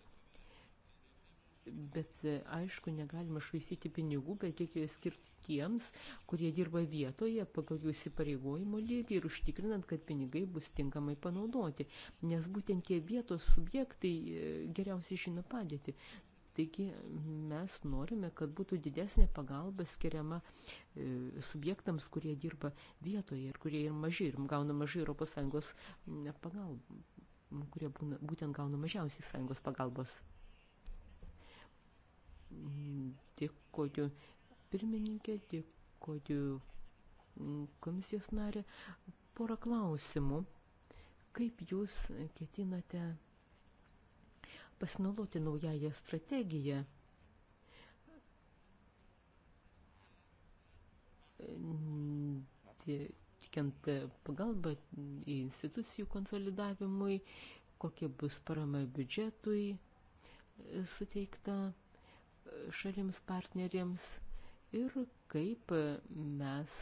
bet e, aišku, negalima švaistyti pinigų, bet reikia skirti tiems, kurie dirba vietoje pagal jų įsipareigojimo lygį ir užtikrinant, kad pinigai bus tinkamai panaudoti, nes būtent tie vietos subjektai e, geriausiai žino padėti. Taigi mes norime, kad būtų didesnė pagalba skiriama e, subjektams, kurie dirba vietoje ir kurie ir maži, ir gauna mažai ES pagalbą, kurie būtent gauna mažiausiai sąjungos pagalbos. Dėkoju pirmininkė, dėkoju mm, komisijos narė. Porą klausimų. Kaip jūs ketinate pasinaudoti naująją strategiją? Tikiant pagalbą institucijų konsolidavimui, kokia bus parama biudžetui suteikta šalims partneriams ir kaip mes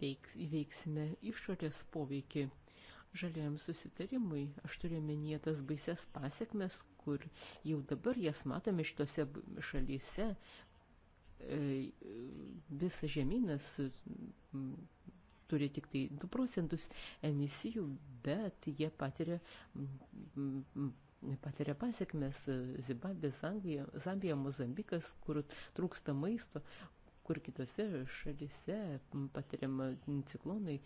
veiks, įveiksime išorės poveikį žaliam susitarimui. Aš turiu menyje tas baises pasiekmes, kur jau dabar jas matome šitose šalyse. E, Visas žemynas turi tik tai 2 procentus emisijų, bet jie patiria patiria pasiekmes e, Zimbabvė, Zambija, Mozambikas, kur trūksta maisto, kur kitose šalise patiriama ciklonai,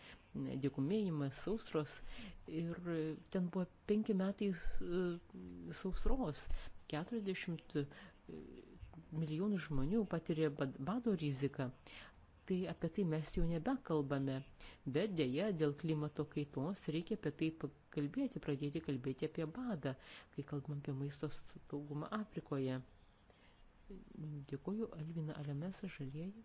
dėkumėjimas, sausros. Ir ten buvo penki metai e, sausros, 40 e, milijonų žmonių patiria bado riziką. Tai apie tai mes jau nebekalbame, bet dėja dėl klimato kaitos reikia apie tai pakalbėti kalbėti, pradėti kalbėti apie badą, kai kalbam apie maisto saugumą Afrikoje. Dėkuoju, Alvina Alemesa, žalieji.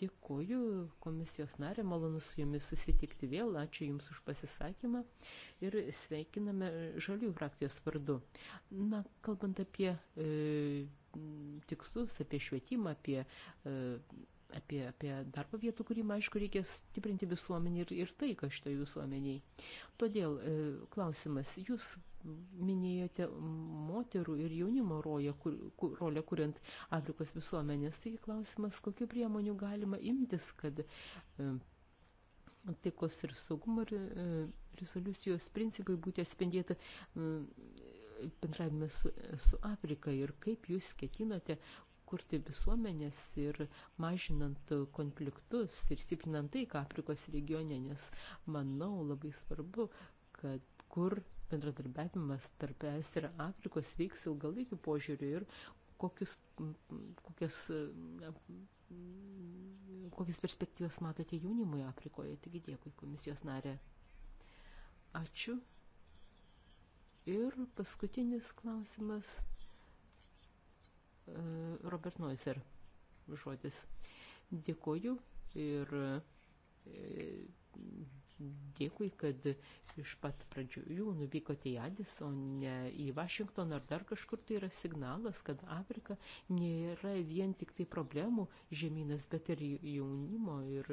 Dėkuoju komisijos narė, malonu su jumis susitikti vėl, ačiū jums už pasisakymą ir sveikiname žalių frakcijos vardu. Na, kalbant apie e, tikslus, apie švietimą, apie e, apie, apie darbo vietų kūrimą, aišku, reikia stiprinti visuomenį ir, ir tai, kas šitoje visuomeniai. Todėl e, klausimas, jūs minėjote moterų ir jaunimo rolę, kur, kur, rolę kuriant Afrikos visuomenės. Taigi klausimas, kokiu priemonių galima imtis, kad e, taikos ir saugumo ir, e, rezoliucijos principai būti atspindėti. E, bendravime su, su Afrika ir kaip jūs ketinote kurti visuomenės ir mažinant konfliktus ir stiprinant tai, ką Afrikos regione, nes manau labai svarbu, kad kur bendradarbiavimas tarp ES ir Afrikos veiks ilgalaikių požiūrių ir kokius, kokias, kokias perspektyvas matote jaunimui Afrikoje. Taigi dėkui, komisijos narė. Ačiū. Ir paskutinis klausimas Robert Noiser žodis. Dėkuoju ir e, dėkui, kad iš pat pradžių jų nuvykote į Adis, o ne į Vašingtoną ar dar kažkur. Tai yra signalas, kad Afrika nėra vien tik tai problemų žemynas, bet ir jaunimo ir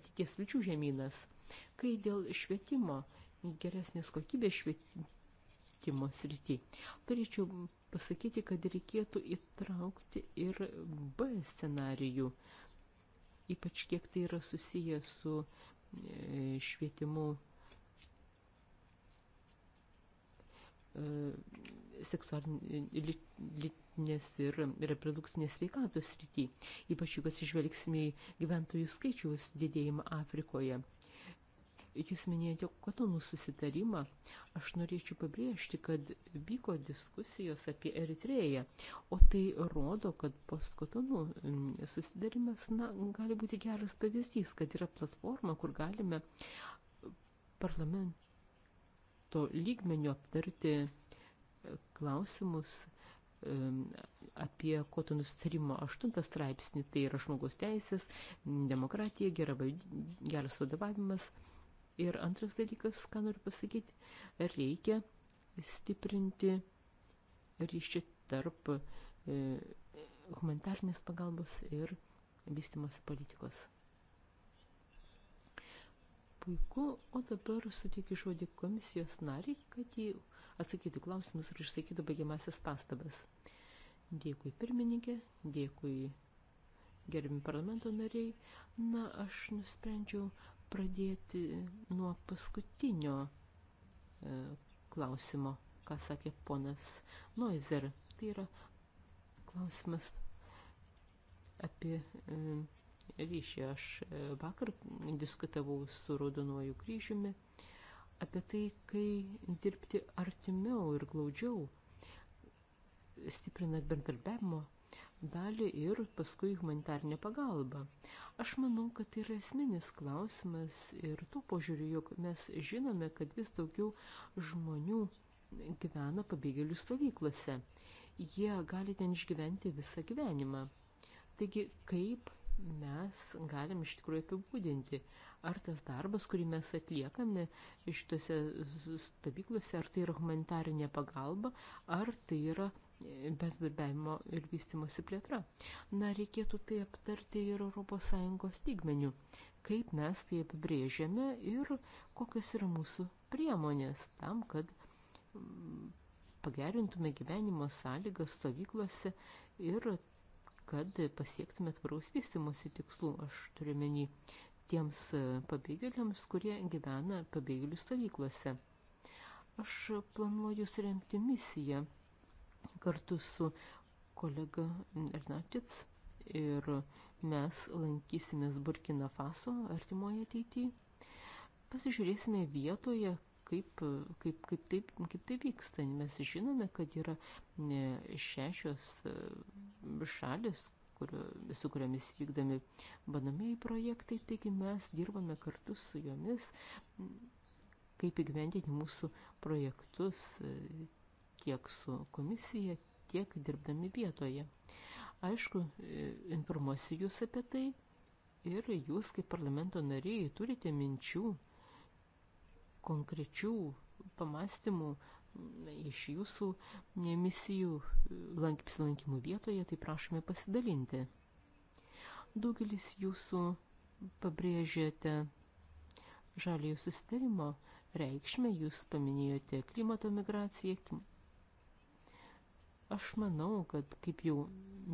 ateities vilčių žemynas. Kai dėl švietimo, geresnės kokybės švietimo srity, turėčiau pasakyti, kad reikėtų įtraukti ir B scenarijų, ypač kiek tai yra susiję su e, švietimu e, seksualinės, e, lytinės ir reprodukcinės sveikatos srity, ypač jeigu atsižvelgsime į gyventojų skaičiaus didėjimą Afrikoje. Jūs minėjote kotonų susitarimą. Aš norėčiau pabrėžti, kad vyko diskusijos apie Eritreją, o tai rodo, kad postkotonų susidarimas na, gali būti geras pavyzdys, kad yra platforma, kur galime parlamento lygmenių aptarti e, klausimus apie kotonų sutarimo 8 straipsnį, tai yra žmogaus teisės, demokratija, gera, geras vadovavimas, Ir antras dalykas, ką noriu pasakyti, reikia stiprinti ryšį tarp e, humanitarnės pagalbos ir vystimosi politikos. Puiku, o dabar suteikiu žodį komisijos nariai, kad jį atsakytų klausimus ir išsakytų baigiamasis pastabas. Dėkui pirmininkė, dėkui gerbimi parlamento nariai. Na, aš nusprendžiau pradėti nuo paskutinio e, klausimo, ką sakė ponas Noizer. Tai yra klausimas apie e, ryšį. Aš e, vakar diskutavau su Raudonuoju kryžiumi apie tai, kai dirbti artimiau ir glaudžiau, stiprinant bendradarbiavimo dalį ir paskui humanitarnę pagalbą. Aš manau, kad tai yra esminis klausimas ir tų požiūrių, jog mes žinome, kad vis daugiau žmonių gyvena pabėgėlių stovyklose. Jie gali ten išgyventi visą gyvenimą. Taigi, kaip mes galim iš tikrųjų apibūdinti, ar tas darbas, kurį mes atliekame šitose stovyklose, ar tai yra humanitarinė pagalba, ar tai yra bendradarbiavimo ir vystimosi plėtra. Na, reikėtų tai aptarti ir ES lygmenių, kaip mes tai apibrėžiame ir kokios yra mūsų priemonės tam, kad mm, pagerintume gyvenimo sąlygas stovyklose ir kad pasiektume tvaraus vystimosi tikslų, aš turiu menį, tiems e, pabėgėliams, kurie gyvena pabėgėlių stovyklose. Aš planuoju surengti misiją kartu su kolega Ernatic ir mes lankysimės Burkina Faso artimoje ateityje. Pasižiūrėsime vietoje, kaip, kaip, kaip, taip, kaip tai vyksta. Mes žinome, kad yra šešios e, šalis, kurio, su kuriomis vykdami bandomieji projektai, taigi mes dirbame kartu su jomis, kaip įgyvendinti mūsų projektus tiek su komisija, tiek dirbdami vietoje. Aišku, informuosiu jūs apie tai ir jūs kaip parlamento nariai turite minčių, konkrečių pamastymų iš jūsų misijų apsilankimų vietoje, tai prašome pasidalinti. Daugelis jūsų pabrėžėte žalėjų susitarimo reikšmę, jūs paminėjote klimato migraciją, Aš manau, kad, kaip jau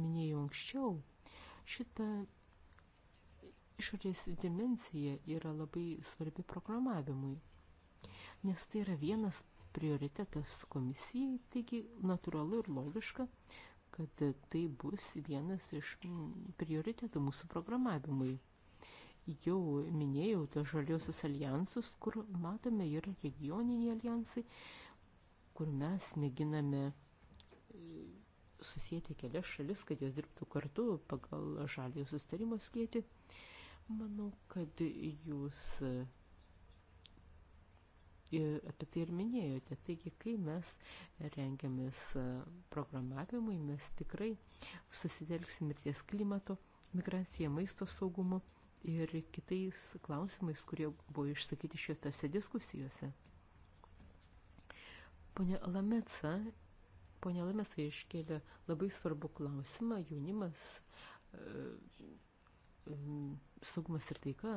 minėjau anksčiau, šita išorės dimensija yra labai svarbi programavimui, nes tai yra vienas prioritetas komisijai, taigi natūralu ir logiška, kad tai bus vienas iš prioritetų mūsų programavimui. Jau minėjau tos žaliosius alijansus, kur matome yra regioniniai alijansai, kur mes mėginame susijęti kelias šalis, kad jos dirbtų kartu pagal žalį sustarimo skėti. Manau, kad jūs e, apie tai ir minėjote. Taigi, kai mes rengiamės e, programavimui, mes tikrai susitelksim ir ties klimato, migracija, maisto saugumu ir kitais klausimais, kurie buvo išsakyti šiuose diskusijose. Pone Lametsa Pone Lamesa iškėlė labai svarbu klausimą, jaunimas, e, saugumas ir taika.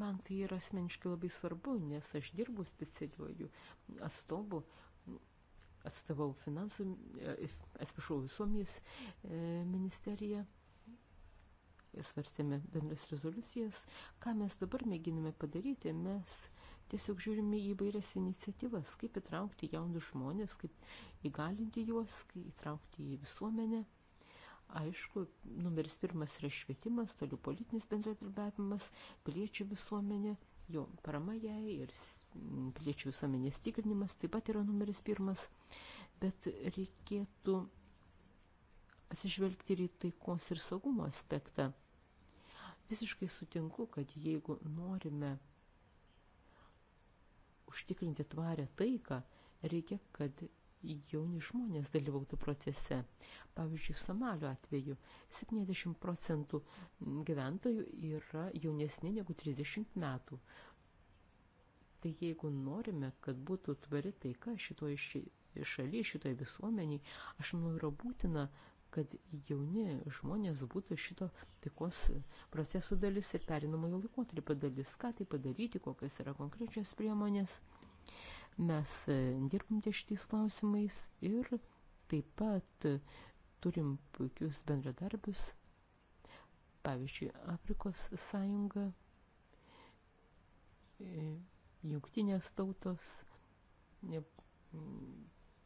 Man tai yra asmeniškai labai svarbu, nes aš dirbu specialiuoju atstovu, atstovau finansų, e, atsiprašau, visuomis e, ministeriją svarstėme bendras rezoliucijas. Ką mes dabar mėginame padaryti, mes tiesiog žiūrime į vairias iniciatyvas, kaip įtraukti jaunus žmonės, kaip įgalinti juos, kaip įtraukti į visuomenę. Aišku, numeris pirmas yra švietimas, toliau politinis bendradarbiavimas, piliečių visuomenė, jo parama jai ir piliečių visuomenės tikrinimas taip pat yra numeris pirmas, bet reikėtų atsižvelgti ir į taikos ir saugumo aspektą. Visiškai sutinku, kad jeigu norime užtikrinti tvarę taiką, reikia, kad jauni žmonės dalyvautų procese. Pavyzdžiui, Somalio atveju 70 procentų gyventojų yra jaunesni negu 30 metų. Tai jeigu norime, kad būtų tvari taika šitoje šalyje, šitoje visuomeniai, aš manau, yra būtina uh, kad jauni žmonės būtų šito taikos proceso dalis ir perinamojo laikotarpio dalis. Ką tai padaryti, kokios yra konkrečios priemonės. Mes e, dirbam ties šitais klausimais ir taip pat turim puikius bendradarbius, pavyzdžiui, Afrikos sąjunga, e, jungtinės tautos, e,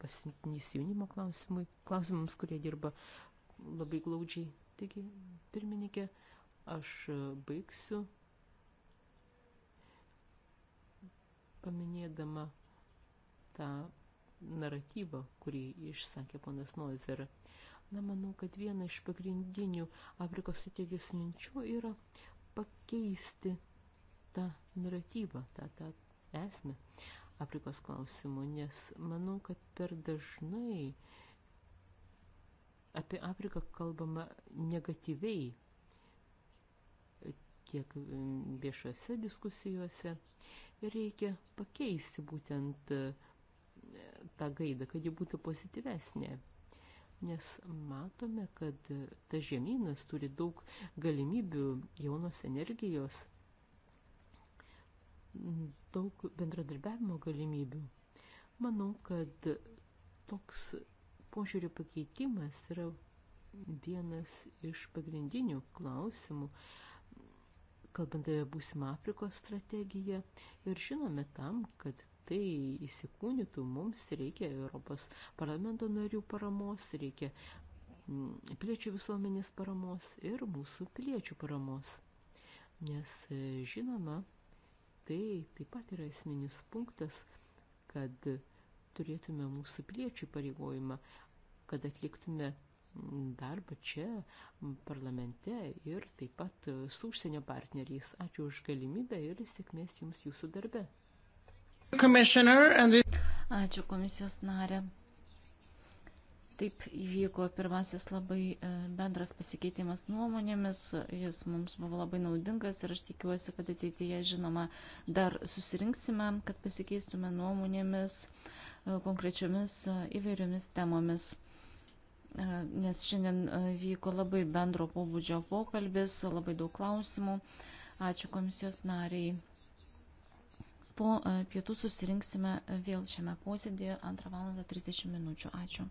pasiuntinys jaunimo klausimui, klausimams, kurie dirba labai glaudžiai. Taigi, pirmininkė, aš e, baigsiu paminėdama tą naratyvą, kurį išsakė ponas Noizer. Na, manau, kad viena iš pagrindinių Afrikos strategijos minčių yra pakeisti tą naratyvą, tą, tą esmę. Afrikos klausimų, nes manau, kad per dažnai apie Afriką kalbama negatyviai tiek viešose diskusijose. Reikia pakeisti būtent e, tą gaidą, kad ji būtų pozityvesnė. Nes matome, kad e, tas žemynas turi daug galimybių jaunos energijos daug bendradarbiavimo galimybių. Manau, kad toks požiūrių pakeitimas yra vienas iš pagrindinių klausimų, kalbant apie būsimą Afrikos strategiją. Ir žinome tam, kad tai įsikūnytų, mums reikia Europos parlamento narių paramos, reikia mm, piliečių visuomenės paramos ir mūsų piliečių paramos. Nes e, žinoma, tai taip pat yra esminis punktas, kad turėtume mūsų piliečių pareigojimą, kad atliktume darbą čia, parlamente ir taip pat su užsienio partneriais. Ačiū už galimybę ir sėkmės jums jūsų darbe. Ačiū komisijos narė. Taip įvyko pirmasis labai e, bendras pasikeitimas nuomonėmis, jis mums buvo labai naudingas ir aš tikiuosi, kad ateityje, žinoma, dar susirinksime, kad pasikeistume nuomonėmis e, konkrečiomis e, įvairiomis temomis, nes šiandien vyko labai bendro pobūdžio pokalbis, labai daug klausimų. Ačiū komisijos nariai. Po pietų susirinksime vėl šiame posėdėje 2 val. 30 min. Ačiū.